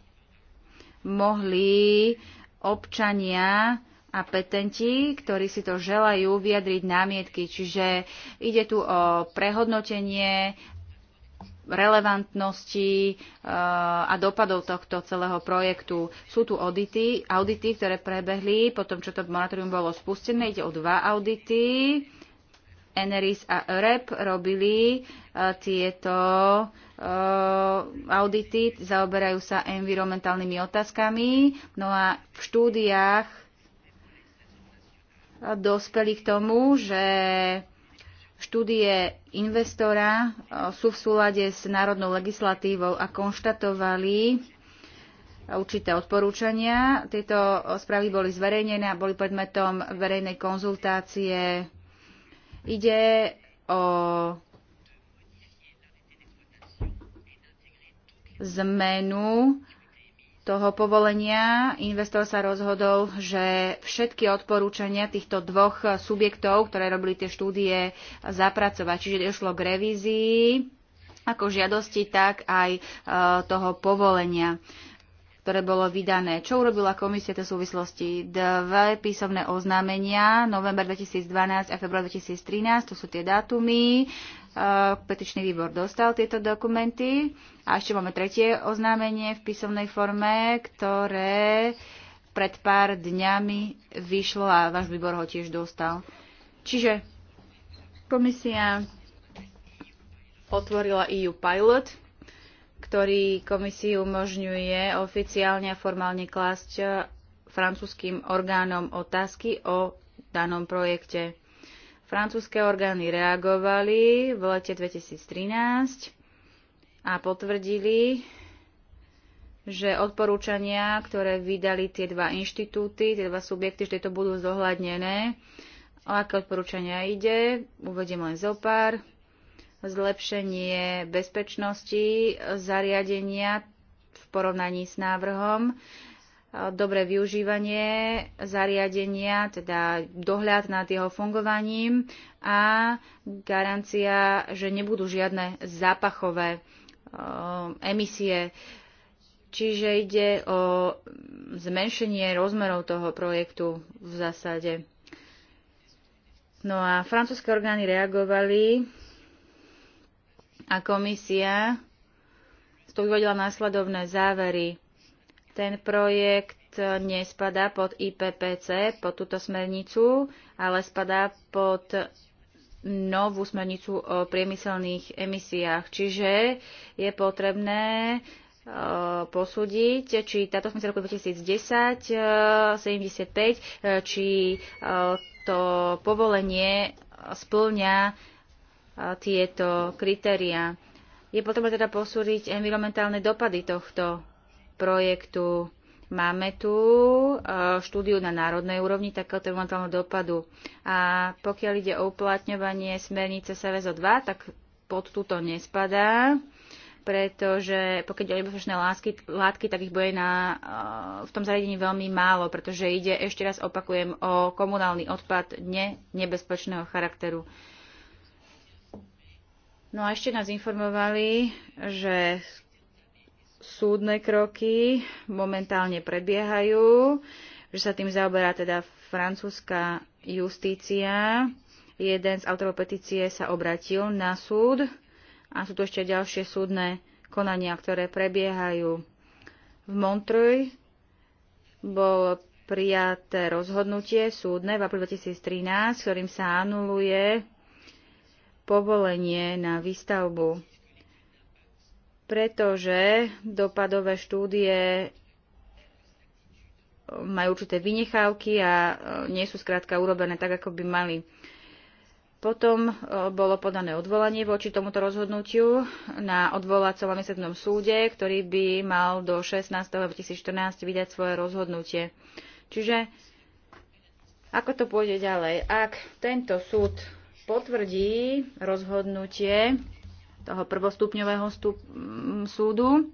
mohli občania a petenti, ktorí si to želajú, vyjadriť námietky. Čiže ide tu o prehodnotenie relevantnosti eh, a dopadov tohto celého projektu. Sú tu audity, audity, ktoré prebehli po tom, čo to moratórium bolo spustené. Ide o dva audity. Eneris a REP robili eh, tieto eh, audity, zaoberajú sa environmentálnymi otázkami. No a v štúdiách dospeli k tomu, že štúdie investora e, sú v súlade s národnou legislatívou a konštatovali určité odporúčania. Tieto správy boli zverejnené a boli predmetom verejnej konzultácie. Ide o zmenu toho povolenia investor sa rozhodol, že všetky odporúčania týchto dvoch subjektov, ktoré robili tie štúdie, zapracovať. Čiže došlo k revízii ako žiadosti, tak aj e, toho povolenia ktoré bolo vydané. Čo urobila komisia tej súvislosti? Dve písomné oznámenia, november 2012 a február 2013, to sú tie dátumy. E, petičný výbor dostal tieto dokumenty. A ešte máme tretie oznámenie v písomnej forme, ktoré pred pár dňami vyšlo a váš výbor ho tiež dostal. Čiže komisia otvorila EU Pilot, ktorý komisii umožňuje oficiálne a formálne klásť francúzským orgánom otázky o danom projekte. Francúzske orgány reagovali v lete 2013 a potvrdili, že odporúčania, ktoré vydali tie dva inštitúty, tie dva subjekty, že to budú zohľadnené. O aké odporúčania ide? Uvediem len zo pár. Zlepšenie bezpečnosti zariadenia v porovnaní s návrhom dobré využívanie zariadenia, teda dohľad nad jeho fungovaním a garancia, že nebudú žiadne zápachové emisie. Čiže ide o zmenšenie rozmerov toho projektu v zásade. No a francúzske orgány reagovali a komisia z toho vyvodila následovné závery ten projekt e, nespadá pod IPPC, pod túto smernicu, ale spadá pod novú smernicu o priemyselných emisiách. Čiže je potrebné e, posúdiť, či táto smernica roku 2010 75, e, či to povolenie splňa tieto kritéria. Je potrebné teda posúdiť environmentálne dopady tohto projektu. Máme tu e, štúdiu na národnej úrovni takéhoto momentálneho dopadu. A pokiaľ ide o uplatňovanie smernice SVZO 2, tak pod túto nespadá pretože pokiaľ ide o nebezpečné látky, látky, tak ich bude na, e, v tom zariadení veľmi málo, pretože ide, ešte raz opakujem, o komunálny odpad ne, nebezpečného charakteru. No a ešte nás informovali, že súdne kroky momentálne prebiehajú, že sa tým zaoberá teda francúzska justícia. Jeden z autorov petície sa obratil na súd a sú tu ešte ďalšie súdne konania, ktoré prebiehajú. V Montreuil bol prijaté rozhodnutie súdne v apríli 2013, ktorým sa anuluje povolenie na výstavbu pretože dopadové štúdie majú určité vynechávky a e, nie sú skrátka urobené tak, ako by mali. Potom e, bolo podané odvolanie voči tomuto rozhodnutiu na odvolacom mesiacnom súde, ktorý by mal do 16. 2014 vydať svoje rozhodnutie. Čiže ako to pôjde ďalej? Ak tento súd potvrdí rozhodnutie toho prvostupňového stup- súdu,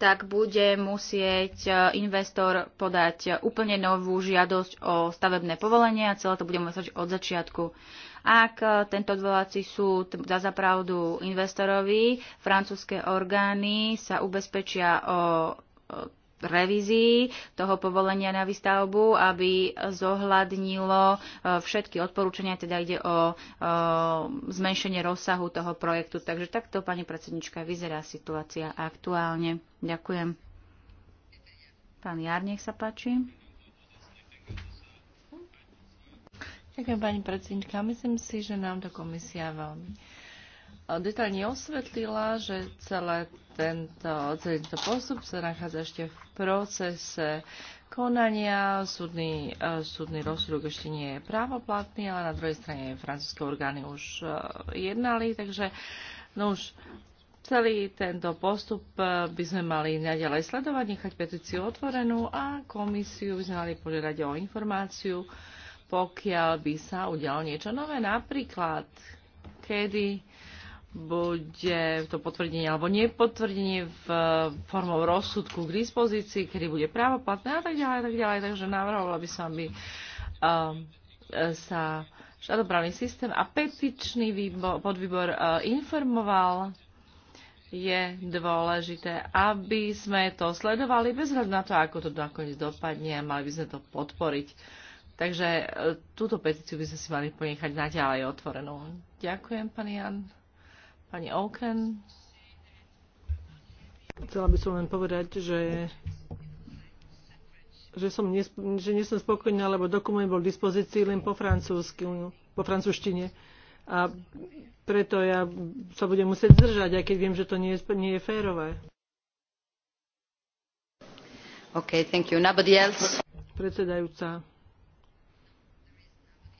tak bude musieť e, investor podať úplne novú žiadosť o stavebné povolenie a celé to bude musieť od začiatku. Ak e, tento odvolací súd dá za pravdu investorovi, francúzske orgány sa ubezpečia o e, revízii toho povolenia na výstavbu, aby zohľadnilo e, všetky odporúčania, teda ide o e, zmenšenie rozsahu toho projektu. Takže takto, pani predsednička, vyzerá situácia aktuálne. Ďakujem. Pán Jar, nech sa páči. Ďakujem, pani predsednička. Myslím si, že nám to komisia veľmi detailne osvetlila, že celé tento, tento postup sa nachádza ešte v procese konania. Súdny, e, súdny rozsudok ešte nie je právoplatný, ale na druhej strane francúzske orgány už e, jednali, takže no už celý tento postup e, by sme mali naďalej sledovať, nechať petíciu otvorenú a komisiu by sme mali požiadať o informáciu, pokiaľ by sa udialo niečo nové, napríklad kedy bude to potvrdenie alebo nepotvrdenie v formou rozsudku k dispozícii, kedy bude právoplatné a tak ďalej, a tak ďalej. Takže navrhovala by som, aby um, sa štátoprávny systém a petičný výbor, podvýbor uh, informoval. Je dôležité, aby sme to sledovali bez hľadu na to, ako to nakoniec dopadne a mali by sme to podporiť. Takže uh, túto petíciu by sme si mali ponechať naďalej otvorenú. Ďakujem, pani Jan. Pani Oken. Chcela by som len povedať, že že som nes, že nie som spokojná, lebo dokument bol v dispozícii len po, francúzsky, po francúzštine. A preto ja sa budem musieť zdržať, aj keď viem, že to nie je, nie je férové. OK, thank you. Nobody else? Predsedajúca.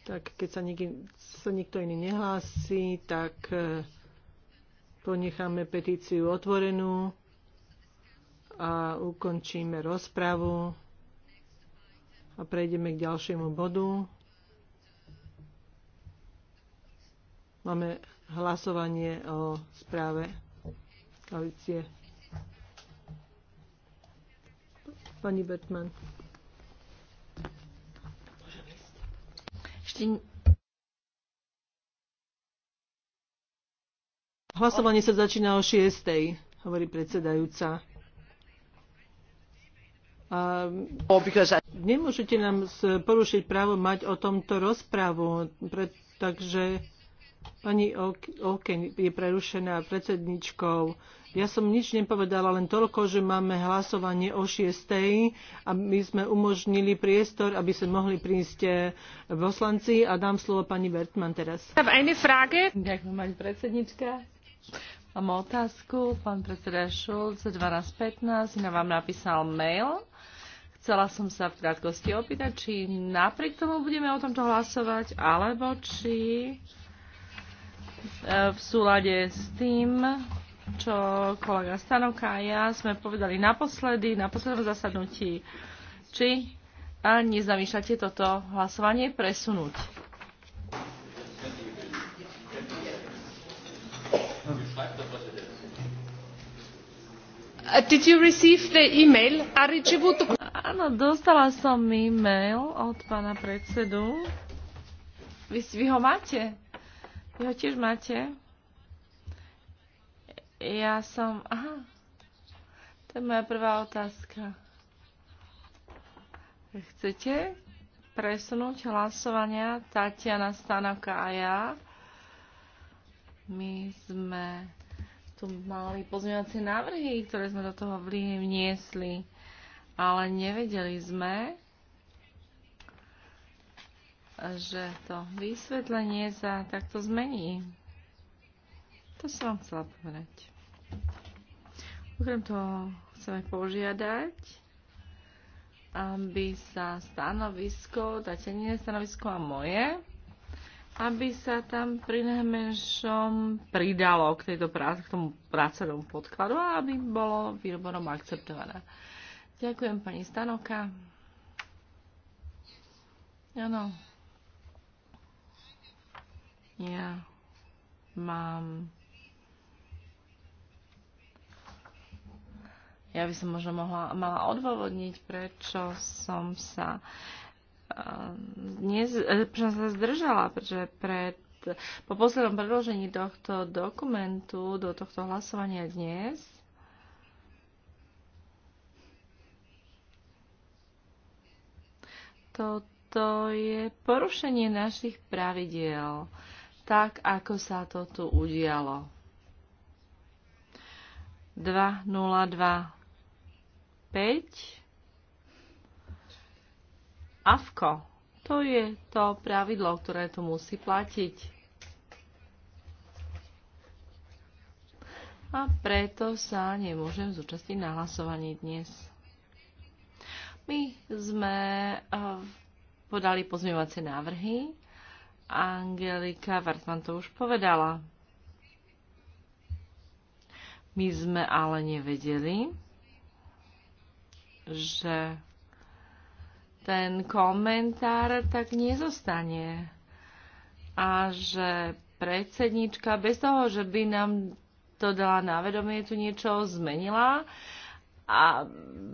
Tak keď sa, nik- sa nikto iný nehlási, tak uh, ponecháme petíciu otvorenú a ukončíme rozpravu a prejdeme k ďalšiemu bodu. Máme hlasovanie o správe koalície. Pani Bertman. Ešte Hlasovanie sa začína o 6. hovorí predsedajúca. A nemôžete nám porušiť právo mať o tomto rozprávu, takže pani Oken je prerušená predsedničkou. Ja som nič nepovedala, len toľko, že máme hlasovanie o 6. aby sme umožnili priestor, aby sa mohli prísť e, poslanci a dám slovo pani Bertman teraz. Ďakujem, pani predsednička. Mám otázku. Pán predseda Šulc, 12.15, ja vám napísal mail. Chcela som sa v krátkosti opýtať, či napriek tomu budeme o tomto hlasovať, alebo či e, v súlade s tým, čo kolega Stanovka a ja sme povedali naposledy, na poslednom zasadnutí, či a nezamýšľate toto hlasovanie presunúť. Uh, did you receive the email? ricevuto... Áno, dostala som e-mail od pána predsedu. Vy, vy ho máte? Vy ho tiež máte? Ja som... Aha. To je moja prvá otázka. Chcete presunúť hlasovania Tatiana Stanovka a ja? My sme tu mali pozmeňovacie návrhy, ktoré sme do toho vniesli, ale nevedeli sme, že to vysvetlenie sa takto zmení. To som vám chcela povedať. Okrem toho chceme požiadať, aby sa stanovisko, tatené stanovisko a moje, aby sa tam pri najmenšom pridalo k, tejto práce, k tomu pracovnému podkladu a aby bolo výborom akceptované. Ďakujem pani Stanoka. Áno. Ja mám... Ja by som možno mohla, mala odôvodniť, prečo som sa uh, nez, eh, som sa zdržala, pretože pred, po poslednom predložení tohto dokumentu, do tohto hlasovania dnes, toto je porušenie našich pravidiel, tak ako sa to tu udialo. 2025 Avko To je to pravidlo, ktoré tu musí platiť. A preto sa nemôžem zúčastniť na hlasovaní dnes. My sme eh, podali pozmievacie návrhy. Angelika Vartman to už povedala. My sme ale nevedeli, že ten komentár tak nezostane. A že predsednička, bez toho, že by nám to dala na vedomie, tu niečo zmenila a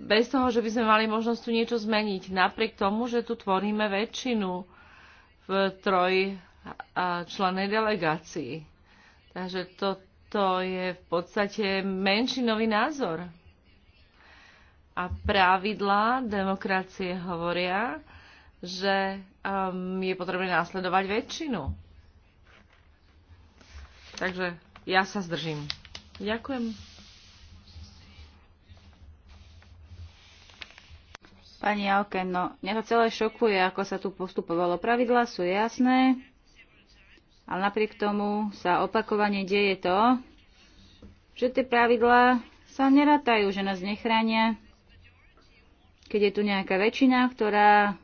bez toho, že by sme mali možnosť tu niečo zmeniť. Napriek tomu, že tu tvoríme väčšinu v troj člennej delegácii. Takže toto je v podstate menšinový názor. A pravidlá demokracie hovoria, že um, je potrebné následovať väčšinu. Takže ja sa zdržím. Ďakujem. Pani Auken, no mňa to celé šokuje, ako sa tu postupovalo. Pravidlá sú jasné, ale napriek tomu sa opakovane deje to, že tie pravidlá sa nerátajú, že nás nechránia keď je tu nejaká väčšina, ktorá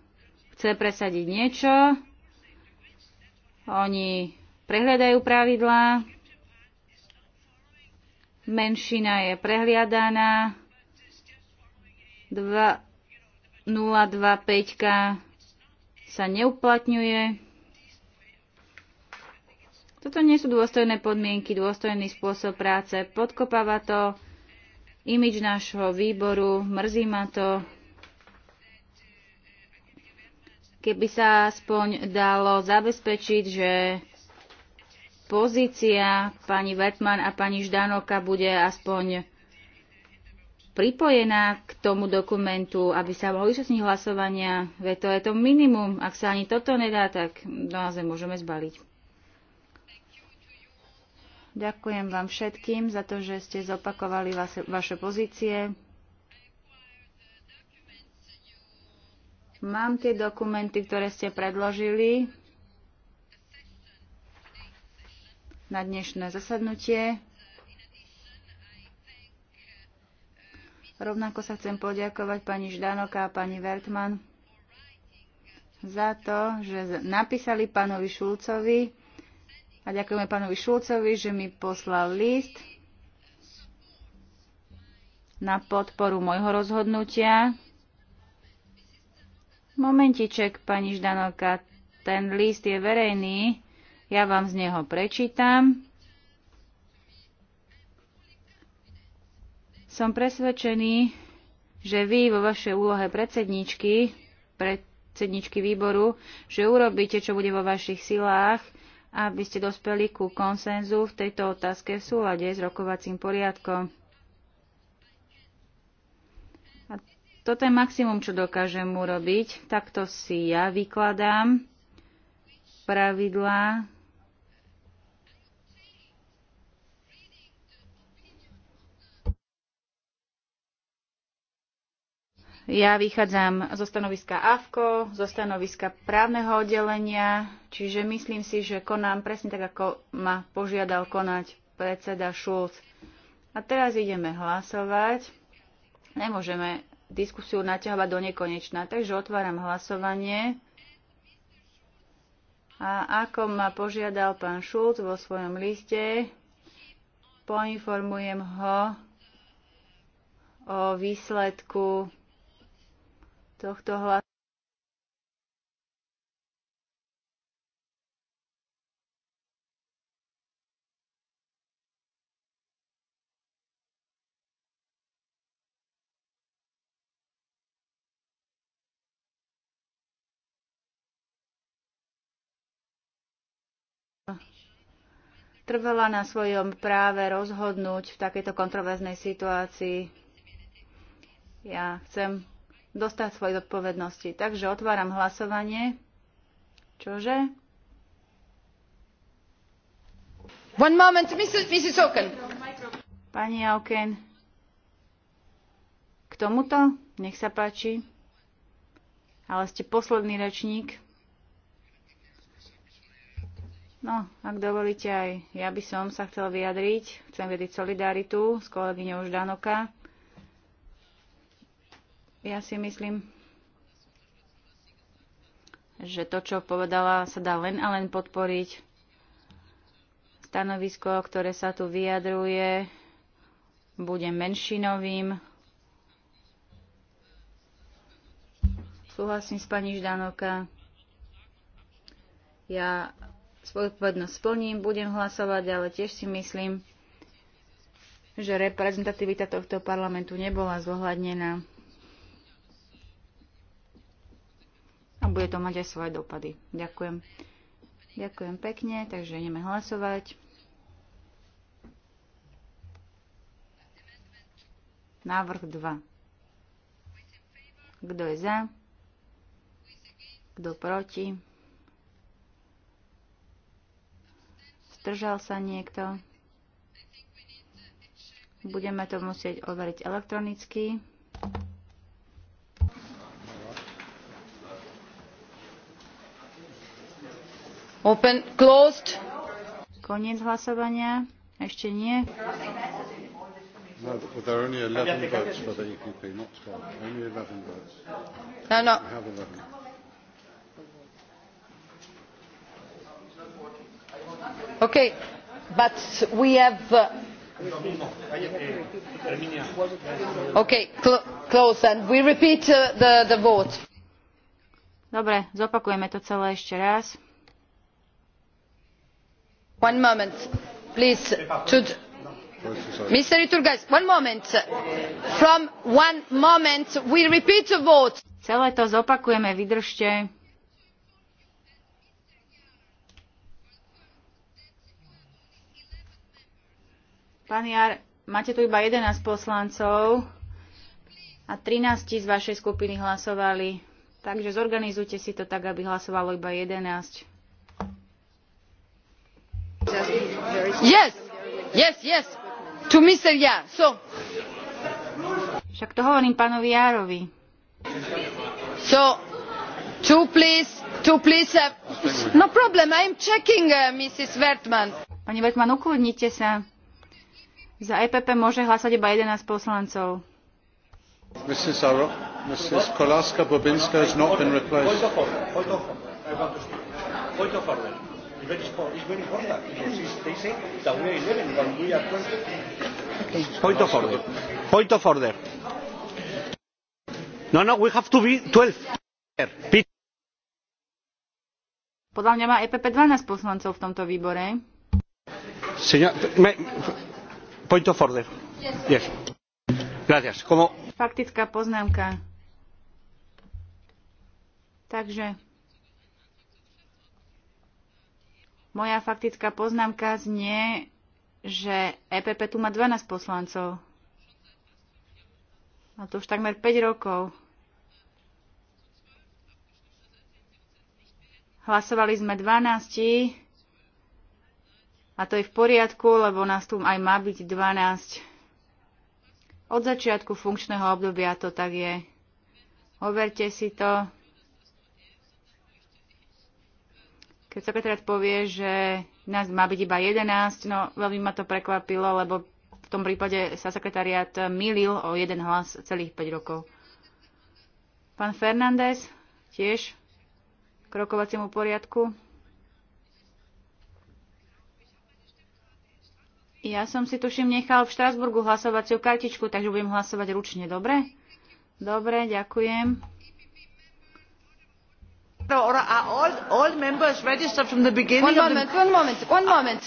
chce presadiť niečo, oni prehľadajú pravidlá, menšina je prehliadaná, 0,25 sa neuplatňuje. Toto nie sú dôstojné podmienky, dôstojný spôsob práce. Podkopáva to imič nášho výboru, mrzí ma to, keby sa aspoň dalo zabezpečiť, že pozícia pani Vetman a pani Ždanoka bude aspoň pripojená k tomu dokumentu, aby sa mohli zúčastniť hlasovania. Veď to je to minimum. Ak sa ani toto nedá, tak naozaj môžeme zbaliť. Ďakujem vám všetkým za to, že ste zopakovali vaše, vaše pozície. Mám tie dokumenty, ktoré ste predložili na dnešné zasadnutie. Rovnako sa chcem poďakovať pani Ždanoka a pani Wertmann za to, že napísali pánovi Šulcovi a ďakujeme pánovi Šulcovi, že mi poslal list na podporu môjho rozhodnutia Momentiček, pani Ždanovka, ten list je verejný, ja vám z neho prečítam. Som presvedčený, že vy vo vašej úlohe predsedničky, predsedničky výboru, že urobíte, čo bude vo vašich silách, aby ste dospeli ku konsenzu v tejto otázke v súlade s rokovacím poriadkom. Toto je maximum, čo dokážem urobiť. Takto si ja vykladám pravidlá, Ja vychádzam zo stanoviska AFKO, zo stanoviska právneho oddelenia, čiže myslím si, že konám presne tak, ako ma požiadal konať predseda Šulc. A teraz ideme hlasovať. Nemôžeme diskusiu naťahovať do nekonečna. Takže otváram hlasovanie. A ako ma požiadal pán Šulc vo svojom liste, poinformujem ho o výsledku tohto hlasovania. trvala na svojom práve rozhodnúť v takejto kontroverznej situácii. Ja chcem dostať svoje odpovednosti. Takže otváram hlasovanie. Čože? One moment, Mrs. Oken. Pani Oken, k tomuto? Nech sa páči. Ale ste posledný rečník. No, ak dovolíte, aj ja by som sa chcel vyjadriť. Chcem vedieť solidaritu s kolegyňou Ždanoka. Ja si myslím, že to, čo povedala, sa dá len a len podporiť. Stanovisko, ktoré sa tu vyjadruje, bude menšinovým. Súhlasím s pani Ždanoka. Ja zodpovednosť splním, budem hlasovať, ale tiež si myslím, že reprezentativita tohto parlamentu nebola zohľadnená. A bude to mať aj svoje dopady. Ďakujem. Ďakujem pekne, takže ideme hlasovať. Návrh 2. Kto je za? Kto proti? Zdržal sa niekto? Budeme to musieť overiť elektronicky. Open, closed. Koniec hlasovania. Ešte nie. No, there are only 11 votes not 12. Only 11 votes. No, no. have 11. Okay, but we have. Uh, okay, cl- close and we repeat uh, the, the vote. Dobre, zopakujeme to celé ešte raz. One moment, please. To, Mr. Iturgais, one moment. From one moment we repeat the vote. Celé to zopakujeme, vydržte. Pán Jar, máte tu iba 11 poslancov a 13 z vašej skupiny hlasovali. Takže zorganizujte si to tak, aby hlasovalo iba 11. Yes, yes, yes. To Mr. Jar. So. Však to hovorím pánovi Jarovi. So, two please, two please. Uh, no problem, I'm checking, uh, Mrs. Wertmann. Pani Wertmann, ukludnite sa. Za EPP môže hlasať iba 11 poslancov. Mrs. Aro, Mrs. Kolaska Bobinska has not been replaced. Point of order. Point of order. No, no, we have to be 12. Podľa mňa má EPP 12 poslancov v tomto výbore. Señor, me, Faktická poznámka. Takže moja faktická poznámka znie, že EPP tu má 12 poslancov. A to už takmer 5 rokov. Hlasovali sme 12, a to je v poriadku, lebo nás tu aj má byť 12. Od začiatku funkčného obdobia to tak je. Overte si to. Keď sekretariat povie, že nás má byť iba 11, no veľmi ma to prekvapilo, lebo v tom prípade sa sekretariat milil o jeden hlas celých 5 rokov. Pán Fernández, tiež k rokovaciemu poriadku. Ja som si tuším nechal v Štrasburgu hlasovaciu kartičku, takže budem hlasovať ručne, dobre? Dobre, ďakujem. Are all, all members registered from the beginning one moment, of the, one moment, one moment.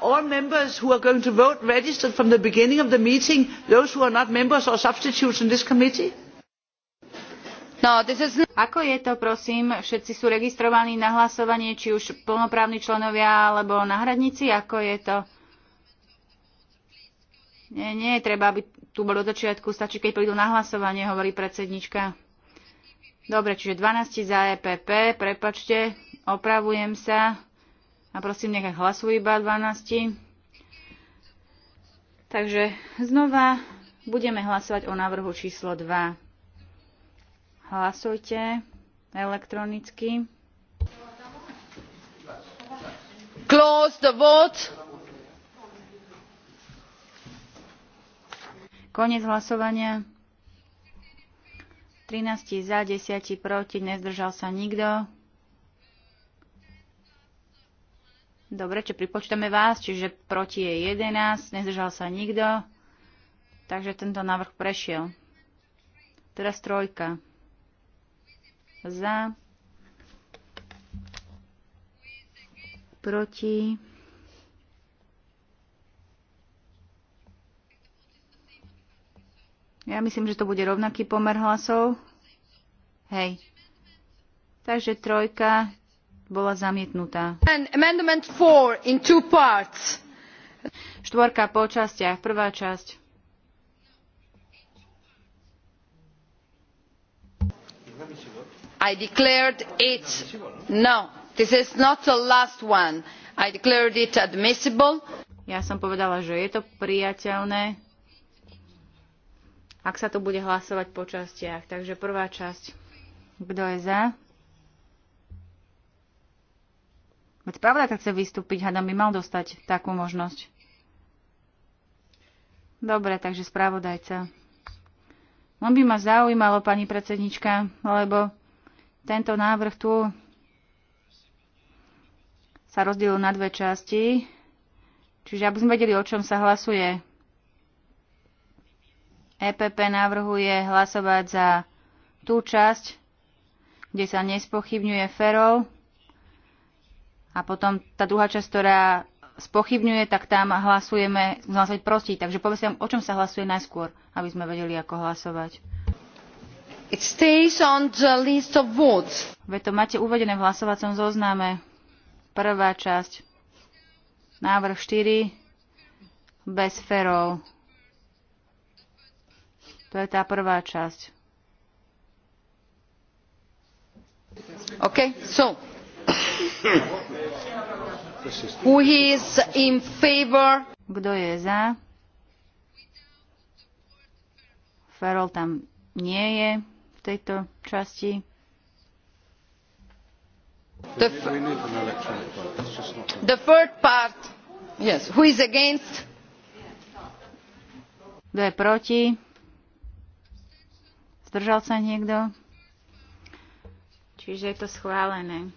All members who are going to vote registered from the beginning of the meeting, those who are not members or substitutes in this committee? No, is... Ako je to, prosím? Všetci sú registrovaní na hlasovanie, či už plnoprávni členovia alebo náhradníci? Ako je to? Nie, nie je treba, aby tu bol od začiatku, stačí, keď prídu na hlasovanie, hovorí predsednička. Dobre, čiže 12 za EPP, prepačte, opravujem sa a prosím, nech hlasujú iba 12. Takže znova budeme hlasovať o návrhu číslo 2. Hlasujte elektronicky. Close the vote. Konec hlasovania. 13 za, 10 proti, nezdržal sa nikto. Dobre, čo pripočítame vás, čiže proti je 11, nezdržal sa nikto. Takže tento návrh prešiel. Teraz trojka. Za. Proti. Ja myslím, že to bude rovnaký pomer hlasov. Hej. Takže trojka bola zamietnutá. Amendment 4 in two parts. Štvorka po častiach. Prvá časť. I declared it no, this is not the last one. I declared it admissible. Ja som povedala, že je to priateľné ak sa tu bude hlasovať po častiach. Takže prvá časť. Kto je za? Veď pravda, tak chce vystúpiť, hádam by mal dostať takú možnosť. Dobre, takže spravodajca. On by ma zaujímalo, pani predsednička, lebo tento návrh tu sa rozdielil na dve časti. Čiže aby sme vedeli, o čom sa hlasuje. EPP navrhuje hlasovať za tú časť, kde sa nespochybňuje ferov a potom tá druhá časť, ktorá spochybňuje, tak tam hlasujeme hlasovať proti. Takže povedzte o čom sa hlasuje najskôr, aby sme vedeli, ako hlasovať. It stays on the list of votes. Ve to máte uvedené v hlasovacom zozname. Prvá časť. Návrh 4. Bez ferov. To je tá prvá časť. OK, so. Who is in favor? Kto je za? Ferol tam nie je v tejto časti. The, the third part. Yes. Who is against? Kto je proti? Zdržal sa niekto? Čiže je to schválené.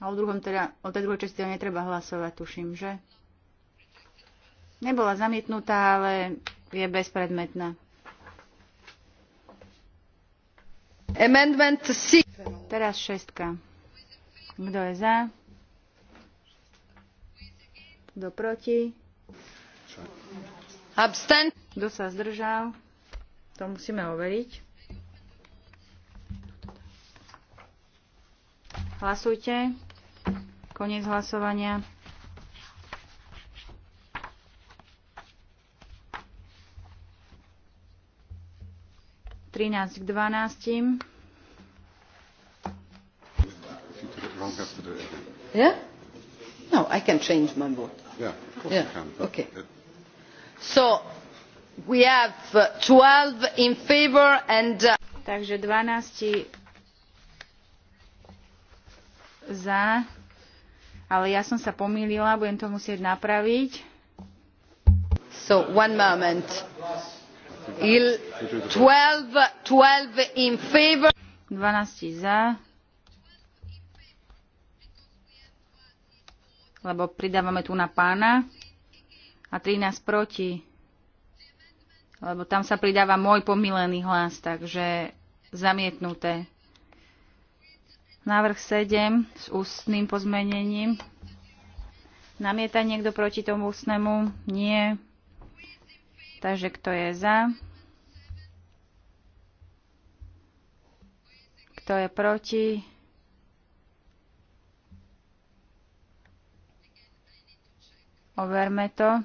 A o druhom teda, o tej druhej časti teda netreba hlasovať, tuším, že? Nebola zamietnutá, ale je bezpredmetná. Amendment C. Teraz šestka. Kto je za? Kto proti? Abstent. Kto sa zdržal? To musíme overiť. Hlasujte. Koniec hlasovania. Trinásť k dvanáctim. No, I can change my vote. Yeah, of course yeah. can. okay we have uh, in and uh, Takže 12 za, ale ja som sa pomýlila, budem to musieť napraviť. So one moment. Il twelve twelve in favor. 12 za. Lebo pridávame tu na pána a 13 proti, lebo tam sa pridáva môj pomilený hlas, takže zamietnuté. Návrh 7 s ústnym pozmenením. Namieta niekto proti tomu ústnemu? Nie. Takže kto je za? Kto je proti? Overme to.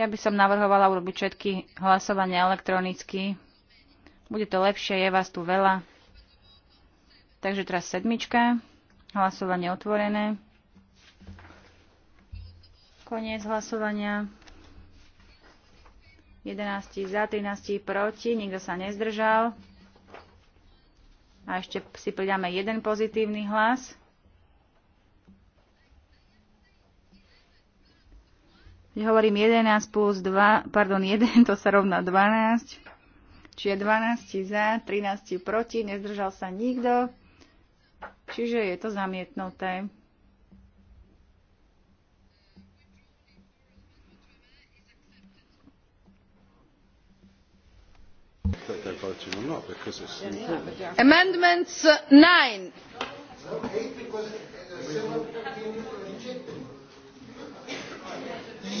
Ja by som navrhovala urobiť všetky hlasovania elektronicky. Bude to lepšie, je vás tu veľa. Takže teraz sedmička. Hlasovanie otvorené. Koniec hlasovania. 11 za, 13 proti, nikto sa nezdržal. A ešte si pridáme jeden pozitívny hlas. Ja hovorím 11 plus 2, pardon, 1, to sa rovná 12. Čiže 12 za, 13 proti, nezdržal sa nikto. Čiže je to zamietnuté. Amendments 9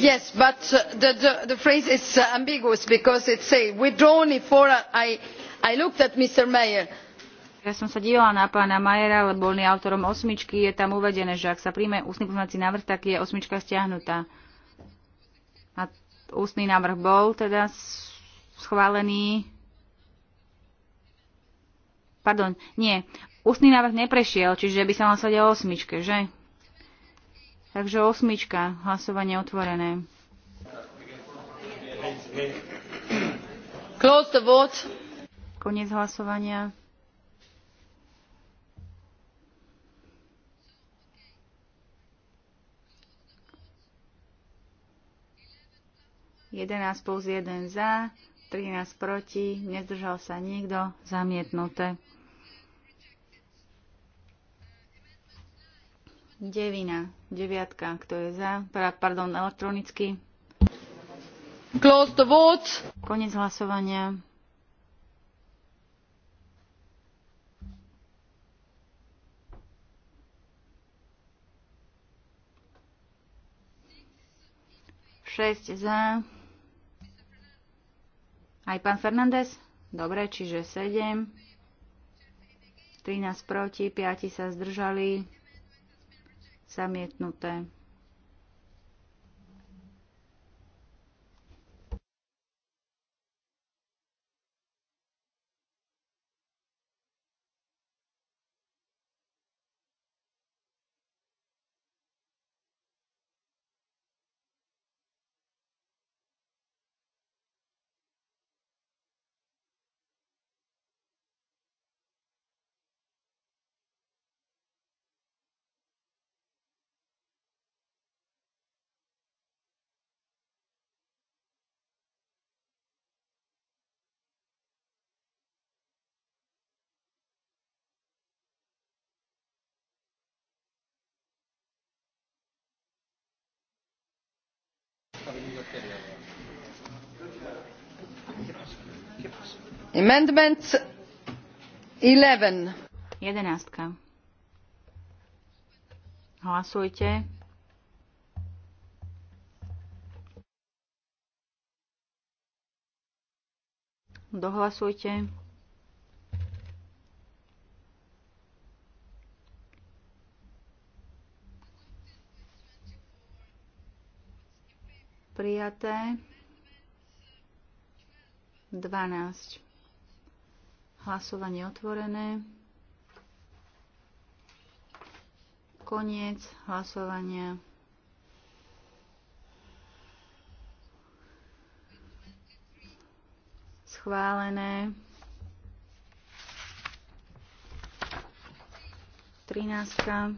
yes but uh, the, phrase is uh, ambiguous because it says withdrawn if I, looked at mr mayer ja som sa dívala na pána Majera, lebo on je autorom osmičky. Je tam uvedené, že ak sa príjme ústny pozmeňovací návrh, tak je osmička stiahnutá. A ústny návrh bol teda schválený. Pardon, nie. Ústny návrh neprešiel, čiže by sa mal sadiť o osmičke, že? Takže osmička, hlasovanie otvorené. Close the vote. Koniec hlasovania. Jedenáct plus jeden za, trinásť proti, nezdržal sa nikto, zamietnuté. Devina, deviatka, kto je za, pardon, elektronicky. Close the vote. Konec hlasovania. Šesť za. Aj pán Fernández? Dobre, čiže sedem. 13 proti, 5 sa zdržali zamietnuté. Amendment 11. Jedenástka. Hlasujte. Dohlasujte. Prijaté. 12. Hlasovanie otvorené. Koniec hlasovania. Schválené. 13.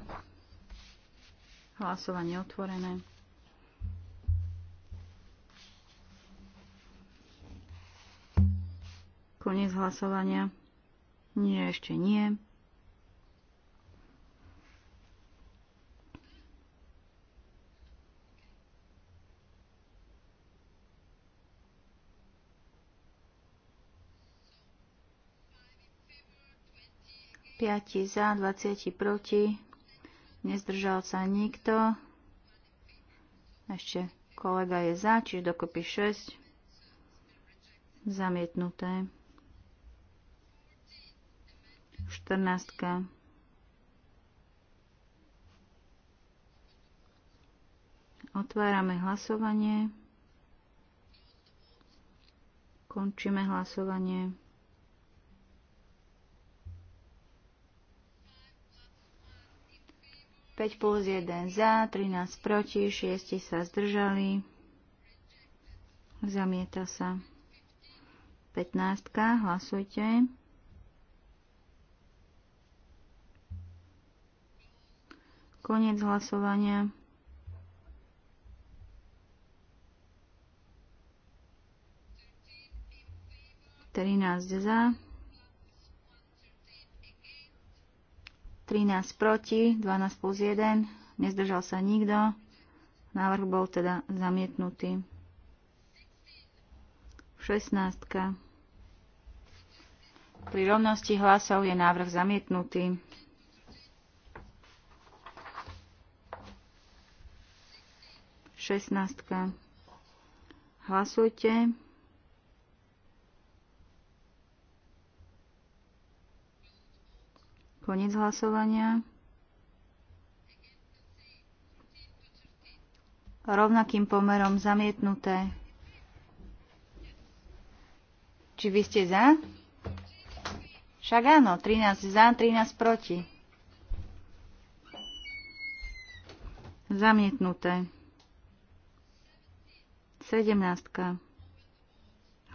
Hlasovanie otvorené. Koniec hlasovania. Nie, ešte nie. Piati za, 20 proti. Nezdržal sa nikto. Ešte kolega je za, čiže dokopy 6. Zamietnuté. 14. Otvárame hlasovanie. Končíme hlasovanie. Päť plus jeden za, 13 proti, šiesti sa zdržali. Zamieta sa. 15. Hlasujte. Koniec hlasovania. Trinásť za. 13 proti, 12 plus 1, nezdržal sa nikto. Návrh bol teda zamietnutý. 16. Pri rovnosti hlasov je návrh zamietnutý. 16. Hlasujte. Koniec hlasovania. Rovnakým pomerom zamietnuté. Či vy ste za? Však áno, 13 za, 13 proti. Zamietnuté. 17.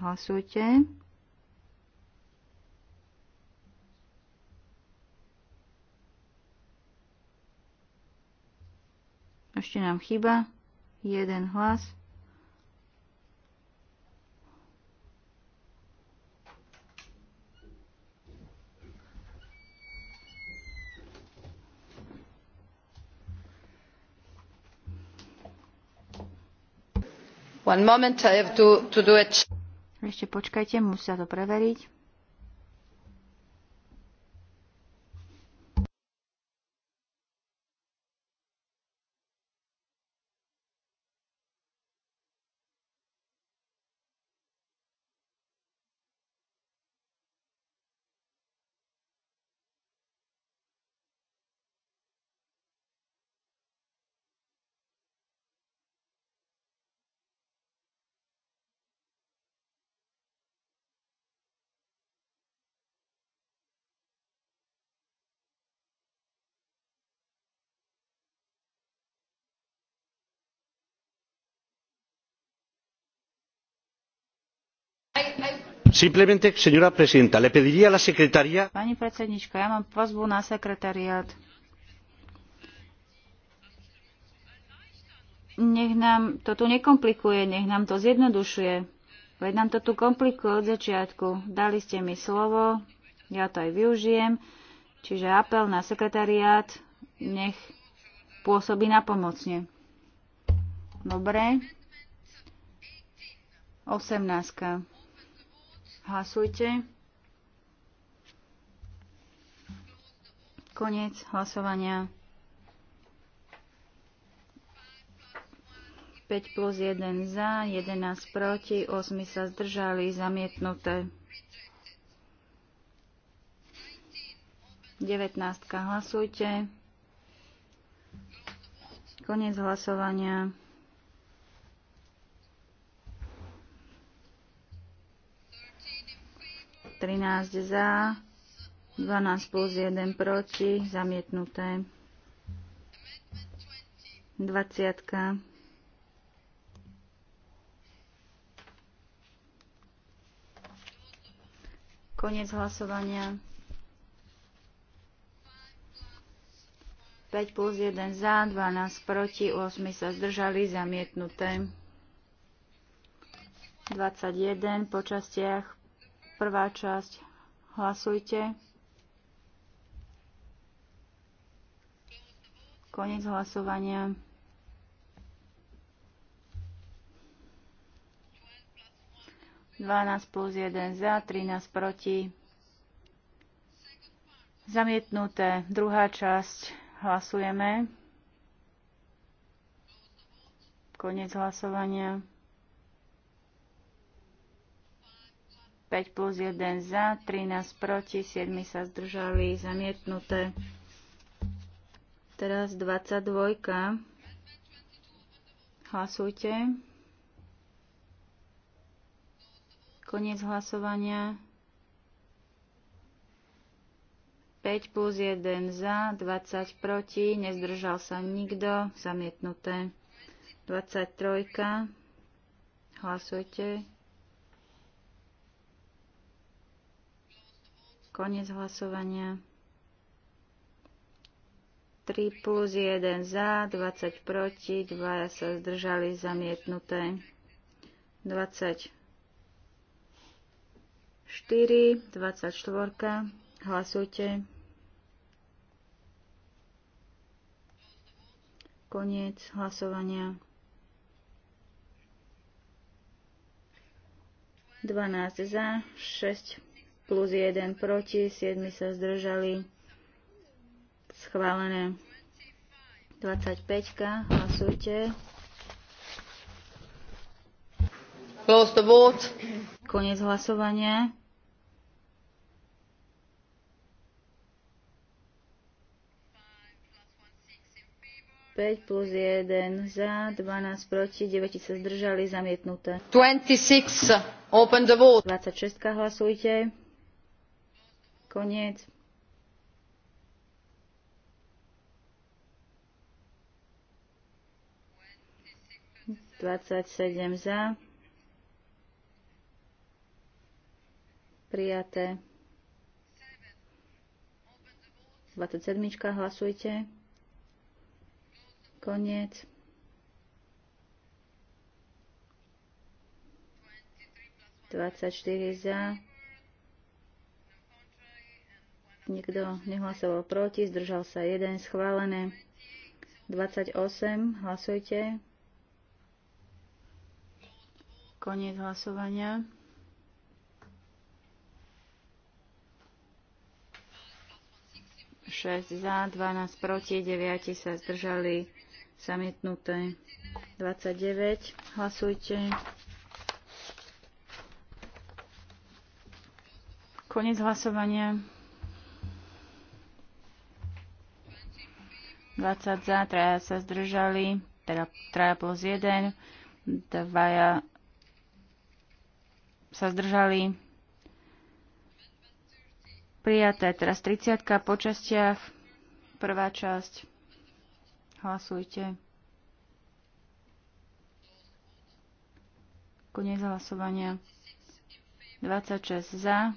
Hlasujte. Ešte nám chýba jeden hlas. One moment, I have to, to do Ešte počkajte, musia to preveriť. Simplemente, señora presidenta, le pediría a la secretaría... Pani predsednička, ja mám pozbu na sekretariát. Nech nám to tu nekomplikuje, nech nám to zjednodušuje. Veď nám to tu komplikuje od začiatku. Dali ste mi slovo, ja to aj využijem. Čiže apel na sekretariát, nech pôsobí napomocne. Dobre. 18. Hlasujte. Koniec hlasovania. 5 plus 1 za, 11 proti, 8 sa zdržali, zamietnuté. 19. Hlasujte. Konec hlasovania. 13 za, 12 plus 1 proti, zamietnuté. 20. Koniec Konec hlasovania. 5 plus 1 za, 12 proti, 8 sa zdržali, zamietnuté. 21 po častiach. Prvá časť. Hlasujte. Konec hlasovania. 12 plus 1 za, trinásť proti. Zamietnuté. Druhá časť. Hlasujeme. Konec hlasovania. 5 plus 1 za, 13 proti, 7 sa zdržali, zamietnuté. Teraz 22. Hlasujte. Koniec hlasovania. 5 plus 1 za, 20 proti, nezdržal sa nikto, zamietnuté. 23. Hlasujte. Koniec hlasovania. 3 plus 1 za, 20 proti, 2 sa zdržali zamietnuté. 20 24, hlasujte. Koniec hlasovania. 12 za, 6 plus 1 proti, 7 sa zdržali. Schválené 25. Hlasujte. Close the vote. Konec hlasovania. Päť plus 1 za, 12 proti, 9 sa zdržali, zamietnuté. 26. Open the vote. 26. Hlasujte. Koniec. Dvadsať sedem za. Prijaté. 27. Hlasujte. Koniec. 24 za. Nikto nehlasoval proti, zdržal sa 1, schválené. 28, hlasujte. Koniec hlasovania. Šesť za, 12 proti, 9 sa zdržali zamietnuté. 29, hlasujte. Koniec hlasovania. 20 za, traja sa zdržali, teda traja plus 1, dvaja sa zdržali. Prijaté teraz 30 po častiach. Prvá časť. Hlasujte. Koniec hlasovania. 26 za.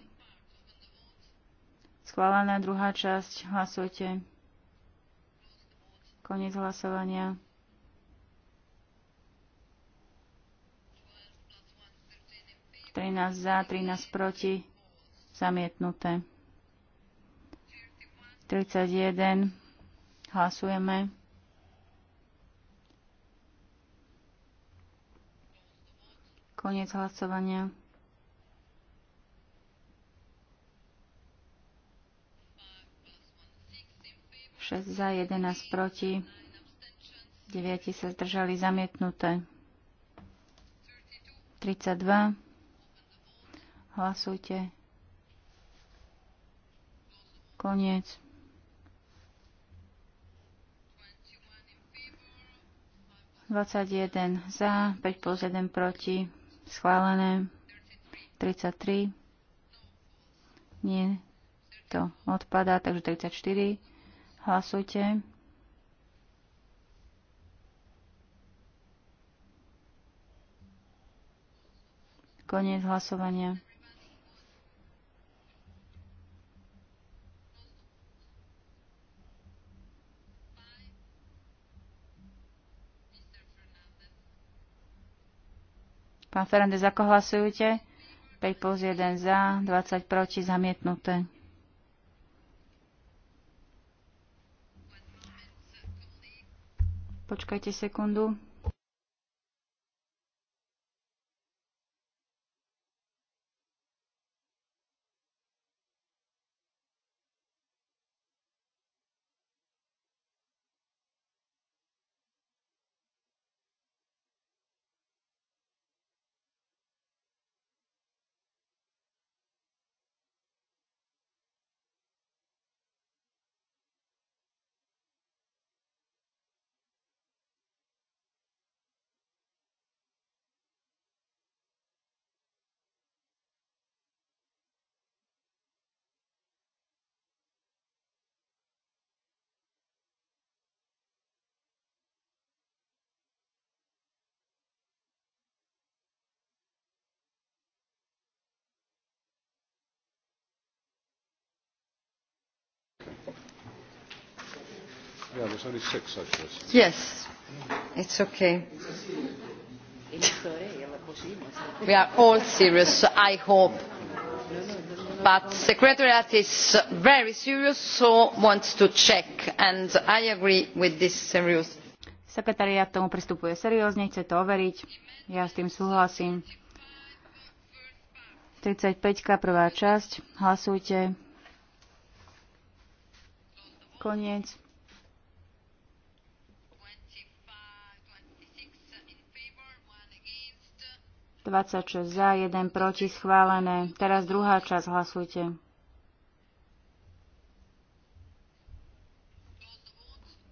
Schválená druhá časť. Hlasujte. Koniec hlasovania. 13 za, trinásť proti, zamietnuté. 31, hlasujeme. Koniec hlasovania. 6 za, 11 proti, 9 sa zdržali zamietnuté. 32. Hlasujte. Koniec. 21 za, 5 plus 1 proti, schválené. 33. Nie, to odpadá, takže 34. Hlasujte. Koniec hlasovania. Pán Fernández, ako hlasujete? 5 plus 1 za, 20 proti, zamietnuté. Počkajte sekundu. We are all serious, I hope. But Secretariat is very serious, so wants to check, and I agree with this serious. Sekretariat tomu pristupuje seriózne, chce to overiť. Ja s tým súhlasím. 35. prvá časť. Hlasujte. Koniec. 26 za, 1 proti, schválené. Teraz druhá časť, hlasujte.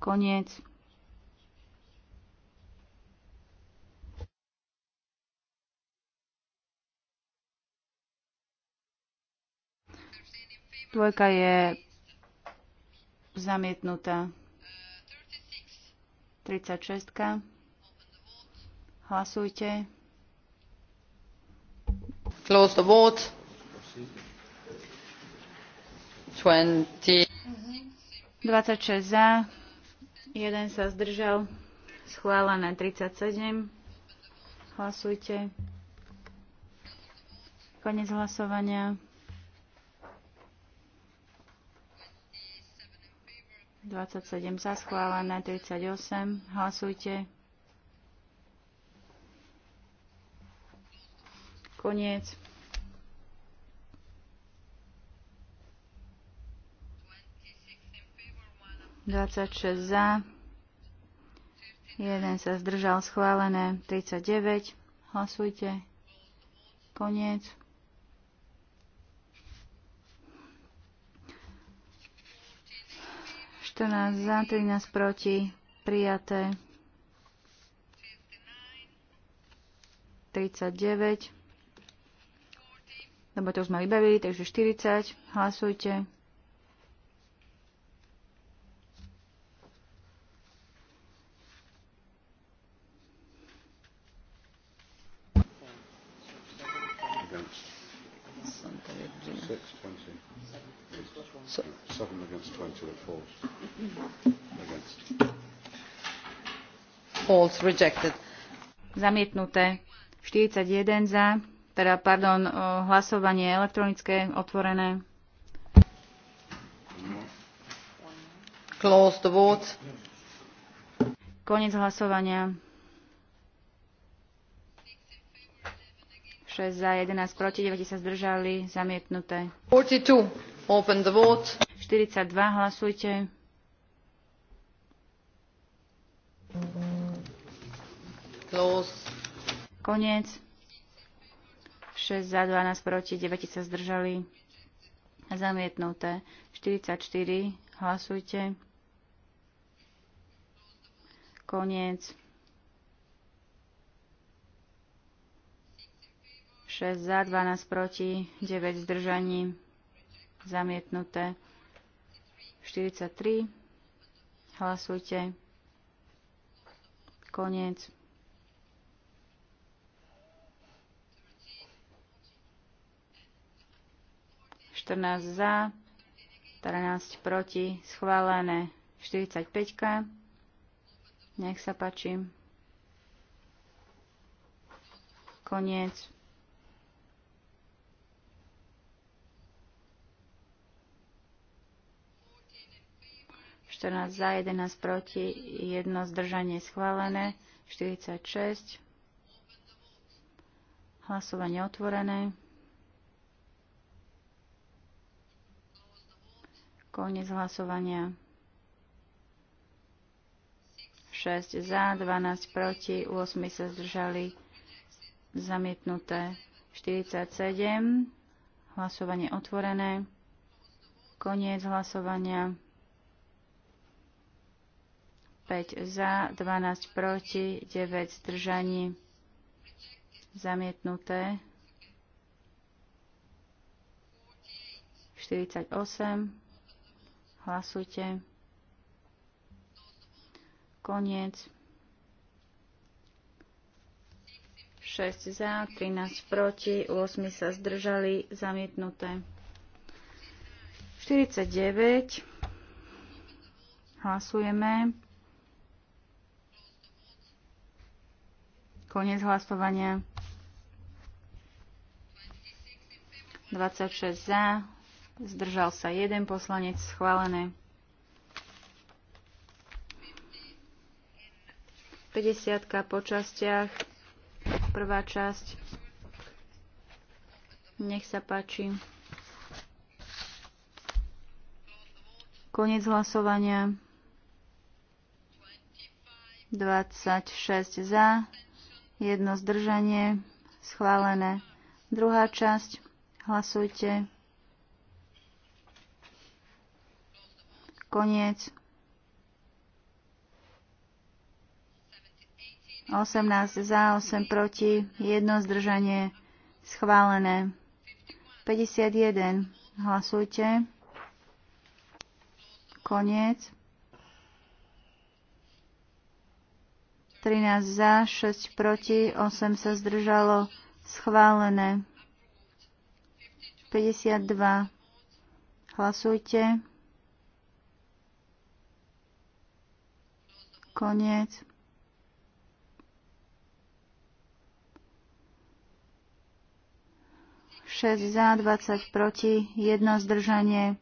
Koniec. Dvojka je zamietnutá. 36. Hlasujte close the vote. 20. 26 za, 1 sa zdržal, schválené 37. Hlasujte. Konec hlasovania. 27 za schválené, 38. Hlasujte. Koniec. Dvadsať šesť za. Jeden sa zdržal schválené. 39. Hlasujte. Koniec. Štrnáct za, trinásť proti. Prijaté. 39 lebo to sme vybavili, takže 40, hlasujte. So, rejected. Zamietnuté. 41 za teda, pardon, hlasovanie elektronické, otvorené. Closed vote. Konec hlasovania. 6 za, 11 proti, 9 sa zdržali, zamietnuté. 42. Open the vote. 42 hlasujte. Close. Konec. 6 za, 12 proti, 9 sa zdržali. Zamietnuté. 44. Hlasujte. Koniec. 6 za, 12 proti, 9 zdržaní. Zamietnuté. 43. Hlasujte. Koniec. 14 za, 13 proti, schválené 45. Nech sa páči. Koniec. Štrnásť za, 11 proti, jedno zdržanie schválené, 46. Hlasovanie otvorené. Koniec hlasovania. 6 za, 12 proti, 8 sa zdržali zamietnuté. 47. Hlasovanie otvorené. Koniec hlasovania. 5 za, 12 proti, 9 zdržaní. Zamietnuté. 48. Hlasujte. Koniec. 6 za, 13 proti, 8 sa zdržali, zamietnuté. 49. Hlasujeme. Koniec hlasovania. 26 za, Zdržal sa jeden poslanec. Schválené. 50 po častiach. Prvá časť. Nech sa páči. Koniec hlasovania. 26 za, jedno zdržanie, schválené. Druhá časť, hlasujte. koniec. 18 za, 8 proti, jedno zdržanie, schválené. 51. Hlasujte. Koniec. 13 za, 6 proti, 8 sa zdržalo, schválené. 52. Hlasujte. Koniec. Šesť za, 20 proti, jedno zdržanie,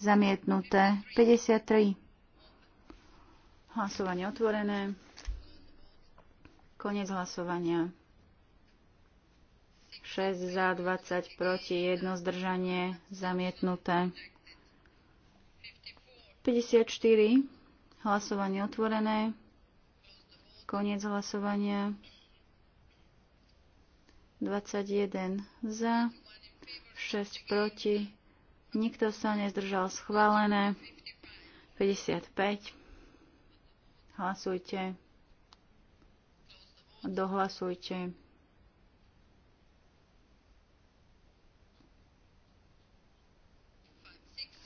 zamietnuté. 53. Hlasovanie otvorené. Koniec hlasovania. 6 za, 20 proti, jedno zdržanie, zamietnuté. 54. Hlasovanie otvorené. Koniec hlasovania. 21 za, 6 proti. Nikto sa nezdržal schválené. 55. Hlasujte. Dohlasujte.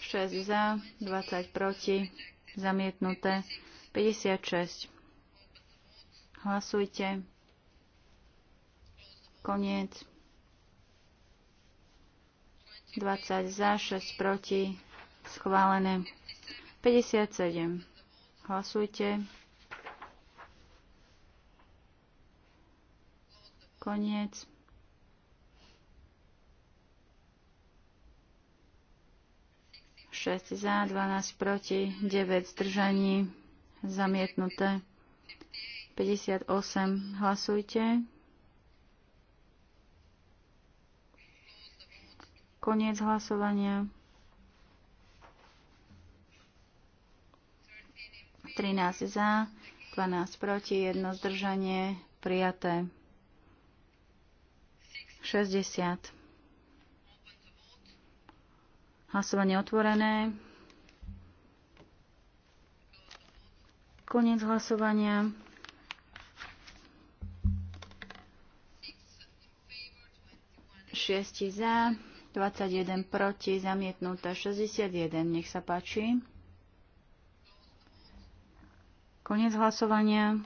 Šesť za, 20 proti zamietnuté. 56. Hlasujte. Koniec. 20 za, 6 proti. Schválené. 57. Hlasujte. Koniec. 6 za, 12 proti, 9 zdržaní, zamietnuté. 58 hlasujte. Koniec hlasovania. 13 za, 12 proti, 1 zdržanie, prijaté. 60. Hlasovanie otvorené. Koniec hlasovania. 6 za, 21 proti, zamietnuté 61. Nech sa páči. Koniec hlasovania.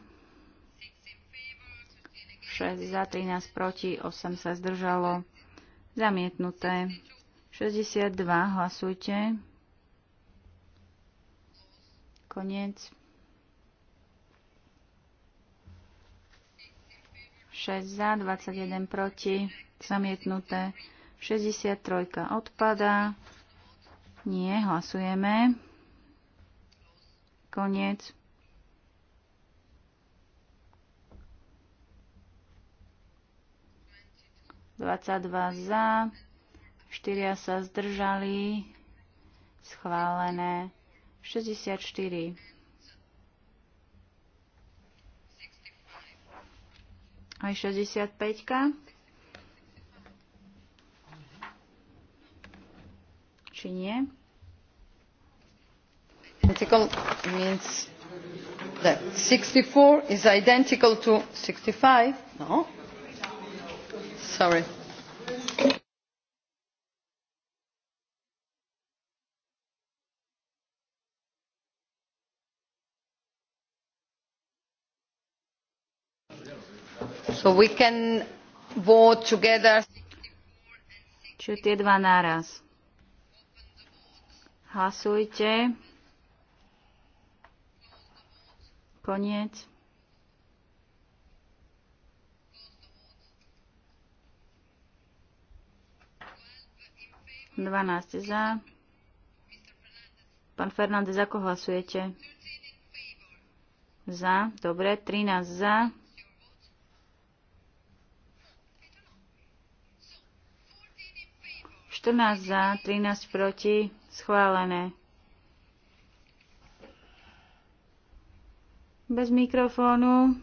6 za, 13 proti, 8 sa zdržalo. Zamietnuté. 62. Hlasujte. Koniec. 6 za, 21 proti, zamietnuté. 63 odpada. Nie, hlasujeme. Koniec. 22 za, 4 sa zdržali, schválené 64. Aj 65. -ka. Či nie? Identical means that 64 is identical to 65. No? Sorry. Čiže tie dva naraz. Hlasujte. Koniec. Dvanáct za. Pán Fernández, ako hlasujete? Za. Dobre, trinásť za. 14 za, 13 proti, schválené. Bez mikrofónu.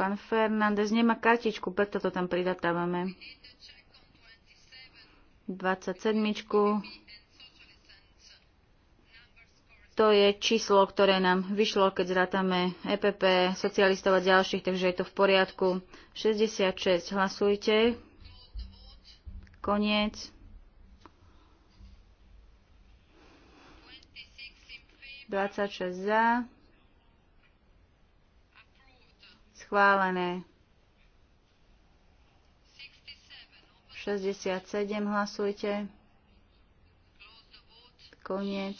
Pán Fernández nemá kartičku, preto to tam pridatávame. 27. To je číslo, ktoré nám vyšlo, keď zrátame EPP, socialistov a ďalších, takže je to v poriadku. 66 hlasujte. Koniec. 26 za. Schválené. 67 hlasujte. Koniec.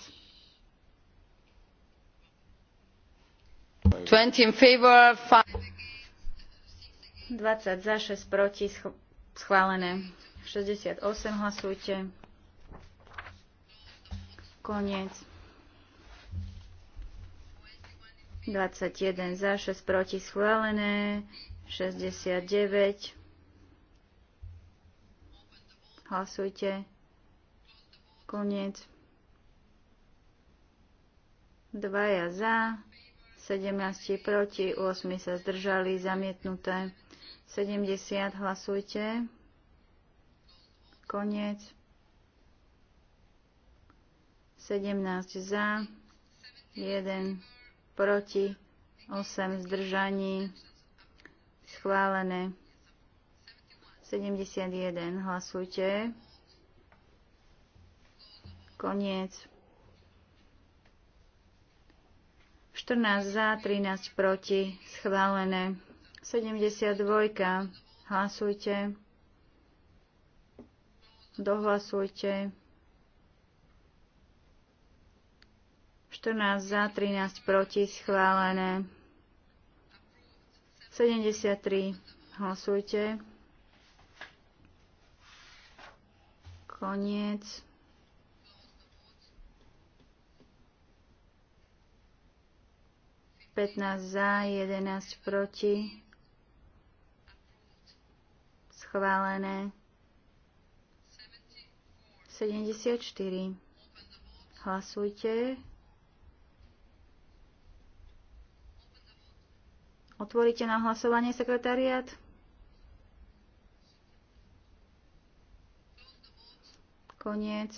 20 za, 6 proti, schválené. 68 hlasujte. Koniec. 21 za, 6 proti, schválené. 69. Hlasujte. Koniec. Dvaja za, 17 proti, 8 sa zdržali, zamietnuté. 70 hlasujte. Koniec. 17 za, 1 proti, 8 zdržaní, schválené. 71 hlasujte. Koniec. 14 za, 13 proti, schválené. 72. Hlasujte. Dohlasujte. 14 za, 13 proti, schválené. 73. Hlasujte. Koniec. 15 za, 11 proti. Schválené. 74. Hlasujte. Otvoríte nám hlasovanie, sekretariat. Koniec.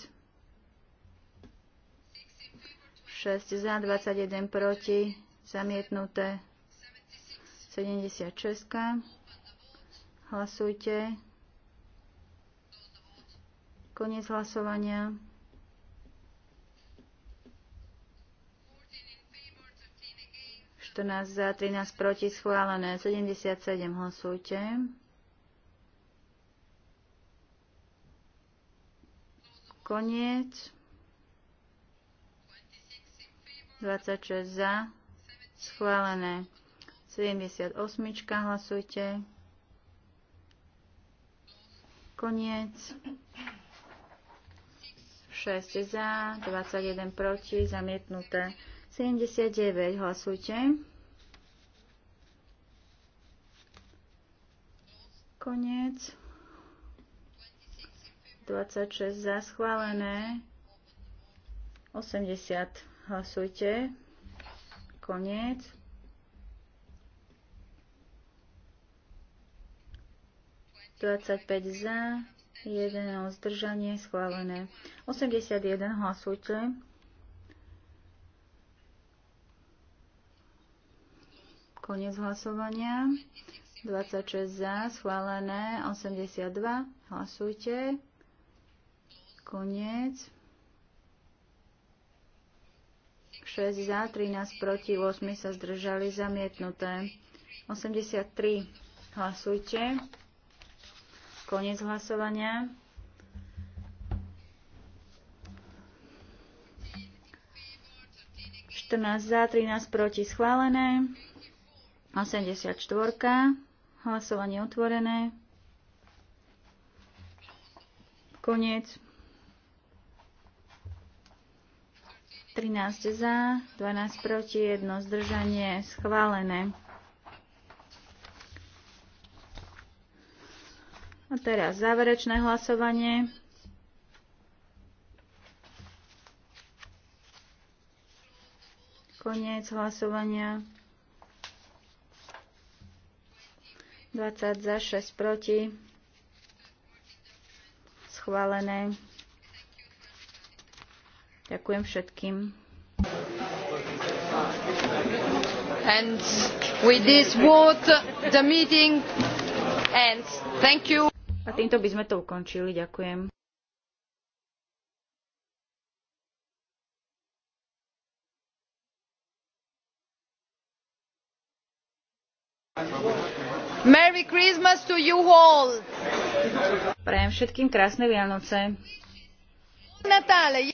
6 za, 21 proti. Zamietnuté. 76. Hlasujte. Koniec hlasovania. 14 za, 13 proti, schválené. 77 hlasujte. Koniec. 26 za, schválené. 78. Hlasujte. Koniec. 6 za, 21 proti, zamietnuté. 79. Hlasujte. Koniec. 26 za, schválené. 80. Hlasujte koniec. Dvadsaťpäť za, jeden zdržanie, schválené. 81 hlasujte. Koniec hlasovania. 26 za, schválené. 82. Hlasujte. Koniec. 6 za, 13 proti, 8 sa zdržali, zamietnuté. 83 hlasujte. Konec hlasovania. za, 13 proti schválené. 84. Hlasovanie otvorené. Koniec. 13 za, 12 proti, 1 zdržanie, schválené. A teraz záverečné hlasovanie. Koniec hlasovania. 20 za, 6 proti. Schválené. Ďakujem všetkým. And with this vote, the meeting ends. Thank you. A týmto by sme to ukončili. Ďakujem. Merry Christmas to you all! Prajem všetkým krásne Vianoce. Natále.